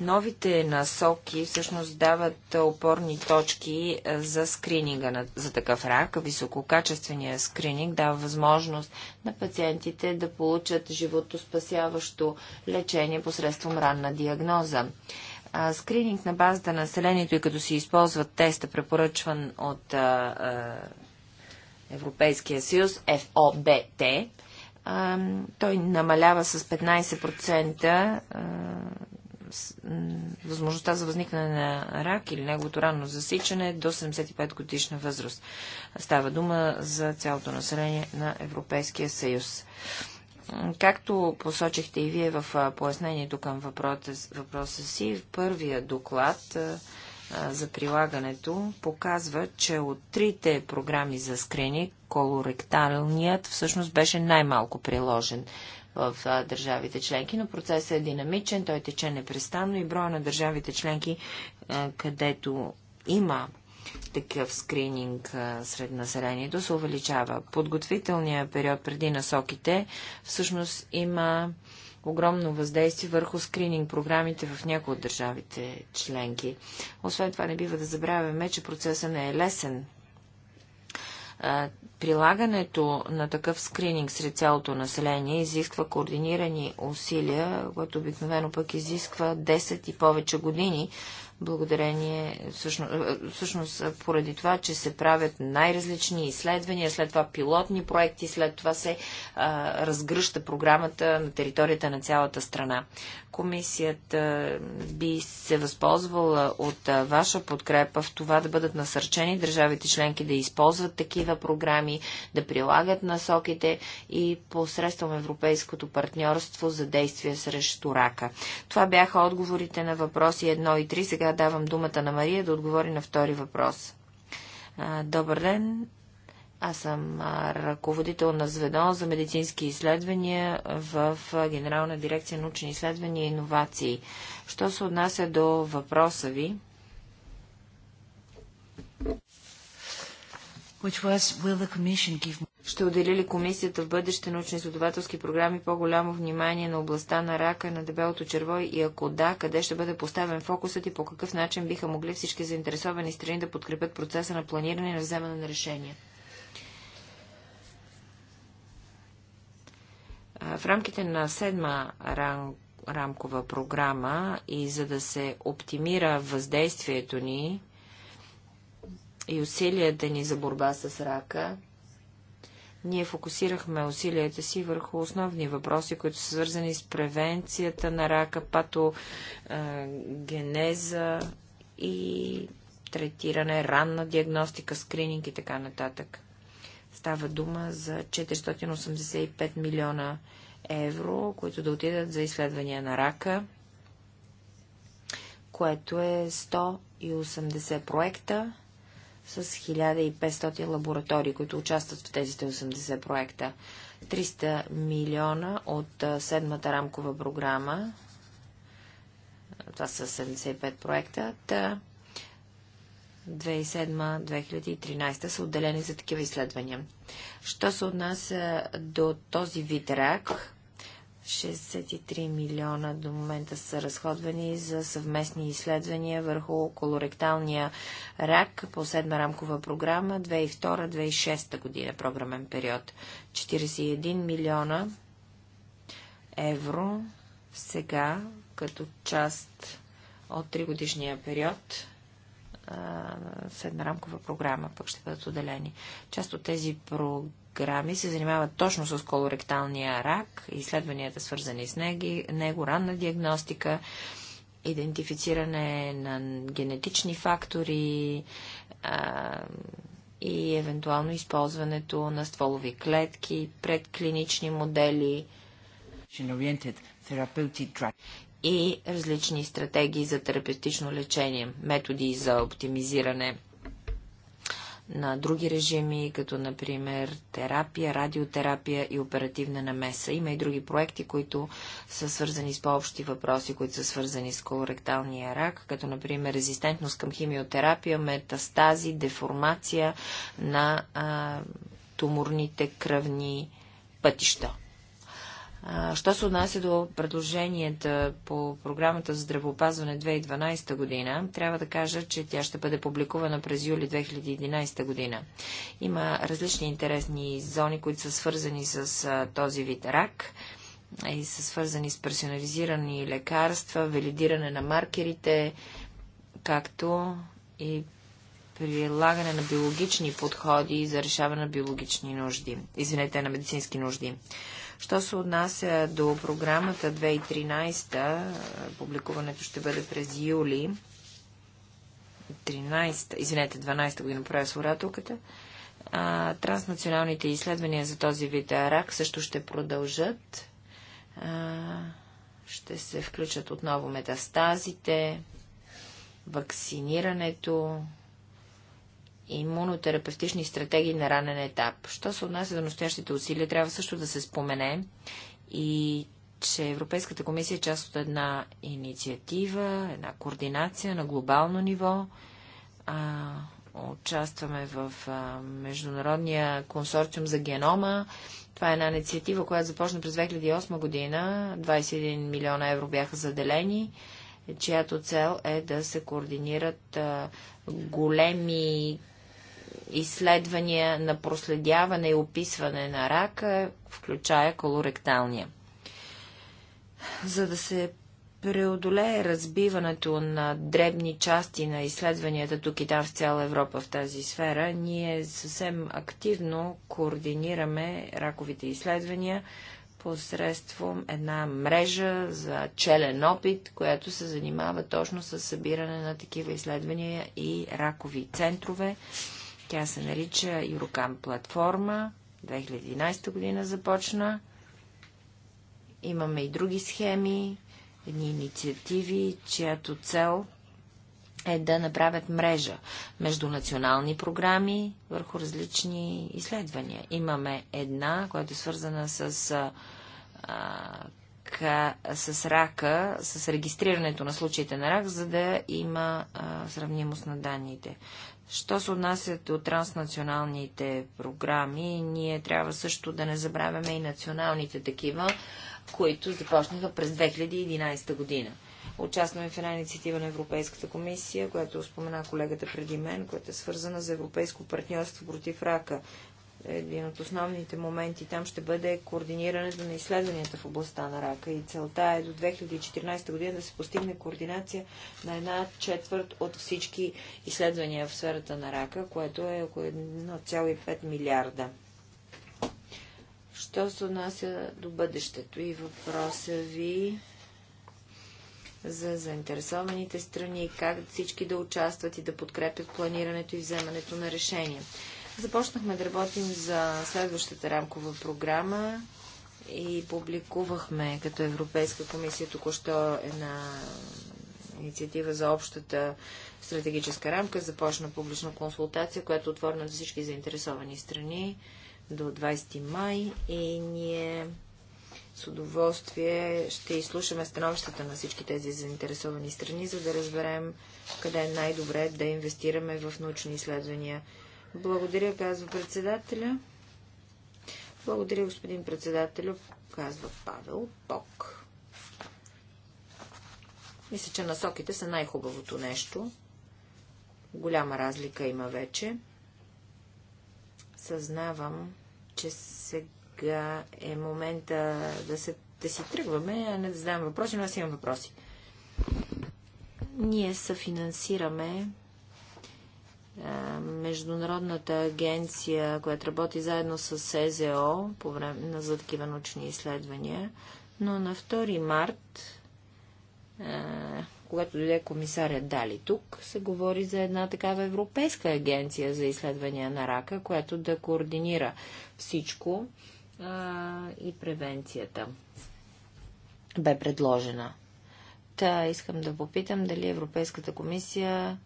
Новите насоки всъщност дават опорни точки е, за скрининга на, за такъв рак. Висококачественият скрининг дава възможност на пациентите да получат животоспасяващо лечение посредством ранна диагноза скрининг на базата на населението и като се използват теста, препоръчван от а, а, Европейския съюз, ФОБТ, а, той намалява с 15% възможността за възникване на рак или неговото ранно засичане до 75 годишна възраст. Става дума за цялото население на Европейския съюз. Както посочихте и вие в пояснението към въпроса си, първия доклад за прилагането показва, че от трите програми за скрини, колоректалният всъщност беше най-малко приложен в държавите членки, но процесът е динамичен, той тече непрестанно и броя на държавите членки, където има такъв скрининг сред населението, се увеличава. Подготвителният период преди насоките всъщност има огромно въздействие върху скрининг програмите в някои от държавите членки. Освен това не бива да забравяме, че процесът не е лесен Прилагането на такъв скрининг сред цялото население изисква координирани усилия, което обикновено пък изисква 10 и повече години, благодарение, всъщност, всъщност поради това, че се правят най-различни изследвания, след това пилотни проекти, след това се а, разгръща програмата на територията на цялата страна. Комисията би се възползвала от а, ваша подкрепа в това да бъдат насърчени държавите членки да използват такива програми, да прилагат насоките и посредством европейското партньорство за действия срещу рака. Това бяха отговорите на въпроси 1 и 3. Сега давам думата на Мария да отговори на втори въпрос. Добър ден! Аз съм ръководител на звено за медицински изследвания в Генерална дирекция научни изследвания и иновации. Що се отнася до въпроса ви, Ще отдели ли комисията в бъдеще научни изследователски програми по-голямо внимание на областта на рака, на дебелото черво и ако да, къде ще бъде поставен фокусът и по какъв начин биха могли всички заинтересовани страни да подкрепят процеса на планиране и на вземане на решения? В рамките на седма рамкова програма и за да се оптимира въздействието ни и усилията ни за борба с рака, ние фокусирахме усилията си върху основни въпроси, които са свързани с превенцията на рака, патогенеза и третиране, ранна диагностика, скрининг и така нататък. Става дума за 485 милиона евро, които да отидат за изследвания на рака, което е 180 проекта с 1500 лаборатории, които участват в тези 180 проекта. 300 милиона от седмата рамкова програма, това са 75 проекта, 2007-2013 са отделени за такива изследвания. Що се отнася до този вид рак, 63 милиона до момента са разходвани за съвместни изследвания върху колоректалния рак по седма рамкова програма 2002-2006 година програмен период. 41 милиона евро сега като част от 3 годишния период седма рамкова програма пък ще бъдат отделени. Част от тези програми грами се занимават точно с колоректалния рак, изследванията свързани с него, ранна диагностика, идентифициране на генетични фактори а, и евентуално използването на стволови клетки, предклинични модели и различни стратегии за терапевтично лечение, методи за оптимизиране на други режими, като например терапия, радиотерапия и оперативна намеса. Има и други проекти, които са свързани с по-общи въпроси, които са свързани с колоректалния рак, като например резистентност към химиотерапия, метастази, деформация на а, туморните кръвни пътища що се отнася до предложенията по програмата за здравеопазване 2012 година, трябва да кажа, че тя ще бъде публикувана през юли 2011 година. Има различни интересни зони, които са свързани с този вид рак и са свързани с персонализирани лекарства, валидиране на маркерите, както и прилагане на биологични подходи за решаване на биологични нужди, извинете, на медицински нужди. Що се отнася до програмата 2013, публикуването ще бъде през юли 13, извинете, 12 година правя с транснационалните изследвания за този вид рак също ще продължат. А, ще се включат отново метастазите, вакцинирането, имунотерапевтични стратегии на ранен етап. Що се отнася до настоящите усилия, трябва също да се спомене и че Европейската комисия е част от една инициатива, една координация на глобално ниво. А, участваме в а, Международния консорциум за генома. Това е една инициатива, която започна през 2008 година. 21 милиона евро бяха заделени чиято цел е да се координират а, големи изследвания на проследяване и описване на рака, включая колоректалния. За да се преодолее разбиването на дребни части на изследванията тук и там в цяла Европа в тази сфера, ние съвсем активно координираме раковите изследвания посредством една мрежа за челен опит, която се занимава точно с събиране на такива изследвания и ракови центрове тя се нарича Юрокам платформа. 2011 година започна. Имаме и други схеми, едни инициативи, чиято цел е да направят мрежа между национални програми върху различни изследвания. Имаме една, която е свързана с, а, с рака, с регистрирането на случаите на рак, за да има а, сравнимост на данните. Що се отнася до транснационалните програми, ние трябва също да не забравяме и националните такива, които започнаха през 2011 година. Участваме в една инициатива на Европейската комисия, която спомена колегата преди мен, която е свързана за европейско партньорство против рака един от основните моменти там ще бъде координирането на изследванията в областта на рака. И целта е до 2014 година да се постигне координация на една четвърт от всички изследвания в сферата на рака, което е около 1,5 милиарда. Що се отнася до бъдещето и въпроса ви за заинтересованите страни, как всички да участват и да подкрепят планирането и вземането на решения. Започнахме да работим за следващата рамкова програма и публикувахме като Европейска комисия току-що една инициатива за общата стратегическа рамка. Започна публична консултация, която е отворена за всички заинтересовани страни до 20 май и ние с удоволствие ще изслушаме становищата на всички тези заинтересовани страни, за да разберем къде е най-добре да инвестираме в научни изследвания – благодаря, казва председателя. Благодаря, господин председателя, казва Павел Пок. Мисля, че насоките са най-хубавото нещо. Голяма разлика има вече. Съзнавам, че сега е момента да, се, да си тръгваме, а не да задавам въпроси, но аз имам въпроси. Ние съфинансираме Международната агенция, която работи заедно с СЗО по време на за такива научни изследвания, но на 2 март, когато дойде комисаря Дали тук, се говори за една такава европейска агенция за изследвания на рака, която да координира всичко и превенцията. Бе предложена. Та искам да попитам дали Европейската комисия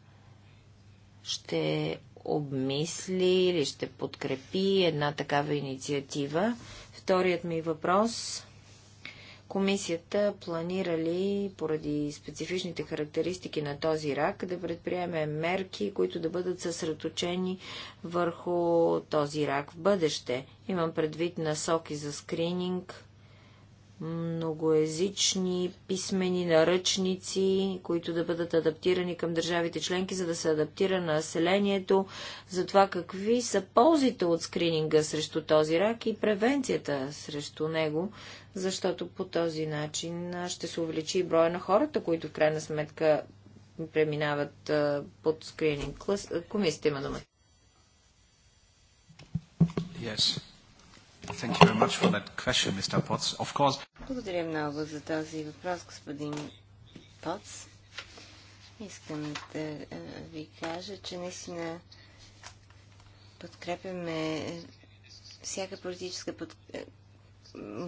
ще обмисли или ще подкрепи една такава инициатива. Вторият ми въпрос. Комисията планира ли, поради специфичните характеристики на този рак, да предприеме мерки, които да бъдат съсредоточени върху този рак в бъдеще? Имам предвид насоки за скрининг, многоезични писмени наръчници, които да бъдат адаптирани към държавите членки, за да се адаптира на населението за това какви са ползите от скрининга срещу този рак и превенцията срещу него, защото по този начин ще се увеличи броя на хората, които в крайна сметка преминават под скрининг. Комисията има думата. Yes. Thank you very much for that question, Mr. Potts. Of course... Благодаря много за този въпрос, господин Потс. Искам да е, ви кажа, че наистина подкрепяме всяка политическа под... Е,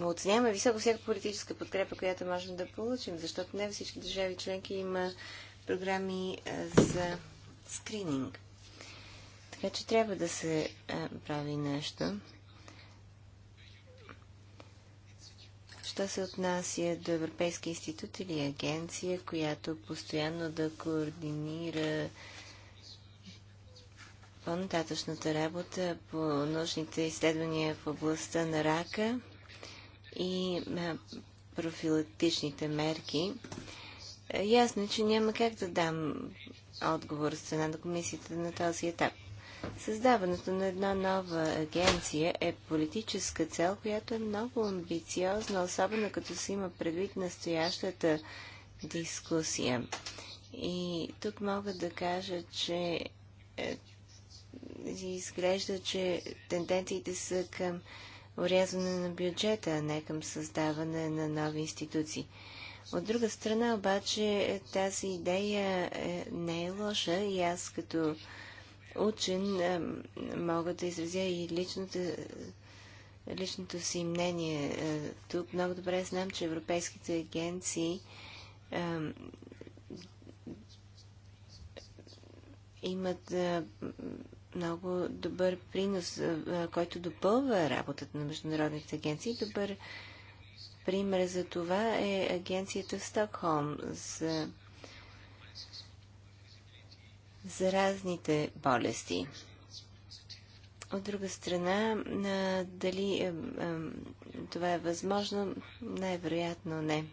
оценяваме високо всяка политическа подкрепа, която можем да получим, защото не всички държави членки има програми е, за скрининг. Така че трябва да се прави нещо. що се отнася до Европейски институт или агенция, която постоянно да координира по-нататъчната работа по научните изследвания в областта на рака и профилактичните мерки. Е ясно е, че няма как да дам отговор от страна на комисията на този етап. Създаването на една нова агенция е политическа цел, която е много амбициозна, особено като се има предвид настоящата дискусия. И тук мога да кажа, че е, изглежда, че тенденциите са към урязване на бюджета, а не към създаване на нови институции. От друга страна обаче тази идея е, не е лоша и аз като учен е, мога да изразя и личното, личното си мнение. Е, тук много добре знам, че европейските агенции е, имат много добър принос, който допълва работата на международните агенции. Добър пример за това е агенцията в Стокхолм за заразните болести. От друга страна, дали това е възможно, най-вероятно не.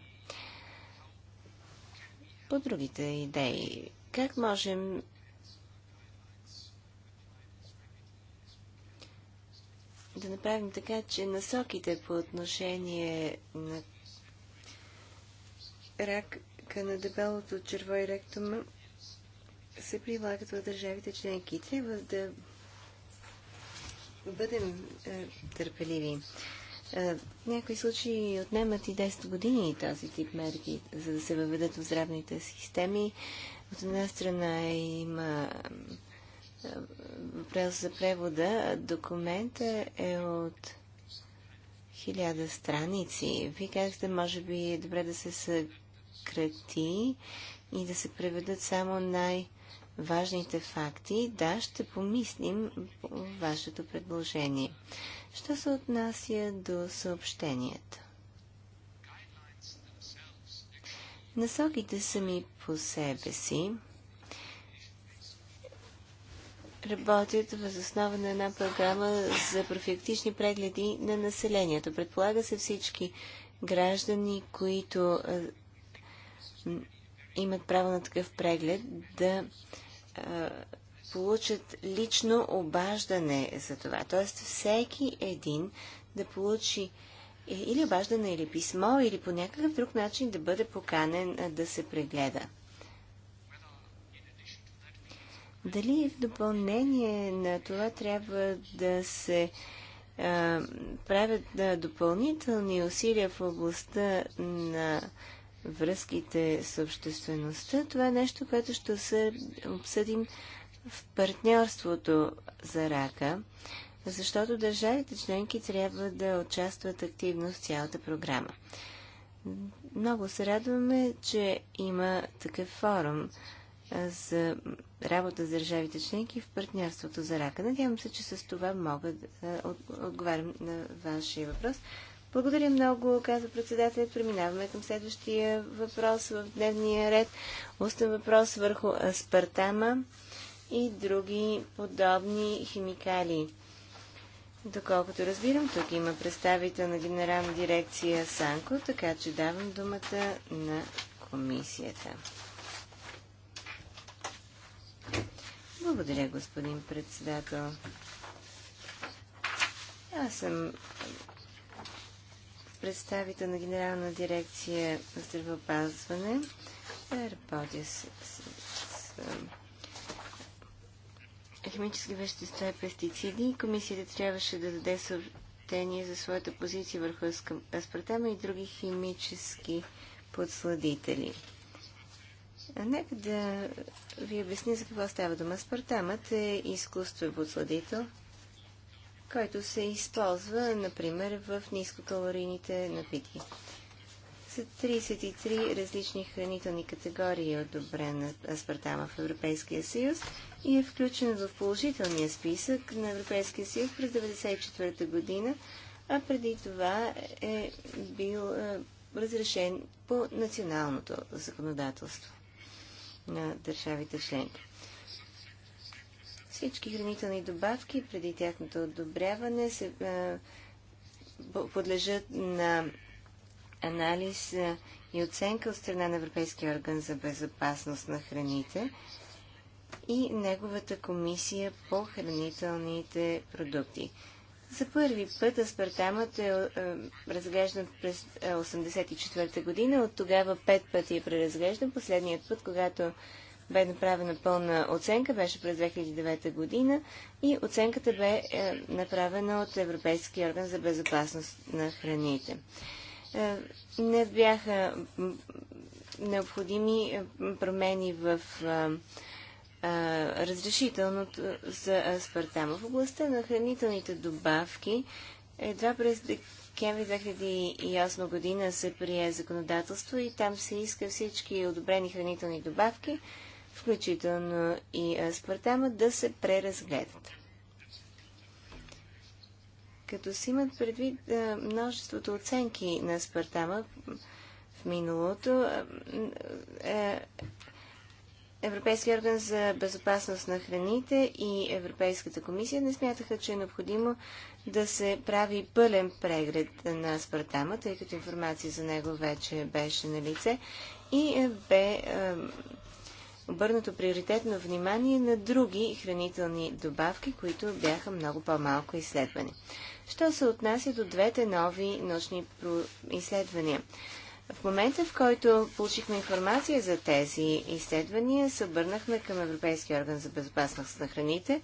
По другите идеи, как можем да направим така, че насоките по отношение на рак на дебелото черво и ректума се прилагат в държавите членки. Трябва да бъдем е, търпеливи. Е, в някои случаи отнемат и 10 години този тип мерки, за да се въведат в здравните системи. От една страна има е, въпрос за превода. Документа е от хиляда страници. Вие казахте, може би е добре да се съкрати и да се преведат само най- важните факти, да, ще помислим по вашето предложение. Що се отнася до съобщенията? Насоките сами по себе си работят въз основа на една програма за профилактични прегледи на населението. Предполага се всички граждани, които имат право на такъв преглед, да получат лично обаждане за това. Тоест всеки един да получи е, или обаждане, или писмо, или по някакъв друг начин да бъде поканен да се прегледа. Дали в допълнение на това трябва да се а, правят допълнителни усилия в областта на връзките с обществеността, това е нещо, което ще обсъдим в партньорството за рака, защото държавите членки трябва да участват активно в цялата програма. Много се радваме, че има такъв форум за работа с държавите членки в партньорството за рака. Надявам се, че с това мога да отговарям на вашия въпрос. Благодаря много, каза председателят. Преминаваме към следващия въпрос в дневния ред. Устен въпрос върху аспартама и други подобни химикали. Доколкото разбирам, тук има представител на генерална дирекция Санко, така че давам думата на комисията. Благодаря, господин председател. Аз съм представител на Генерална дирекция здравеопазване. Работя с, с, с е, химически вещества и пестициди. Комисията трябваше да даде съобщение за своята позиция върху аспартама и други химически подсладители. А нека да ви обясня за какво става дума. Аспартамът е изкуствен подсладител – който се използва, например, в нискокалорийните напитки. С 33 различни хранителни категории е одобрен аспартама в Европейския съюз и е включен в положителния списък на Европейския съюз през 1994 година, а преди това е бил е, разрешен по националното законодателство на държавите членки. Всички хранителни добавки преди тяхното одобряване се, подлежат на анализ и оценка от страна на Европейския орган за безопасност на храните и неговата комисия по хранителните продукти. За първи път аспартамът е, е разглеждан през 1984 е, година. От тогава пет пъти е преразглеждан. Последният път, когато бе направена пълна оценка, беше през 2009 година и оценката бе е, направена от Европейския орган за безопасност на храните. Е, не бяха необходими е, промени в разрешителното за аспартама. В областта на хранителните добавки едва през декември 2008 година се прие законодателство и там се иска всички одобрени хранителни добавки включително и аспартама, да се преразгледат. Като си имат предвид множеството оценки на аспартама в миналото, е, Европейския орган за безопасност на храните и Европейската комисия не смятаха, че е необходимо да се прави пълен преглед на аспартама, тъй като информация за него вече беше на лице и бе обърнато приоритетно внимание на други хранителни добавки, които бяха много по-малко изследвани. Що се отнася до двете нови научни изследвания? В момента, в който получихме информация за тези изследвания, се обърнахме към Европейския орган за безопасност на храните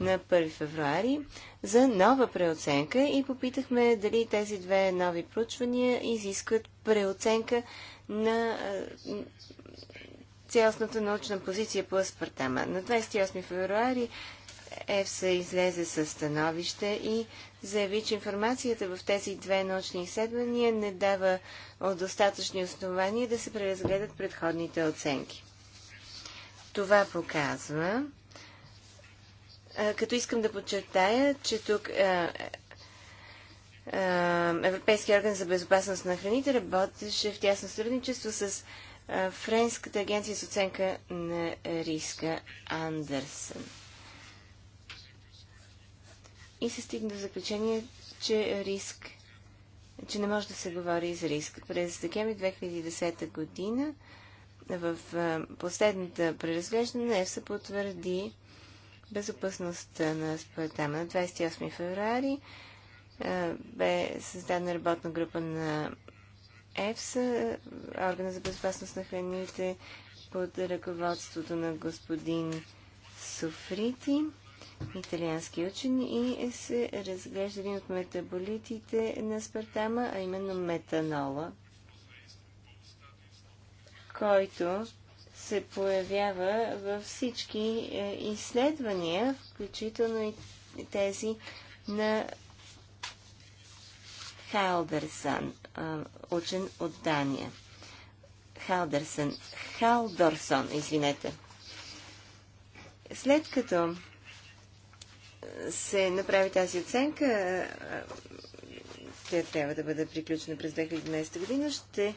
на 1 февруари за нова преоценка и попитахме дали тези две нови проучвания изискват преоценка на цялостната научна позиция по аспартама. На 28 февруари ЕФСА излезе със становище и заяви, че информацията в тези две научни изследвания не дава достатъчни основания да се преразгледат предходните оценки. Това показва, като искам да подчертая, че тук Европейския орган за безопасност на храните работеше в тясно сътрудничество с Френската агенция за оценка на риска Андерсен. И се стигна до заключение, че риск че не може да се говори за риск. През декември 2010 година в последната преразглеждане ЕФСА потвърди безопасността на споетама. На 28 февруари бе създадена работна група на ЕФСА, органа за безопасност на храните, под ръководството на господин Софрити, италиански учен, и се разглежда един от метаболитите на спартама, а именно метанола, който се появява във всички е, изследвания, включително и тези на Халдерсън учен от Дания. Халдерсън. Халдорсон, извинете. След като се направи тази оценка, тя трябва да бъде приключена през 2011 година, ще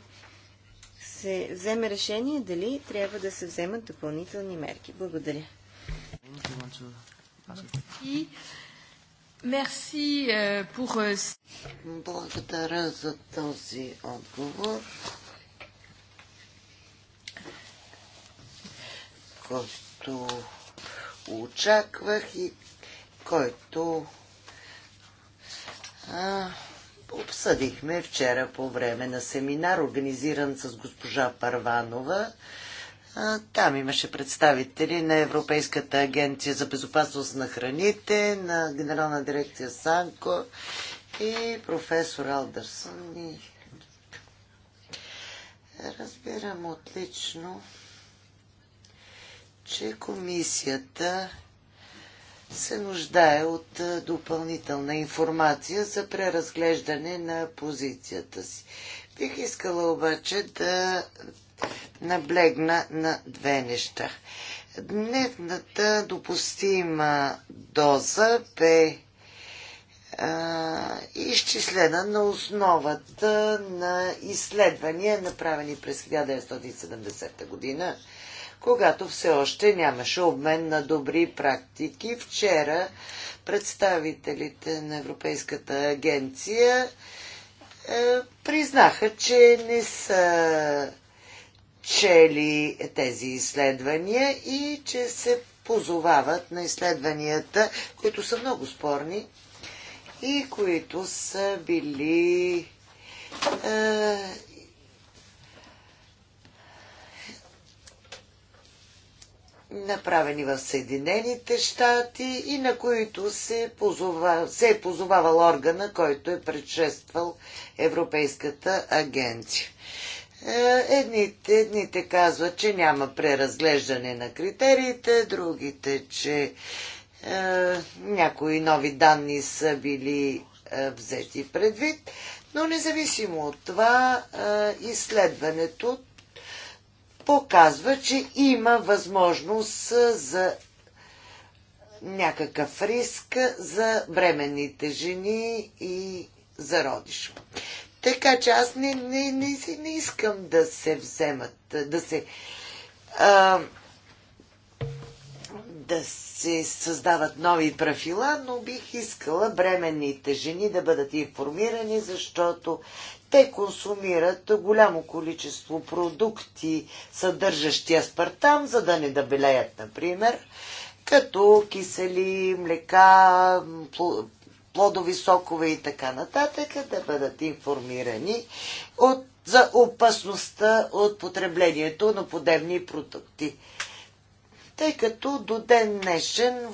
се вземе решение дали трябва да се вземат допълнителни мерки. Благодаря. Merci euh, pour... Euh, Благодаря за този отговор, който очаквах и който а, обсъдихме вчера по време на семинар, организиран с госпожа Парванова. Там имаше представители на Европейската агенция за безопасност на храните, на Генерална дирекция Санко и професор Алдърсън. И... Разбирам отлично, че комисията се нуждае от допълнителна информация за преразглеждане на позицията си. Бих искала обаче да наблегна на две неща. Дневната допустима доза бе а, изчислена на основата на изследвания, направени през 1970 година, когато все още нямаше обмен на добри практики. Вчера представителите на Европейската агенция е, признаха, че не са чели тези изследвания и че се позовават на изследванията, които са много спорни и които са били е, направени в Съединените щати и на които се, позова, се е позовавал органа, който е предшествал Европейската агенция. Е, едните, едните казват, че няма преразглеждане на критериите, другите, че е, някои нови данни са били е, взети предвид, но независимо от това, е, изследването показва, че има възможност за някакъв риск за бременните жени и зародиш. Така че аз не, не, не, не искам да се вземат, да се. А, да се създават нови правила, но бих искала бременните жени да бъдат информирани, защото те консумират голямо количество продукти, съдържащи аспартам, за да не дабелеят, например, като кисели, млека, плодови сокове и така нататък, да бъдат информирани от, за опасността от потреблението на подебни продукти. Тъй като до ден днешен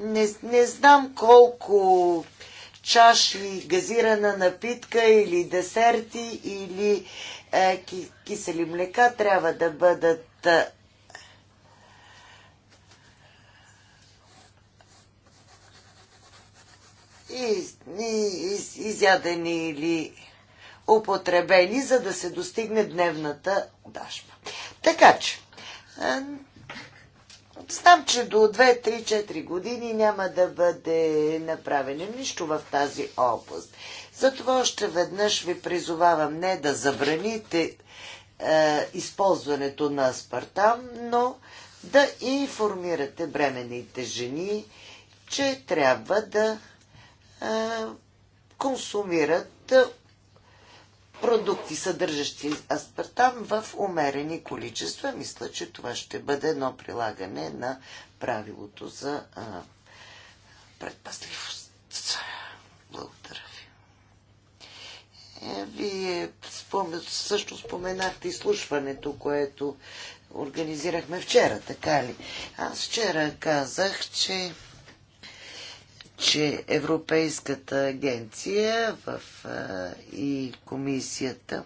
не, не знам колко чаши газирана напитка или десерти или е, кисели млека трябва да бъдат е, из, изядени или употребени, за да се достигне дневната дажба. Така че, Знам, че до 2-3-4 години няма да бъде направено нищо в тази област. Затова още веднъж ви призовавам не да забраните е, използването на аспартам, но да информирате бременните жени, че трябва да е, консумират продукти, съдържащи аспартам в умерени количества. Мисля, че това ще бъде едно прилагане на правилото за е, предпазливост. Благодаря ви. Е, вие също споменахте изслушването, което организирахме вчера, така ли? Аз вчера казах, че че Европейската агенция в, а, и комисията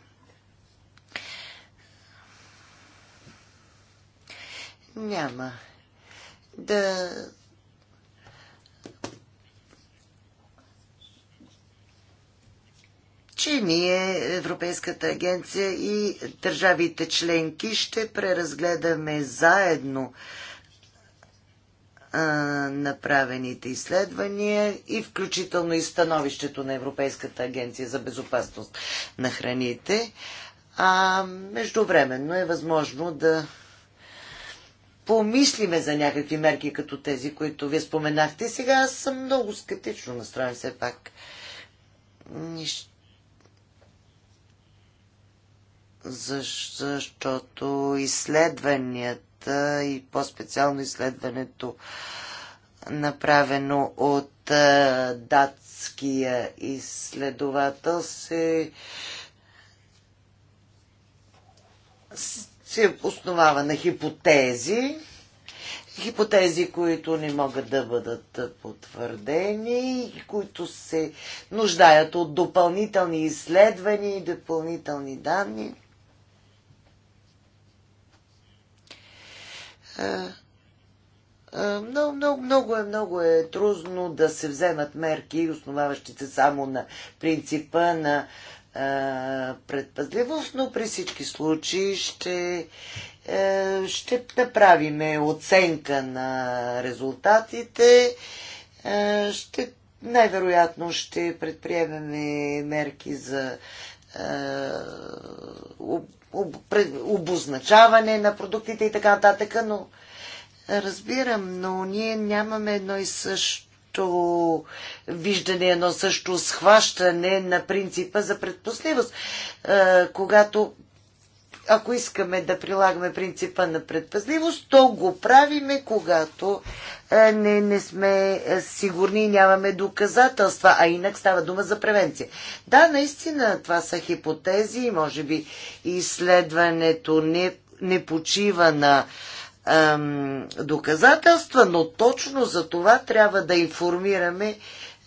няма да че ние, Европейската агенция и държавите членки ще преразгледаме заедно а, а, направените изследвания и включително и становището на Европейската агенция за безопасност на храните. А междувременно е възможно да помислиме за някакви мерки, като тези, които вие споменахте. Сега аз съм много скептично настроен все пак. Нищо. защото изследванията работата и по-специално изследването направено от е, датския изследовател се се основава на хипотези, хипотези, които не могат да бъдат потвърдени и които се нуждаят от допълнителни изследвания и допълнителни данни. много, много, много е, много е трудно да се вземат мерки, основаващи се само на принципа на а, предпазливост, но при всички случаи ще, а, ще направиме оценка на резултатите. А, ще, най-вероятно ще предприемеме мерки за а, обозначаване на продуктите и така нататък, но разбирам, но ние нямаме едно и също виждане, едно също схващане на принципа за предпосливост. Е, когато ако искаме да прилагаме принципа на предпазливост, то го правиме, когато е, не, не сме е, сигурни и нямаме доказателства, а инак става дума за превенция. Да, наистина, това са хипотези и може би изследването не, не почива на ам, доказателства, но точно за това трябва да информираме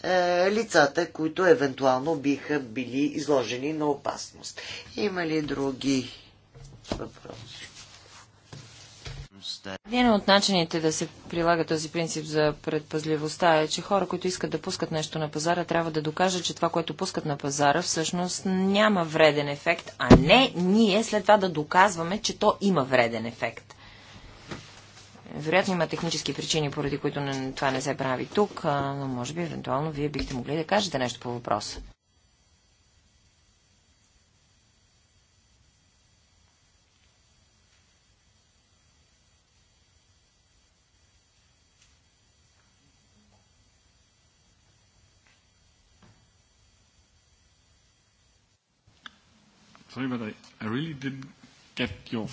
е, лицата, които евентуално биха били изложени на опасност. Има ли други един от начините да се прилага този принцип за предпазливостта е, че хора, които искат да пускат нещо на пазара, трябва да докажат, че това, което пускат на пазара, всъщност няма вреден ефект, а не ние след това да доказваме, че то има вреден ефект. Вероятно има технически причини, поради които това не се прави тук, но може би евентуално вие бихте могли да кажете нещо по въпроса. didn't get your...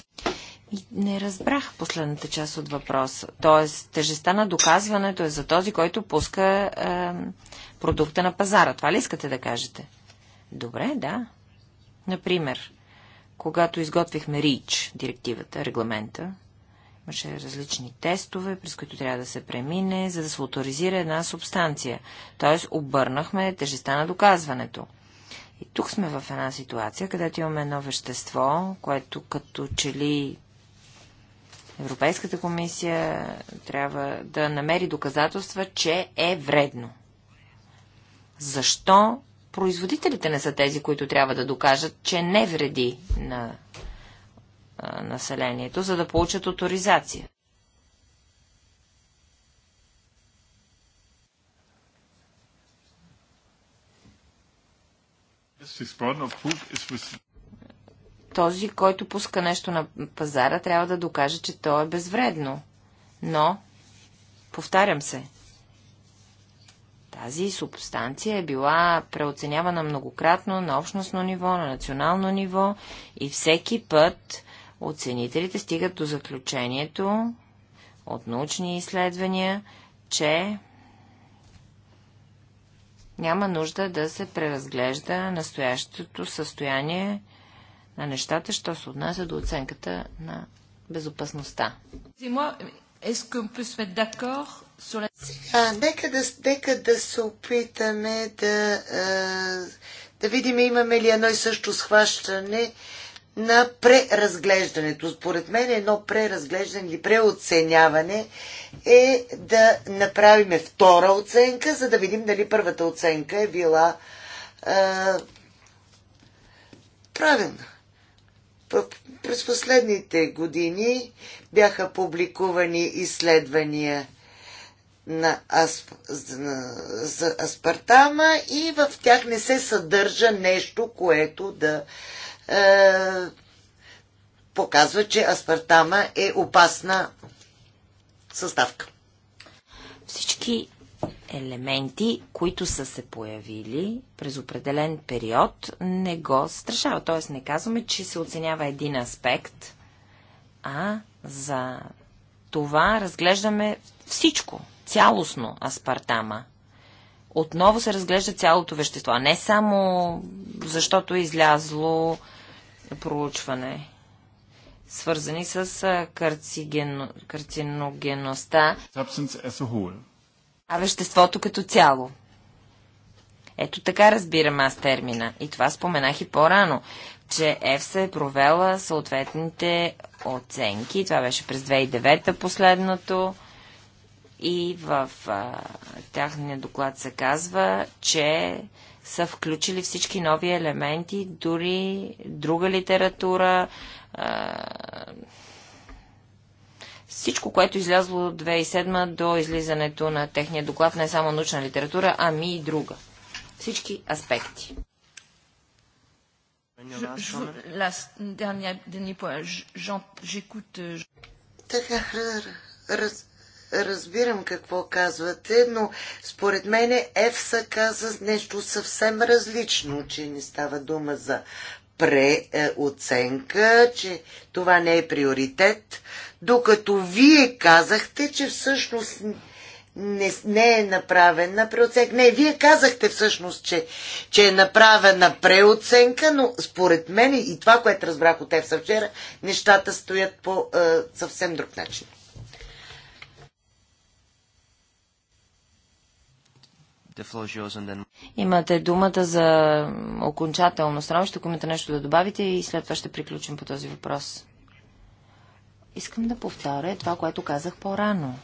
Не разбрах последната част от въпроса. Тоест, тежестта на доказването е за този, който пуска е, продукта на пазара. Това ли искате да кажете? Добре, да. Например, когато изготвихме РИЧ, директивата, регламента, имаше различни тестове, през които трябва да се премине, за да се авторизира една субстанция. Тоест, обърнахме тежестта на доказването. И тук сме в една ситуация, където имаме едно вещество, което като че ли Европейската комисия трябва да намери доказателства, че е вредно. Защо производителите не са тези, които трябва да докажат, че не вреди на населението, за да получат авторизация? Е Този, който пуска нещо на пазара, трябва да докаже, че то е безвредно. Но, повтарям се, тази субстанция е била преоценявана многократно на общностно ниво, на национално ниво и всеки път оценителите стигат до заключението от научни изследвания, че няма нужда да се преразглежда настоящото състояние на нещата, що се отнася до оценката на безопасността. нека, да, нека да се опитаме да, да видим имаме ли едно и също схващане на преразглеждането. Според мен едно преразглеждане или преоценяване е да направиме втора оценка, за да видим дали първата оценка е била е, правилна. През последните години бяха публикувани изследвания на, асп... за аспартама и в тях не се съдържа нещо, което да е, показва, че аспартама е опасна съставка. Всички елементи, които са се появили през определен период, не го страшава. Тоест не казваме, че се оценява един аспект, а за това разглеждаме всичко, цялостно аспартама. Отново се разглежда цялото вещество, а не само защото е излязло проучване, свързани с карциногеността. а веществото като цяло. Ето така разбирам аз термина. И това споменах и по-рано, че ЕФСА е провела съответните оценки. Това беше през 2009 последното. И в а, тяхния доклад се казва, че са включили всички нови елементи, дори друга литература, всичко, което е излязло от 2007 до излизането на техния доклад, не е само научна литература, ами и друга. Всички аспекти. Euh, така, раз, разбирам какво казвате, но според мен ЕФСА каза нещо съвсем различно, че не става дума за преоценка, че това не е приоритет, докато вие казахте, че всъщност не, не е направена преоценка. Не, вие казахте всъщност, че, че е направена преоценка, но според мен и това, което разбрах от теб вчера, нещата стоят по е, съвсем друг начин. Имате думата за окончателно становище, ако имате нещо да добавите и след това ще приключим по този въпрос. Искам да повторя това, което казах по-рано.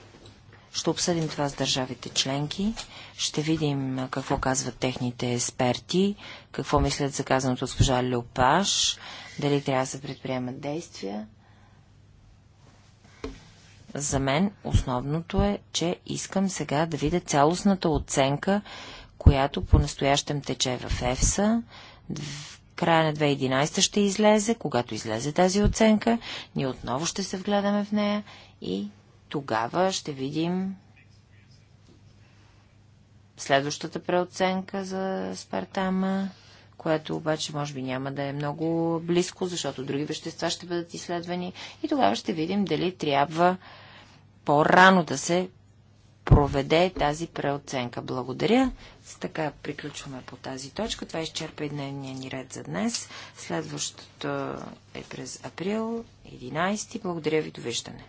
Ще обсъдим това с държавите членки, ще видим какво казват техните експерти, какво мислят за казаното от госпожа Люпаш, дали трябва да се предприемат действия. За мен основното е, че искам сега да видя цялостната оценка, която по-настоящем тече в ЕФСА. В края на 2011 ще излезе. Когато излезе тази оценка, ние отново ще се вгледаме в нея и тогава ще видим следващата преоценка за Спартама, което обаче може би няма да е много близко, защото други вещества ще бъдат изследвани и тогава ще видим дали трябва по-рано да се проведе тази преоценка. Благодаря. С така приключваме по тази точка. Това изчерпа и дневния ни ред за днес. Следващото е през април 11. Благодаря ви. Довиждане.